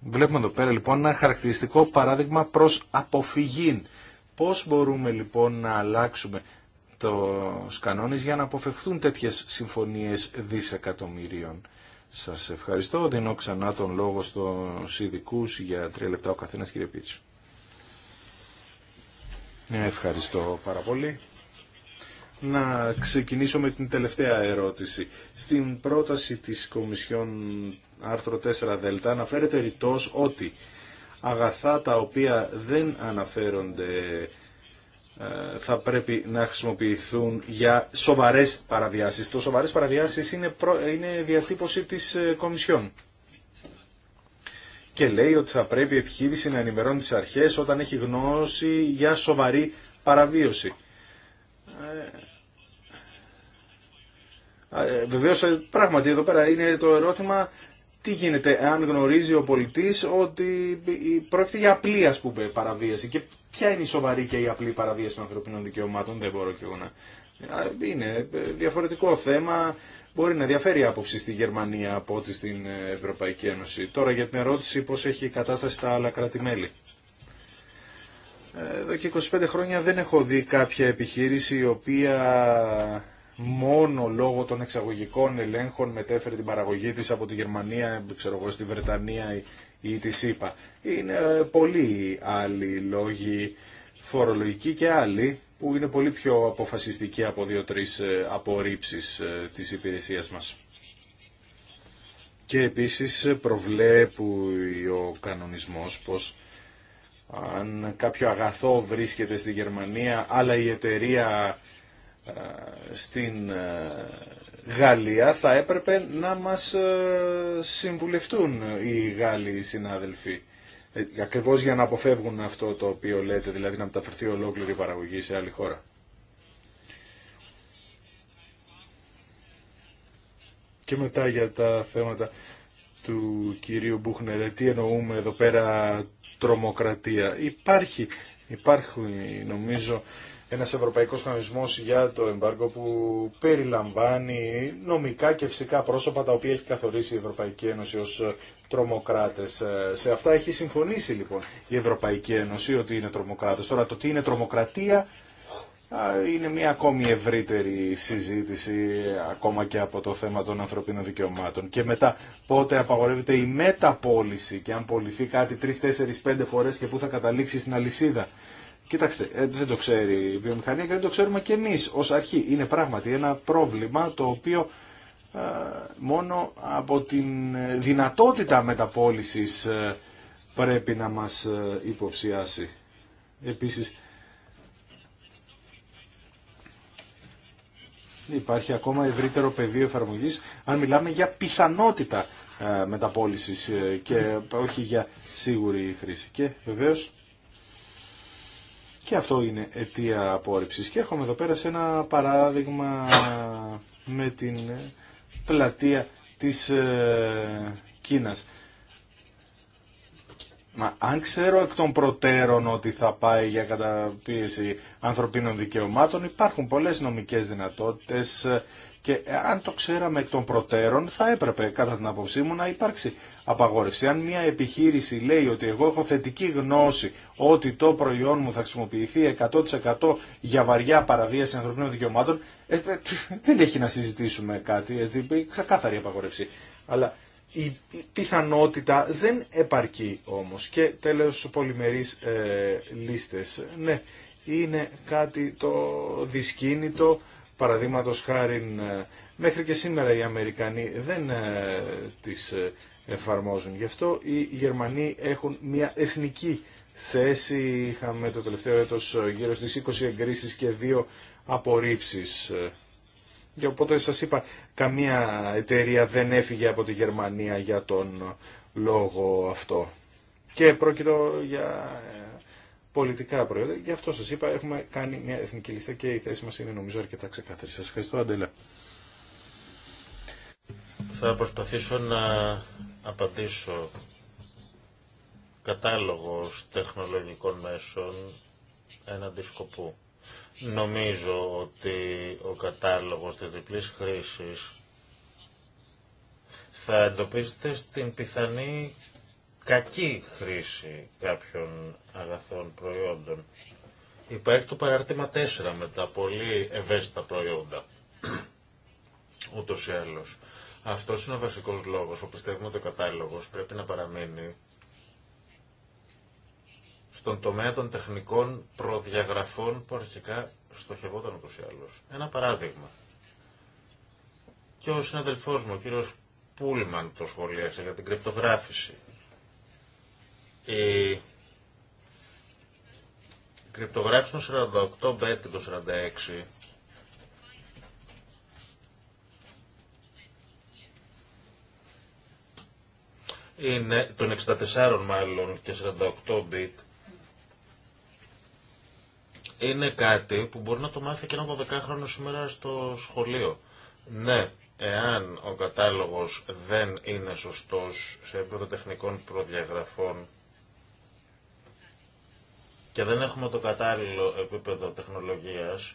Βλέπουμε εδώ πέρα λοιπόν ένα χαρακτηριστικό παράδειγμα προς αποφυγή. Πώς μπορούμε λοιπόν να αλλάξουμε το κανόνες για να αποφευθούν τέτοιες συμφωνίες δισεκατομμυρίων. Σας ευχαριστώ. Δίνω ξανά τον λόγο στους ειδικού για τρία λεπτά ο καθένας κύριε Πίτσου. Ναι, ευχαριστώ πάρα πολύ. Να ξεκινήσω με την τελευταία ερώτηση. Στην πρόταση της Κομισιόν άρθρο 4 Δελτά αναφέρεται ρητός ότι αγαθά τα οποία δεν αναφέρονται ε, θα πρέπει να χρησιμοποιηθούν για σοβαρές παραβιάσεις. Το σοβαρές παραβιάσεις είναι, είναι διατύπωση της ε, Κομισιόν. Και λέει ότι θα πρέπει η επιχείρηση να ενημερώνει τις αρχές όταν έχει γνώση για σοβαρή παραβίωση. Ε, ε Βεβαίω, πράγματι, εδώ πέρα είναι το ερώτημα τι γίνεται αν γνωρίζει ο πολιτής ότι πρόκειται για απλή ας πούμε παραβίαση και ποια είναι η σοβαρή και η απλή παραβίαση των ανθρωπίνων δικαιωμάτων δεν μπορώ και εγώ να... Είναι διαφορετικό θέμα, μπορεί να διαφέρει η άποψη στη Γερμανία από ό,τι στην Ευρωπαϊκή Ένωση. Τώρα για την ερώτηση πώς έχει η κατάσταση στα άλλα κράτη-μέλη. Ε, εδώ και 25 χρόνια δεν έχω δει κάποια επιχείρηση η οποία μόνο λόγω των εξαγωγικών ελέγχων μετέφερε την παραγωγή της από τη Γερμανία, ξέρω εγώ, στη Βρετανία ή τη ΣΥΠΑ. Είναι ε, πολλοί άλλοι λόγοι φορολογικοί και άλλοι που είναι πολύ πιο αποφασιστικοί από δύο-τρεις ε, απορρίψεις ε, της υπηρεσίας μας. Και επίσης προβλέπει ο κανονισμός πως αν κάποιο αγαθό βρίσκεται στη Γερμανία αλλά η εταιρεία στην ε, Γαλλία θα έπρεπε να μας ε, συμβουλευτούν οι Γάλλοι συνάδελφοι. Ε, ακριβώς για να αποφεύγουν αυτό το οποίο λέτε, δηλαδή να μεταφερθεί ολόκληρη η παραγωγή σε άλλη χώρα. Και μετά για τα θέματα του κυρίου Μπούχνερ, τι εννοούμε εδώ πέρα τρομοκρατία. Υπάρχει, υπάρχει νομίζω ένα Ευρωπαϊκό κανονισμό για το εμπάργκο που περιλαμβάνει νομικά και φυσικά πρόσωπα τα οποία έχει καθορίσει η Ευρωπαϊκή Ένωση ω ε, τρομοκράτε. Ε, σε αυτά έχει συμφωνήσει λοιπόν η Ευρωπαϊκή Ένωση ότι είναι τρομοκράτε. Τώρα το τι είναι τρομοκρατία είναι μια ακόμη ευρύτερη συζήτηση ακόμα και από το θέμα των ανθρωπίνων δικαιωμάτων. Και μετά πότε απαγορεύεται η μεταπόληση και αν πολιθεί κάτι 3, 4, πέντε φορές και πού θα καταλήξει στην αλυσίδα. Κοιτάξτε, ε, δεν το ξέρει η βιομηχανία και δεν το ξέρουμε και εμείς ως αρχή. Είναι πράγματι ένα πρόβλημα το οποίο ε, μόνο από την δυνατότητα μεταπόλησης ε, πρέπει να μας υποψιάσει. Επίσης, υπάρχει ακόμα ευρύτερο πεδίο εφαρμογής αν μιλάμε για πιθανότητα μεταπόλησης και όχι για σίγουρη χρήση. Και βεβαίως και αυτό είναι αιτία απόρριψης. Και έρχομαι εδώ πέρα σε ένα παράδειγμα με την ε, πλατεία της ε, Κίνας. Μα αν ξέρω εκ των προτέρων ότι θα πάει για καταπίεση ανθρωπίνων δικαιωμάτων, υπάρχουν πολλές νομικές δυνατότητες και αν το ξέραμε εκ των προτέρων, θα έπρεπε, κατά την άποψή μου, να υπάρξει απαγόρευση. Αν μια επιχείρηση λέει ότι εγώ έχω θετική γνώση ότι το προϊόν μου θα χρησιμοποιηθεί 100% για βαριά παραβίαση ανθρωπίνων δικαιωμάτων, ε, δεν έχει να συζητήσουμε κάτι. Έτσι, ξεκάθαρη απαγόρευση. Αλλά η πιθανότητα δεν επαρκεί όμως. Και τέλος, πολυμερείς ε, λίστες. Ναι, είναι κάτι το δυσκίνητο Παραδείγματο χάρη, ε, μέχρι και σήμερα οι Αμερικανοί δεν ε, τις ε, εφαρμόζουν. Γι' αυτό οι Γερμανοί έχουν μια εθνική θέση. Είχαμε το τελευταίο έτος γύρω στις 20 εγκρίσεις και δύο απορρίψεις. Και οπότε σας είπα, καμία εταιρεία δεν έφυγε από τη Γερμανία για τον λόγο αυτό. Και πρόκειτο για πολιτικά προϊόντα. Γι' αυτό σας είπα, έχουμε κάνει μια εθνική λίστα και η θέση μας είναι νομίζω αρκετά ξεκάθαρη. Σας ευχαριστώ, Αντέλα. Θα προσπαθήσω να απαντήσω κατάλογος τεχνολογικών μέσων έναντι σκοπού. Νομίζω ότι ο κατάλογος της διπλής χρήσης θα εντοπίζεται στην πιθανή κακή χρήση κάποιων αγαθών προϊόντων. Υπάρχει το παράρτημα 4 με τα πολύ ευαίσθητα προϊόντα. Ούτω ή άλλω. Αυτό είναι ο βασικό λόγο που πιστεύουμε ότι ο κατάλογο πρέπει να παραμείνει στον τομέα των τεχνικών προδιαγραφών που αρχικά στοχευόταν ούτω ή άλλω. Ένα παράδειγμα. Και ο συναδελφό μου, ο κύριο Πούλμαν, το σχολίασε για την κρυπτογράφηση. Η κρυπτογράφηση των 48 bet και των 46 είναι των 64 μάλλον και 48 bit είναι κάτι που μπορεί να το μάθει και ένα 12χρονο σήμερα στο σχολείο. Ναι, εάν ο κατάλογος δεν είναι σωστός σε επίπεδο τεχνικών προδιαγραφών και δεν έχουμε το κατάλληλο επίπεδο τεχνολογίας,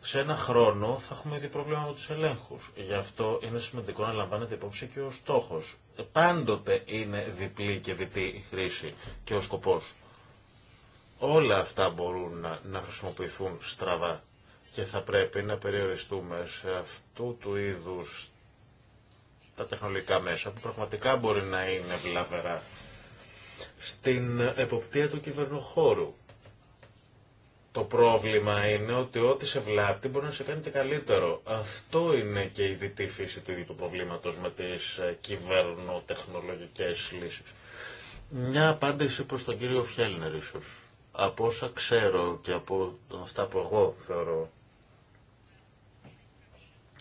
σε ένα χρόνο θα έχουμε ήδη πρόβλημα με τους ελέγχους. Γι' αυτό είναι σημαντικό να λαμβάνεται υπόψη και ο στόχος. Πάντοτε είναι διπλή και διτή η χρήση και ο σκοπός. Όλα αυτά μπορούν να, να χρησιμοποιηθούν στραβά και θα πρέπει να περιοριστούμε σε αυτού του είδους τα τεχνολογικά μέσα που πραγματικά μπορεί να είναι βλαβερά στην εποπτεία του κυβερνοχώρου το πρόβλημα είναι ότι ό,τι σε βλάπτει μπορεί να σε και καλύτερο. Αυτό είναι και η δυτή φύση του ίδιου του προβλήματος με τις ε, κυβερνοτεχνολογικές λύσεις. Μια απάντηση προς τον κύριο Φιέλνερ ίσως. Από όσα ξέρω και από αυτά που εγώ θεωρώ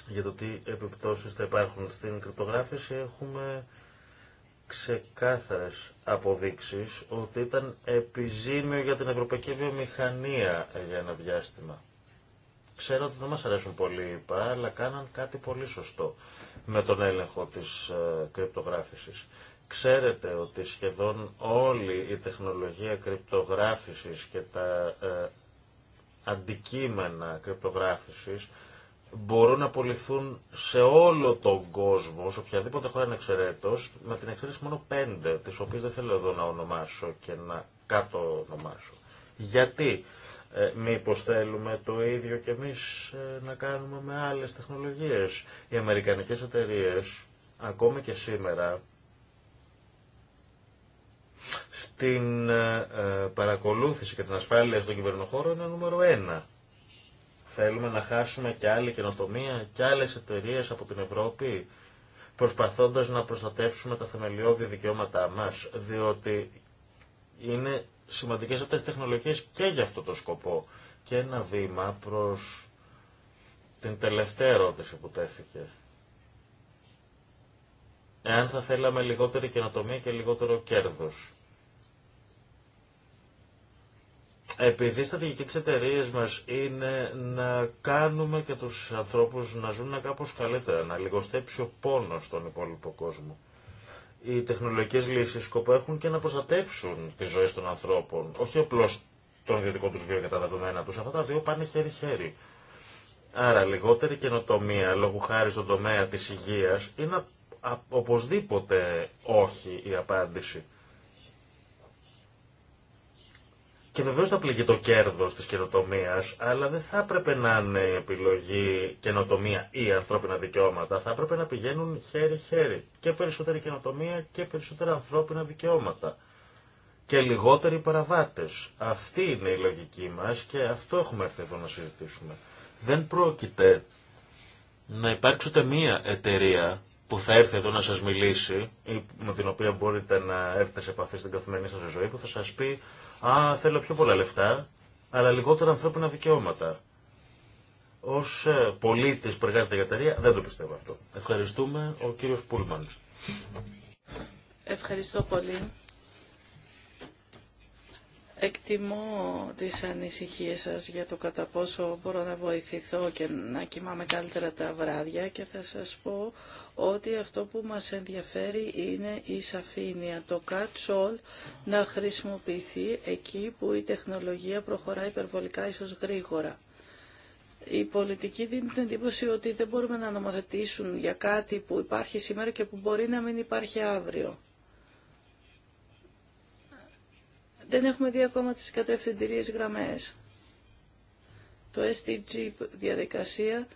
για το τι επιπτώσεις θα υπάρχουν στην κρυπτογράφηση έχουμε ξεκάθαρες αποδείξεις ότι ήταν επιζήμιο για την ευρωπαϊκή βιομηχανία για ένα διάστημα. Ξέρω ότι δεν μας αρέσουν πολύ οι αλλά κάναν κάτι πολύ σωστό με τον έλεγχο της ε, κρυπτογράφησης. Ξέρετε ότι σχεδόν όλη η τεχνολογία κρυπτογράφησης και τα ε, αντικείμενα κρυπτογράφησης μπορούν να πουληθούν σε όλο τον κόσμο, σε οποιαδήποτε χώρα είναι εξαιρέτω, με την εξαίρεση μόνο πέντε, τις οποίες δεν θέλω εδώ να ονομάσω και να κάτω ονομάσω. Γιατί ε, μήπως θέλουμε το ίδιο και εμείς ε, να κάνουμε με άλλε τεχνολογίες. Οι αμερικανικές εταιρείε, ακόμη και σήμερα, στην ε, ε, παρακολούθηση και την ασφάλεια στον κυβερνοχώρο είναι νούμερο ένα Θέλουμε να χάσουμε και άλλη καινοτομία και άλλες εταιρείες από την Ευρώπη προσπαθώντας να προστατεύσουμε τα θεμελιώδη δικαιώματά μας, διότι είναι σημαντικές αυτές οι τεχνολογίες και για αυτό το σκοπό. Και ένα βήμα προς την τελευταία ερώτηση που τέθηκε. Εάν θα θέλαμε λιγότερη καινοτομία και λιγότερο κέρδος. Επειδή η στρατηγική της εταιρείας μας είναι να κάνουμε και τους ανθρώπους να ζουν κάπως καλύτερα, να λιγοστέψει ο πόνος στον υπόλοιπο κόσμο. Οι τεχνολογικές λύσεις σκοπό έχουν και να προστατεύσουν τις ζωές των ανθρώπων, όχι απλώς τον ιδιωτικό τους βίο και τα δεδομένα τους. Αυτά τα δύο πάνε χέρι-χέρι. Άρα λιγότερη καινοτομία λόγω χάρη στον τομέα της υγείας είναι οπωσδήποτε όχι η απάντηση. Και βεβαίω θα πληγεί το κέρδο τη καινοτομία, αλλά δεν θα έπρεπε να είναι η επιλογή καινοτομία ή ανθρώπινα δικαιώματα. Θα έπρεπε να πηγαίνουν χέρι-χέρι. Και περισσότερη καινοτομία και περισσότερα ανθρώπινα δικαιώματα. Και λιγότεροι παραβάτε. Αυτή είναι η λογική μα και αυτό έχουμε έρθει εδώ να συζητήσουμε. Δεν πρόκειται να υπάρξει ούτε μία εταιρεία που θα έρθει εδώ να σας μιλήσει ή με την οποία μπορείτε να έρθετε σε επαφή στην καθημερινή σας ζωή που θα σας πει Α, θέλω πιο πολλά λεφτά, αλλά λιγότερα ανθρώπινα δικαιώματα. Ω ε, πολίτη που εργάζεται για εταιρεία, δεν το πιστεύω αυτό. Ευχαριστούμε ο κύριο Πούλμαν. Ευχαριστώ πολύ. Εκτιμώ τις ανησυχίες σας για το κατά πόσο μπορώ να βοηθηθώ και να κοιμάμαι καλύτερα τα βράδια και θα σας πω ότι αυτό που μας ενδιαφέρει είναι η σαφήνεια. Το catch all να χρησιμοποιηθεί εκεί που η τεχνολογία προχωρά υπερβολικά ίσως γρήγορα. Η πολιτική δίνει την εντύπωση ότι δεν μπορούμε να νομοθετήσουν για κάτι που υπάρχει σήμερα και που μπορεί να μην υπάρχει αύριο. Δεν έχουμε δει ακόμα τις κατευθυντηρίες γραμμές. Το SDG διαδικασία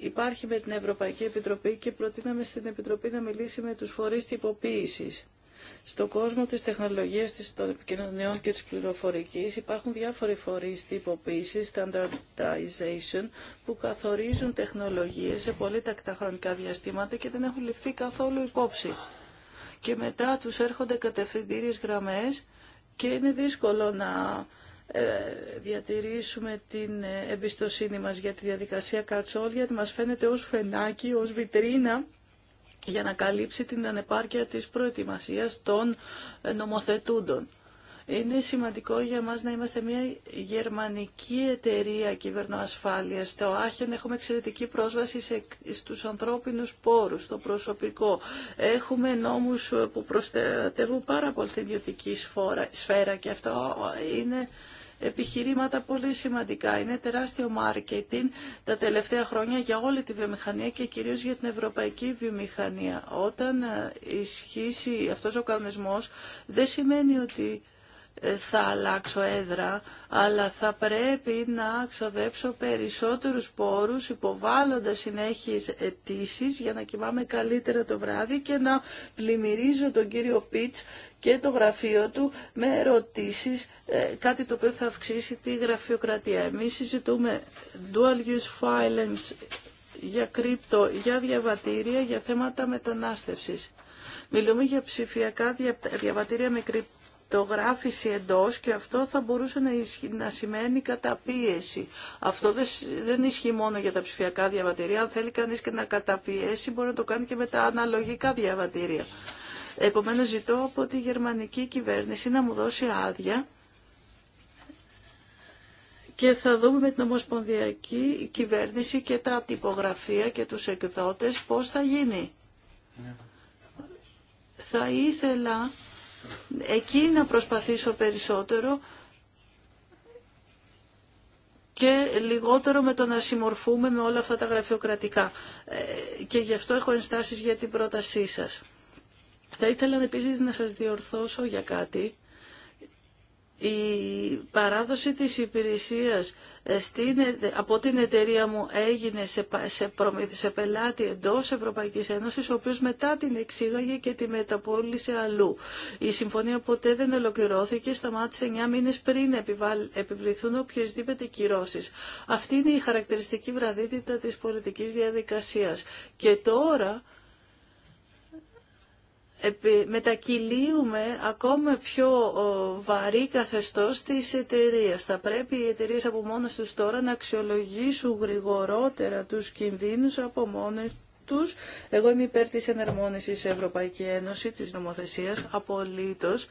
υπάρχει με την Ευρωπαϊκή Επιτροπή και προτείναμε στην Επιτροπή να μιλήσει με τους φορείς τυποποίησης. Στον κόσμο της τεχνολογίας, των επικοινωνιών και της πληροφορικής υπάρχουν διάφοροι φορείς τυποποίησης, standardization, που καθορίζουν τεχνολογίες σε πολύ τακτά χρονικά διαστήματα και δεν έχουν ληφθεί καθόλου υπόψη. Και μετά τους έρχονται κατευθυντήριες γραμμές και είναι δύσκολο να ε, διατηρήσουμε την ε, εμπιστοσύνη μας για τη διαδικασία Κατσόλ, γιατί μας φαίνεται ως φενάκι, ως βιτρίνα για να καλύψει την ανεπάρκεια της προετοιμασίας των ε, νομοθετούντων. Είναι σημαντικό για μας να είμαστε μια γερμανική εταιρεία κυβερνοασφάλειας. Στο Άχεν έχουμε εξαιρετική πρόσβαση σε, στους ανθρώπινους πόρους, στο προσωπικό. Έχουμε νόμους που προστατεύουν πάρα πολύ την ιδιωτική σφαίρα και αυτό είναι επιχειρήματα πολύ σημαντικά. Είναι τεράστιο μάρκετινγκ τα τελευταία χρόνια για όλη τη βιομηχανία και κυρίως για την ευρωπαϊκή βιομηχανία. Όταν ε, ισχύσει αυτός ο κανονισμός δεν σημαίνει ότι θα αλλάξω έδρα, αλλά θα πρέπει να ξοδέψω περισσότερους πόρους υποβάλλοντας συνέχειες αιτήσει για να κοιμάμαι καλύτερα το βράδυ και να πλημμυρίζω τον κύριο Πιτς και το γραφείο του με ερωτήσεις, ε, κάτι το οποίο θα αυξήσει τη γραφειοκρατία. Εμείς συζητούμε dual use filings για κρύπτο, για διαβατήρια, για θέματα μετανάστευσης. Μιλούμε για ψηφιακά διαβατήρια με κρυπτο το γράφηση εντός και αυτό θα μπορούσε να, να σημαίνει καταπίεση. Αυτό δεν ισχύει μόνο για τα ψηφιακά διαβατηρία. Αν θέλει κανείς και να καταπιέσει μπορεί να το κάνει και με τα αναλογικά διαβατηρία. Επομένως ζητώ από τη γερμανική κυβέρνηση να μου δώσει άδεια και θα δούμε με την Ομοσπονδιακή κυβέρνηση και τα τυπογραφία και τους εκδότες πώς θα γίνει. Ναι. Θα ήθελα εκεί να προσπαθήσω περισσότερο και λιγότερο με το να συμμορφούμε με όλα αυτά τα γραφειοκρατικά. Ε, και γι' αυτό έχω ενστάσεις για την πρότασή σας. Θα ήθελα επίσης να σας διορθώσω για κάτι. Η παράδοση της υπηρεσίας ε, ε, από την εταιρεία μου έγινε σε, σε, πελάτη εντός Ευρωπαϊκής Ένωσης, ο οποίος μετά την εξήγαγε και τη μεταπόλυσε αλλού. Η συμφωνία ποτέ δεν ολοκληρώθηκε, σταμάτησε 9 μήνες πριν επιβληθούν οποιασδήποτε κυρώσεις. Αυτή είναι η χαρακτηριστική βραδίτητα της πολιτικής διαδικασίας. Και τώρα μετακυλίουμε ακόμα πιο βαρύ καθεστώς της εταιρεία. Θα πρέπει οι εταιρείε από μόνες τους τώρα να αξιολογήσουν γρηγορότερα τους κινδύνους από μόνες τους. Εγώ είμαι υπέρ της εναρμόνισης Ευρωπαϊκή Ένωση της νομοθεσίας απολύτως.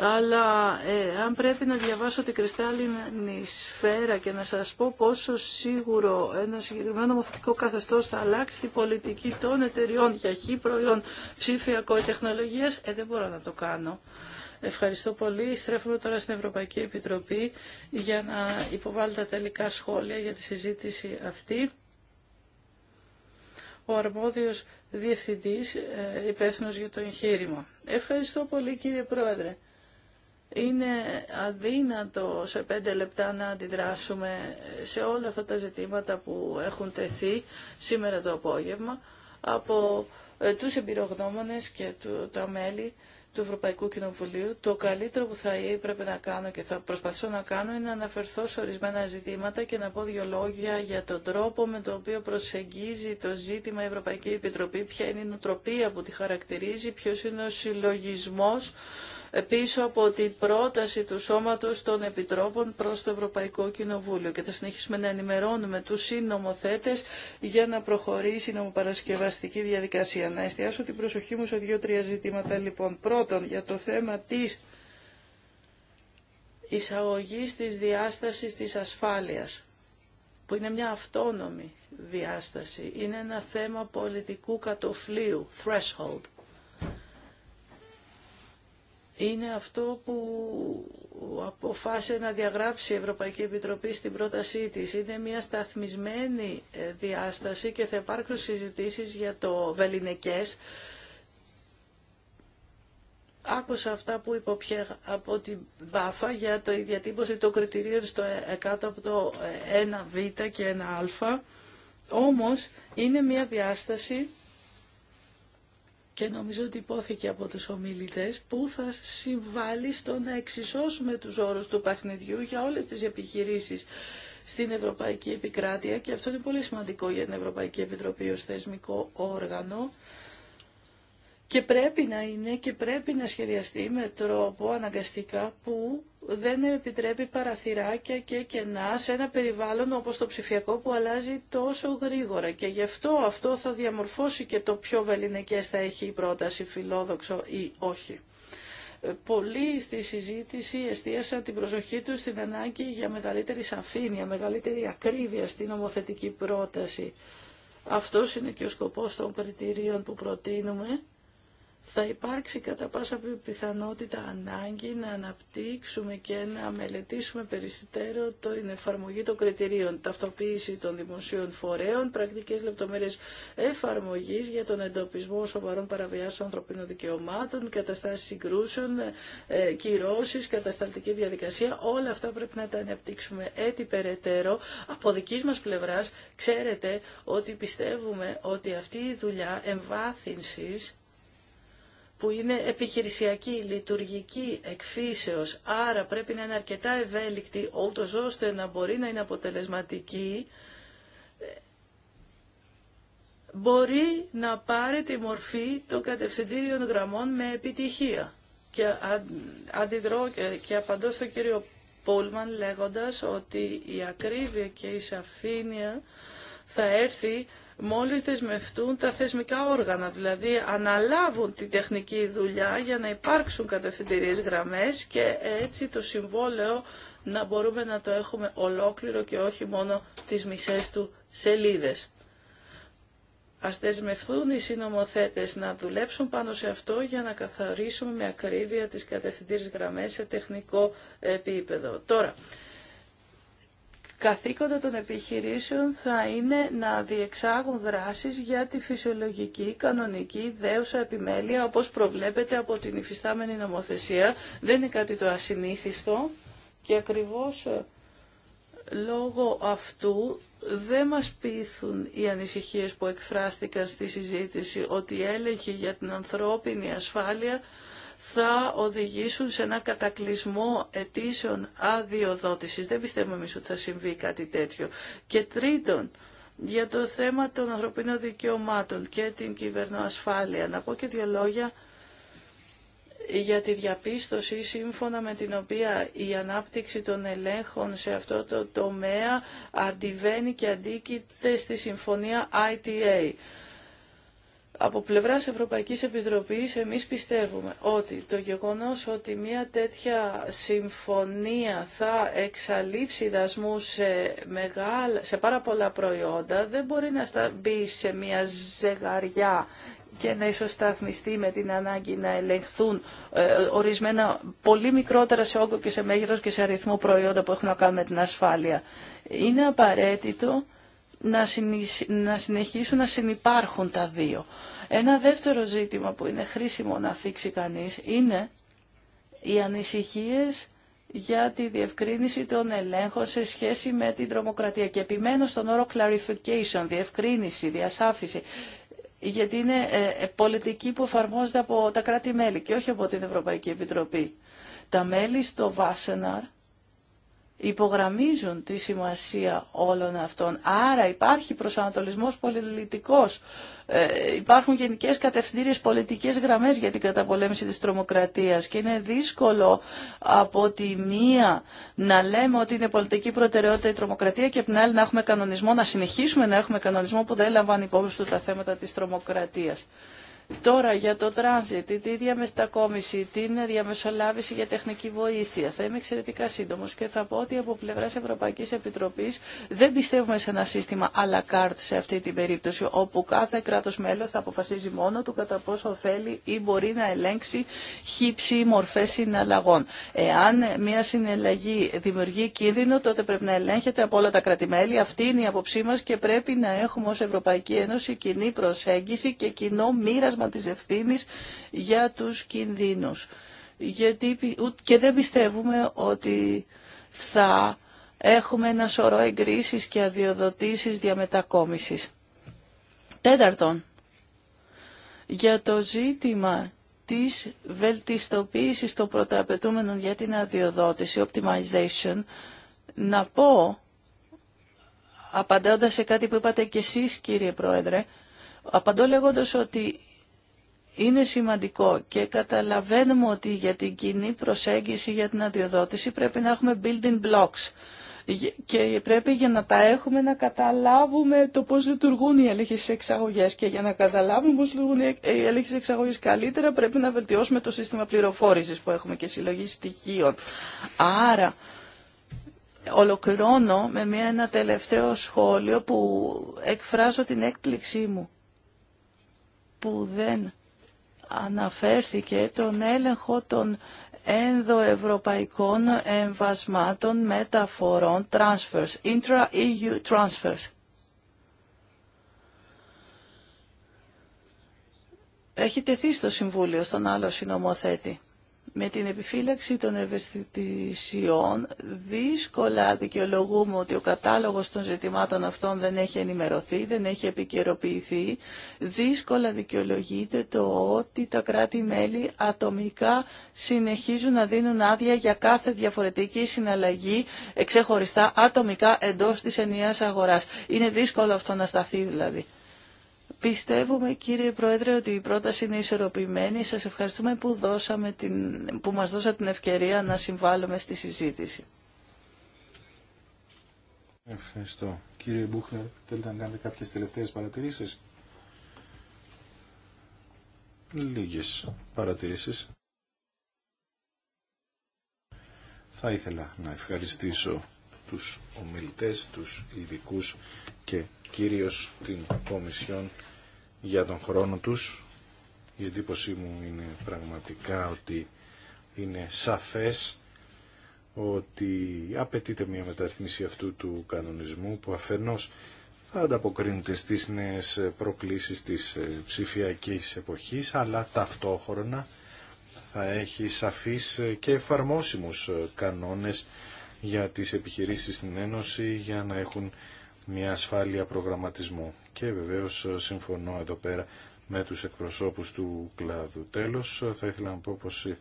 Αλλά ε, αν πρέπει να διαβάσω την κρυστάλλινη σφαίρα και να σας πω πόσο σίγουρο ένα συγκεκριμένο νομοθετικό καθεστώς θα αλλάξει την πολιτική των εταιριών για χή προϊόν ψηφιακό τεχνολογίας, ε, δεν μπορώ να το κάνω. Ευχαριστώ πολύ. Στρέφουμε τώρα στην Ευρωπαϊκή Επιτροπή για να υποβάλει τα τελικά σχόλια για τη συζήτηση αυτή. Ο αρμόδιος διευθυντής ε, υπεύθυνος για το εγχείρημα. Ευχαριστώ πολύ κύριε Πρόεδρε. Είναι αδύνατο σε πέντε λεπτά να αντιδράσουμε σε όλα αυτά τα ζητήματα που έχουν τεθεί σήμερα το απόγευμα από ε, τους εμπειρογνώμονες και τα μέλη του Ευρωπαϊκού Κοινοβουλίου. Το καλύτερο που θα έπρεπε να κάνω και θα προσπαθήσω να κάνω είναι να αναφερθώ σε ορισμένα ζητήματα και να πω δύο λόγια για τον τρόπο με τον οποίο προσεγγίζει το ζήτημα η Ευρωπαϊκή Επιτροπή, ποια είναι η νοοτροπία που τη χαρακτηρίζει, ποιο είναι ο συλλογισμός πίσω από την πρόταση του Σώματος των Επιτρόπων προς το Ευρωπαϊκό Κοινοβούλιο και θα συνεχίσουμε να ενημερώνουμε τους συνομοθέτες για να προχωρήσει η νομοπαρασκευαστική διαδικασία. Να εστιάσω την προσοχή μου σε δύο-τρία ζητήματα λοιπόν. Πρώτον, για το θέμα της εισαγωγής της διάστασης της ασφάλειας που είναι μια αυτόνομη διάσταση. Είναι ένα θέμα πολιτικού κατοφλίου, threshold είναι αυτό που αποφάσισε να διαγράψει η Ευρωπαϊκή Επιτροπή στην πρότασή της. Είναι μια σταθμισμένη ε, διάσταση και θα υπάρξουν συζητήσεις για το βελινεκές. Άκουσα αυτά που είπε από την Βάφα για τη διατύπωση των κριτηρίων στο, ε, ε, κάτω από το 1β και 1α. Όμως είναι μια διάσταση και νομίζω ότι υπόθηκε από τους ομιλητές που θα συμβάλλει στο να εξισώσουμε τους όρους του παιχνιδιού για όλες τις επιχειρήσεις στην Ευρωπαϊκή Επικράτεια και αυτό είναι πολύ σημαντικό για την Ευρωπαϊκή Επιτροπή ως θεσμικό όργανο και πρέπει να είναι και πρέπει να σχεδιαστεί με τρόπο αναγκαστικά που δεν επιτρέπει παραθυράκια και κενά σε ένα περιβάλλον όπως το ψηφιακό που αλλάζει τόσο γρήγορα. Και γι' αυτό αυτό θα διαμορφώσει και το πιο βεληνικές θα έχει η πρόταση φιλόδοξο ή όχι. Ε, πολλοί στη συζήτηση εστίασαν την προσοχή τους στην ανάγκη για μεγαλύτερη σαφήνεια, μεγαλύτερη ακρίβεια στην νομοθετική πρόταση. Αυτός είναι και ο σκοπός των κριτηρίων που προτείνουμε θα υπάρξει κατά πάσα πιθανότητα ανάγκη να αναπτύξουμε και να μελετήσουμε περισσότερο την εφαρμογή των κριτηρίων, ταυτοποίηση των δημοσίων φορέων, πρακτικές λεπτομέρειες εφαρμογής για τον εντοπισμό σοβαρών παραβιάσεων ανθρωπίνων δικαιωμάτων, καταστάσεις συγκρούσεων, ε, κυρώσεις, κατασταλτική διαδικασία. Όλα αυτά πρέπει να τα αναπτύξουμε έτσι περαιτέρω. Από δική μας πλευράς ξέρετε ότι πιστεύουμε ότι αυτή η δουλειά εμβάθυνσης που είναι επιχειρησιακή, λειτουργική, εκφύσεως, άρα πρέπει να είναι αρκετά ευέλικτη, ούτω ώστε να μπορεί να είναι αποτελεσματική, μπορεί να πάρει τη μορφή των κατευθυντήριων γραμμών με επιτυχία. Και αντιδρώ και απαντώ στον κύριο Πούλμαν λέγοντας ότι η ακρίβεια και η σαφήνεια θα έρθει μόλις δεσμευτούν τα θεσμικά όργανα, δηλαδή αναλάβουν τη τεχνική δουλειά για να υπάρξουν κατευθυντηρίες γραμμές και έτσι το συμβόλαιο να μπορούμε να το έχουμε ολόκληρο και όχι μόνο τις μισές του σελίδες. Ας δεσμευθούν οι συνομοθέτες να δουλέψουν πάνω σε αυτό για να καθαρίσουμε με ακρίβεια τις κατευθυντήρες γραμμές σε τεχνικό επίπεδο. Τώρα, καθήκοντα των επιχειρήσεων θα είναι να διεξάγουν δράσεις για τη φυσιολογική, κανονική, δέουσα επιμέλεια, όπως προβλέπεται από την υφιστάμενη νομοθεσία. Δεν είναι κάτι το ασυνήθιστο και ακριβώς ε, λόγω αυτού δεν μας πείθουν οι ανησυχίες που εκφράστηκαν στη συζήτηση ότι η έλεγχη για την ανθρώπινη ασφάλεια θα οδηγήσουν σε ένα κατακλυσμό αιτήσεων αδειοδότησης. Δεν πιστεύουμε εμείς ότι θα συμβεί κάτι τέτοιο. Και τρίτον, για το θέμα των ανθρωπίνων δικαιωμάτων και την κυβερνοασφάλεια, να πω και δύο λόγια για τη διαπίστωση σύμφωνα με την οποία η ανάπτυξη των ελέγχων σε αυτό το τομέα αντιβαίνει και αντίκειται στη συμφωνία ITA. Από πλευράς Ευρωπαϊκής Επιτροπής εμείς πιστεύουμε ότι το γεγονός ότι μια τέτοια συμφωνία θα εξαλείψει δασμού σε, μεγάλα, σε πάρα πολλά προϊόντα δεν μπορεί να μπει σε μια ζεγαριά και να ισοσταθμιστεί με την ανάγκη να ελεγχθούν ε, ορισμένα πολύ μικρότερα σε όγκο και σε μέγεθος και σε αριθμό προϊόντα που έχουν να κάνουν με την ασφάλεια. Είναι απαραίτητο να συνεχίσουν να συνυπάρχουν τα δύο. Ένα δεύτερο ζήτημα που είναι χρήσιμο να θίξει κανείς είναι οι ανησυχίες για τη διευκρίνηση των ελέγχων σε σχέση με την τρομοκρατία. Και επιμένω στον όρο clarification, διευκρίνηση, διασάφηση, γιατί είναι ε, ε, πολιτική που εφαρμόζεται από τα κράτη-μέλη και όχι από την Ευρωπαϊκή Επιτροπή. Τα μέλη στο Βάσεναρ υπογραμμίζουν τη σημασία όλων αυτών. Άρα υπάρχει προσανατολισμός πολιτικός, ε, υπάρχουν γενικές κατευθύνσεις, πολιτικές γραμμές για την καταπολέμηση της τρομοκρατίας και είναι δύσκολο από τη μία να λέμε ότι είναι πολιτική προτεραιότητα η τρομοκρατία και από την άλλη να έχουμε κανονισμό, να συνεχίσουμε να έχουμε κανονισμό που δεν λαμβάνει υπόψη του τα θέματα της τρομοκρατίας. Τώρα για το τράνζιτ, τη διαμεστακόμιση, την διαμεσολάβηση για τεχνική βοήθεια. Θα είμαι εξαιρετικά σύντομος και θα πω ότι από πλευράς Ευρωπαϊκής Επιτροπής δεν πιστεύουμε σε ένα σύστημα à la carte σε αυτή την περίπτωση, όπου κάθε κράτος μέλος θα αποφασίζει μόνο του κατά πόσο θέλει ή μπορεί να ελέγξει χύψη ή μορφές συναλλαγών. Εάν μια συναλλαγή δημιουργεί κίνδυνο, τότε πρέπει να ελέγχεται από όλα τα κρατημέλη. Αυτή είναι η άποψή μας και πρέπει να έχουμε ως Ευρωπαϊκή Ένωση κοινή προσέγγιση και κοινό μοίρα πλάσμα της ευθύνης για τους κινδύνους. Γιατί, και δεν πιστεύουμε ότι θα έχουμε ένα σωρό εγκρίσεις και αδειοδοτήσεις διαμετακόμισης. Τέταρτον, για το ζήτημα της βελτιστοποίησης των πρωταπαιτούμενων για την αδειοδότηση, optimization, να πω, απαντώντας σε κάτι που είπατε και εσείς κύριε Πρόεδρε, απαντώ λέγοντας ότι είναι σημαντικό και καταλαβαίνουμε ότι για την κοινή προσέγγιση για την αδειοδότηση πρέπει να έχουμε building blocks και πρέπει για να τα έχουμε να καταλάβουμε το πώς λειτουργούν οι έλεγχες εξαγωγές και για να καταλάβουμε πώς λειτουργούν οι ε, έλεγχες εξαγωγές καλύτερα πρέπει να βελτιώσουμε το σύστημα πληροφόρησης που έχουμε και συλλογή στοιχείων. Άρα ολοκληρώνω με ένα τελευταίο σχόλιο που εκφράζω την έκπληξή μου που δεν αναφέρθηκε τον έλεγχο των ενδοευρωπαϊκών εμβασμάτων μεταφορών transfers, intra-EU transfers. Έχει τεθεί στο Συμβούλιο στον άλλο συνομοθέτη με την επιφύλαξη των ευαισθητησιών δύσκολα δικαιολογούμε ότι ο κατάλογος των ζητημάτων αυτών δεν έχει ενημερωθεί, δεν έχει επικαιροποιηθεί. Δύσκολα δικαιολογείται το ότι τα κράτη-μέλη ατομικά συνεχίζουν να δίνουν άδεια για κάθε διαφορετική συναλλαγή εξεχωριστά ατομικά εντός της ενιαίας αγοράς. Είναι δύσκολο αυτό να σταθεί δηλαδή. Πιστεύουμε κύριε Πρόεδρε ότι η πρόταση είναι ισορροπημένη. Σας ευχαριστούμε που, δώσαμε την, που μας δώσατε την ευκαιρία να συμβάλλουμε στη συζήτηση. Ευχαριστώ. Κύριε Μπούχνερ, θέλετε να κάνετε κάποιες τελευταίες παρατηρήσεις. Λίγες παρατηρήσεις. Θα ήθελα να ευχαριστήσω τους ομιλητές, τους ειδικού και κυρίως την Κομισιόν για τον χρόνο τους. Η εντύπωσή μου είναι πραγματικά ότι είναι σαφές ότι απαιτείται μια μεταρρύθμιση αυτού του κανονισμού που αφενός θα ανταποκρίνεται στις νέες προκλήσεις της ε, ψηφιακής εποχής αλλά ταυτόχρονα θα έχει σαφείς ε, και εφαρμόσιμους ε, κανόνες για τις επιχειρήσεις στην Ένωση για να έχουν μια ασφάλεια προγραμματισμού. Και βεβαίως ε, συμφωνώ εδώ πέρα με τους εκπροσώπους του κλάδου. Τέλος, ε, θα ήθελα να πω πως ε,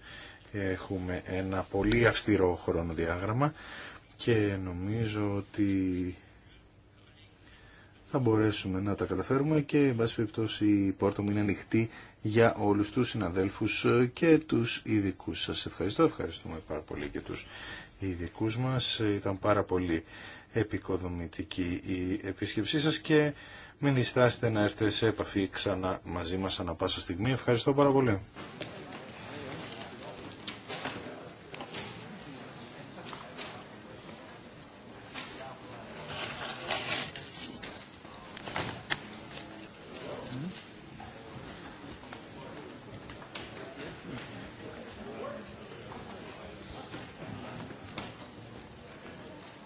έχουμε ένα πολύ αυστηρό χρονοδιάγραμμα και νομίζω ότι θα μπορέσουμε να τα καταφέρουμε και εν πάση περιπτώσει η πόρτα μου είναι ανοιχτή για όλους τους συναδέλφους και τους ειδικού σας. Ευχαριστώ, ευχαριστούμε πάρα πολύ και τους ειδικού μας. Ήταν πάρα πολύ επικοδομητική η επίσκεψή σας και μην διστάσετε να έρθετε σε επαφή ξανά μαζί μας ανα πάσα στιγμή. Ευχαριστώ πάρα πολύ.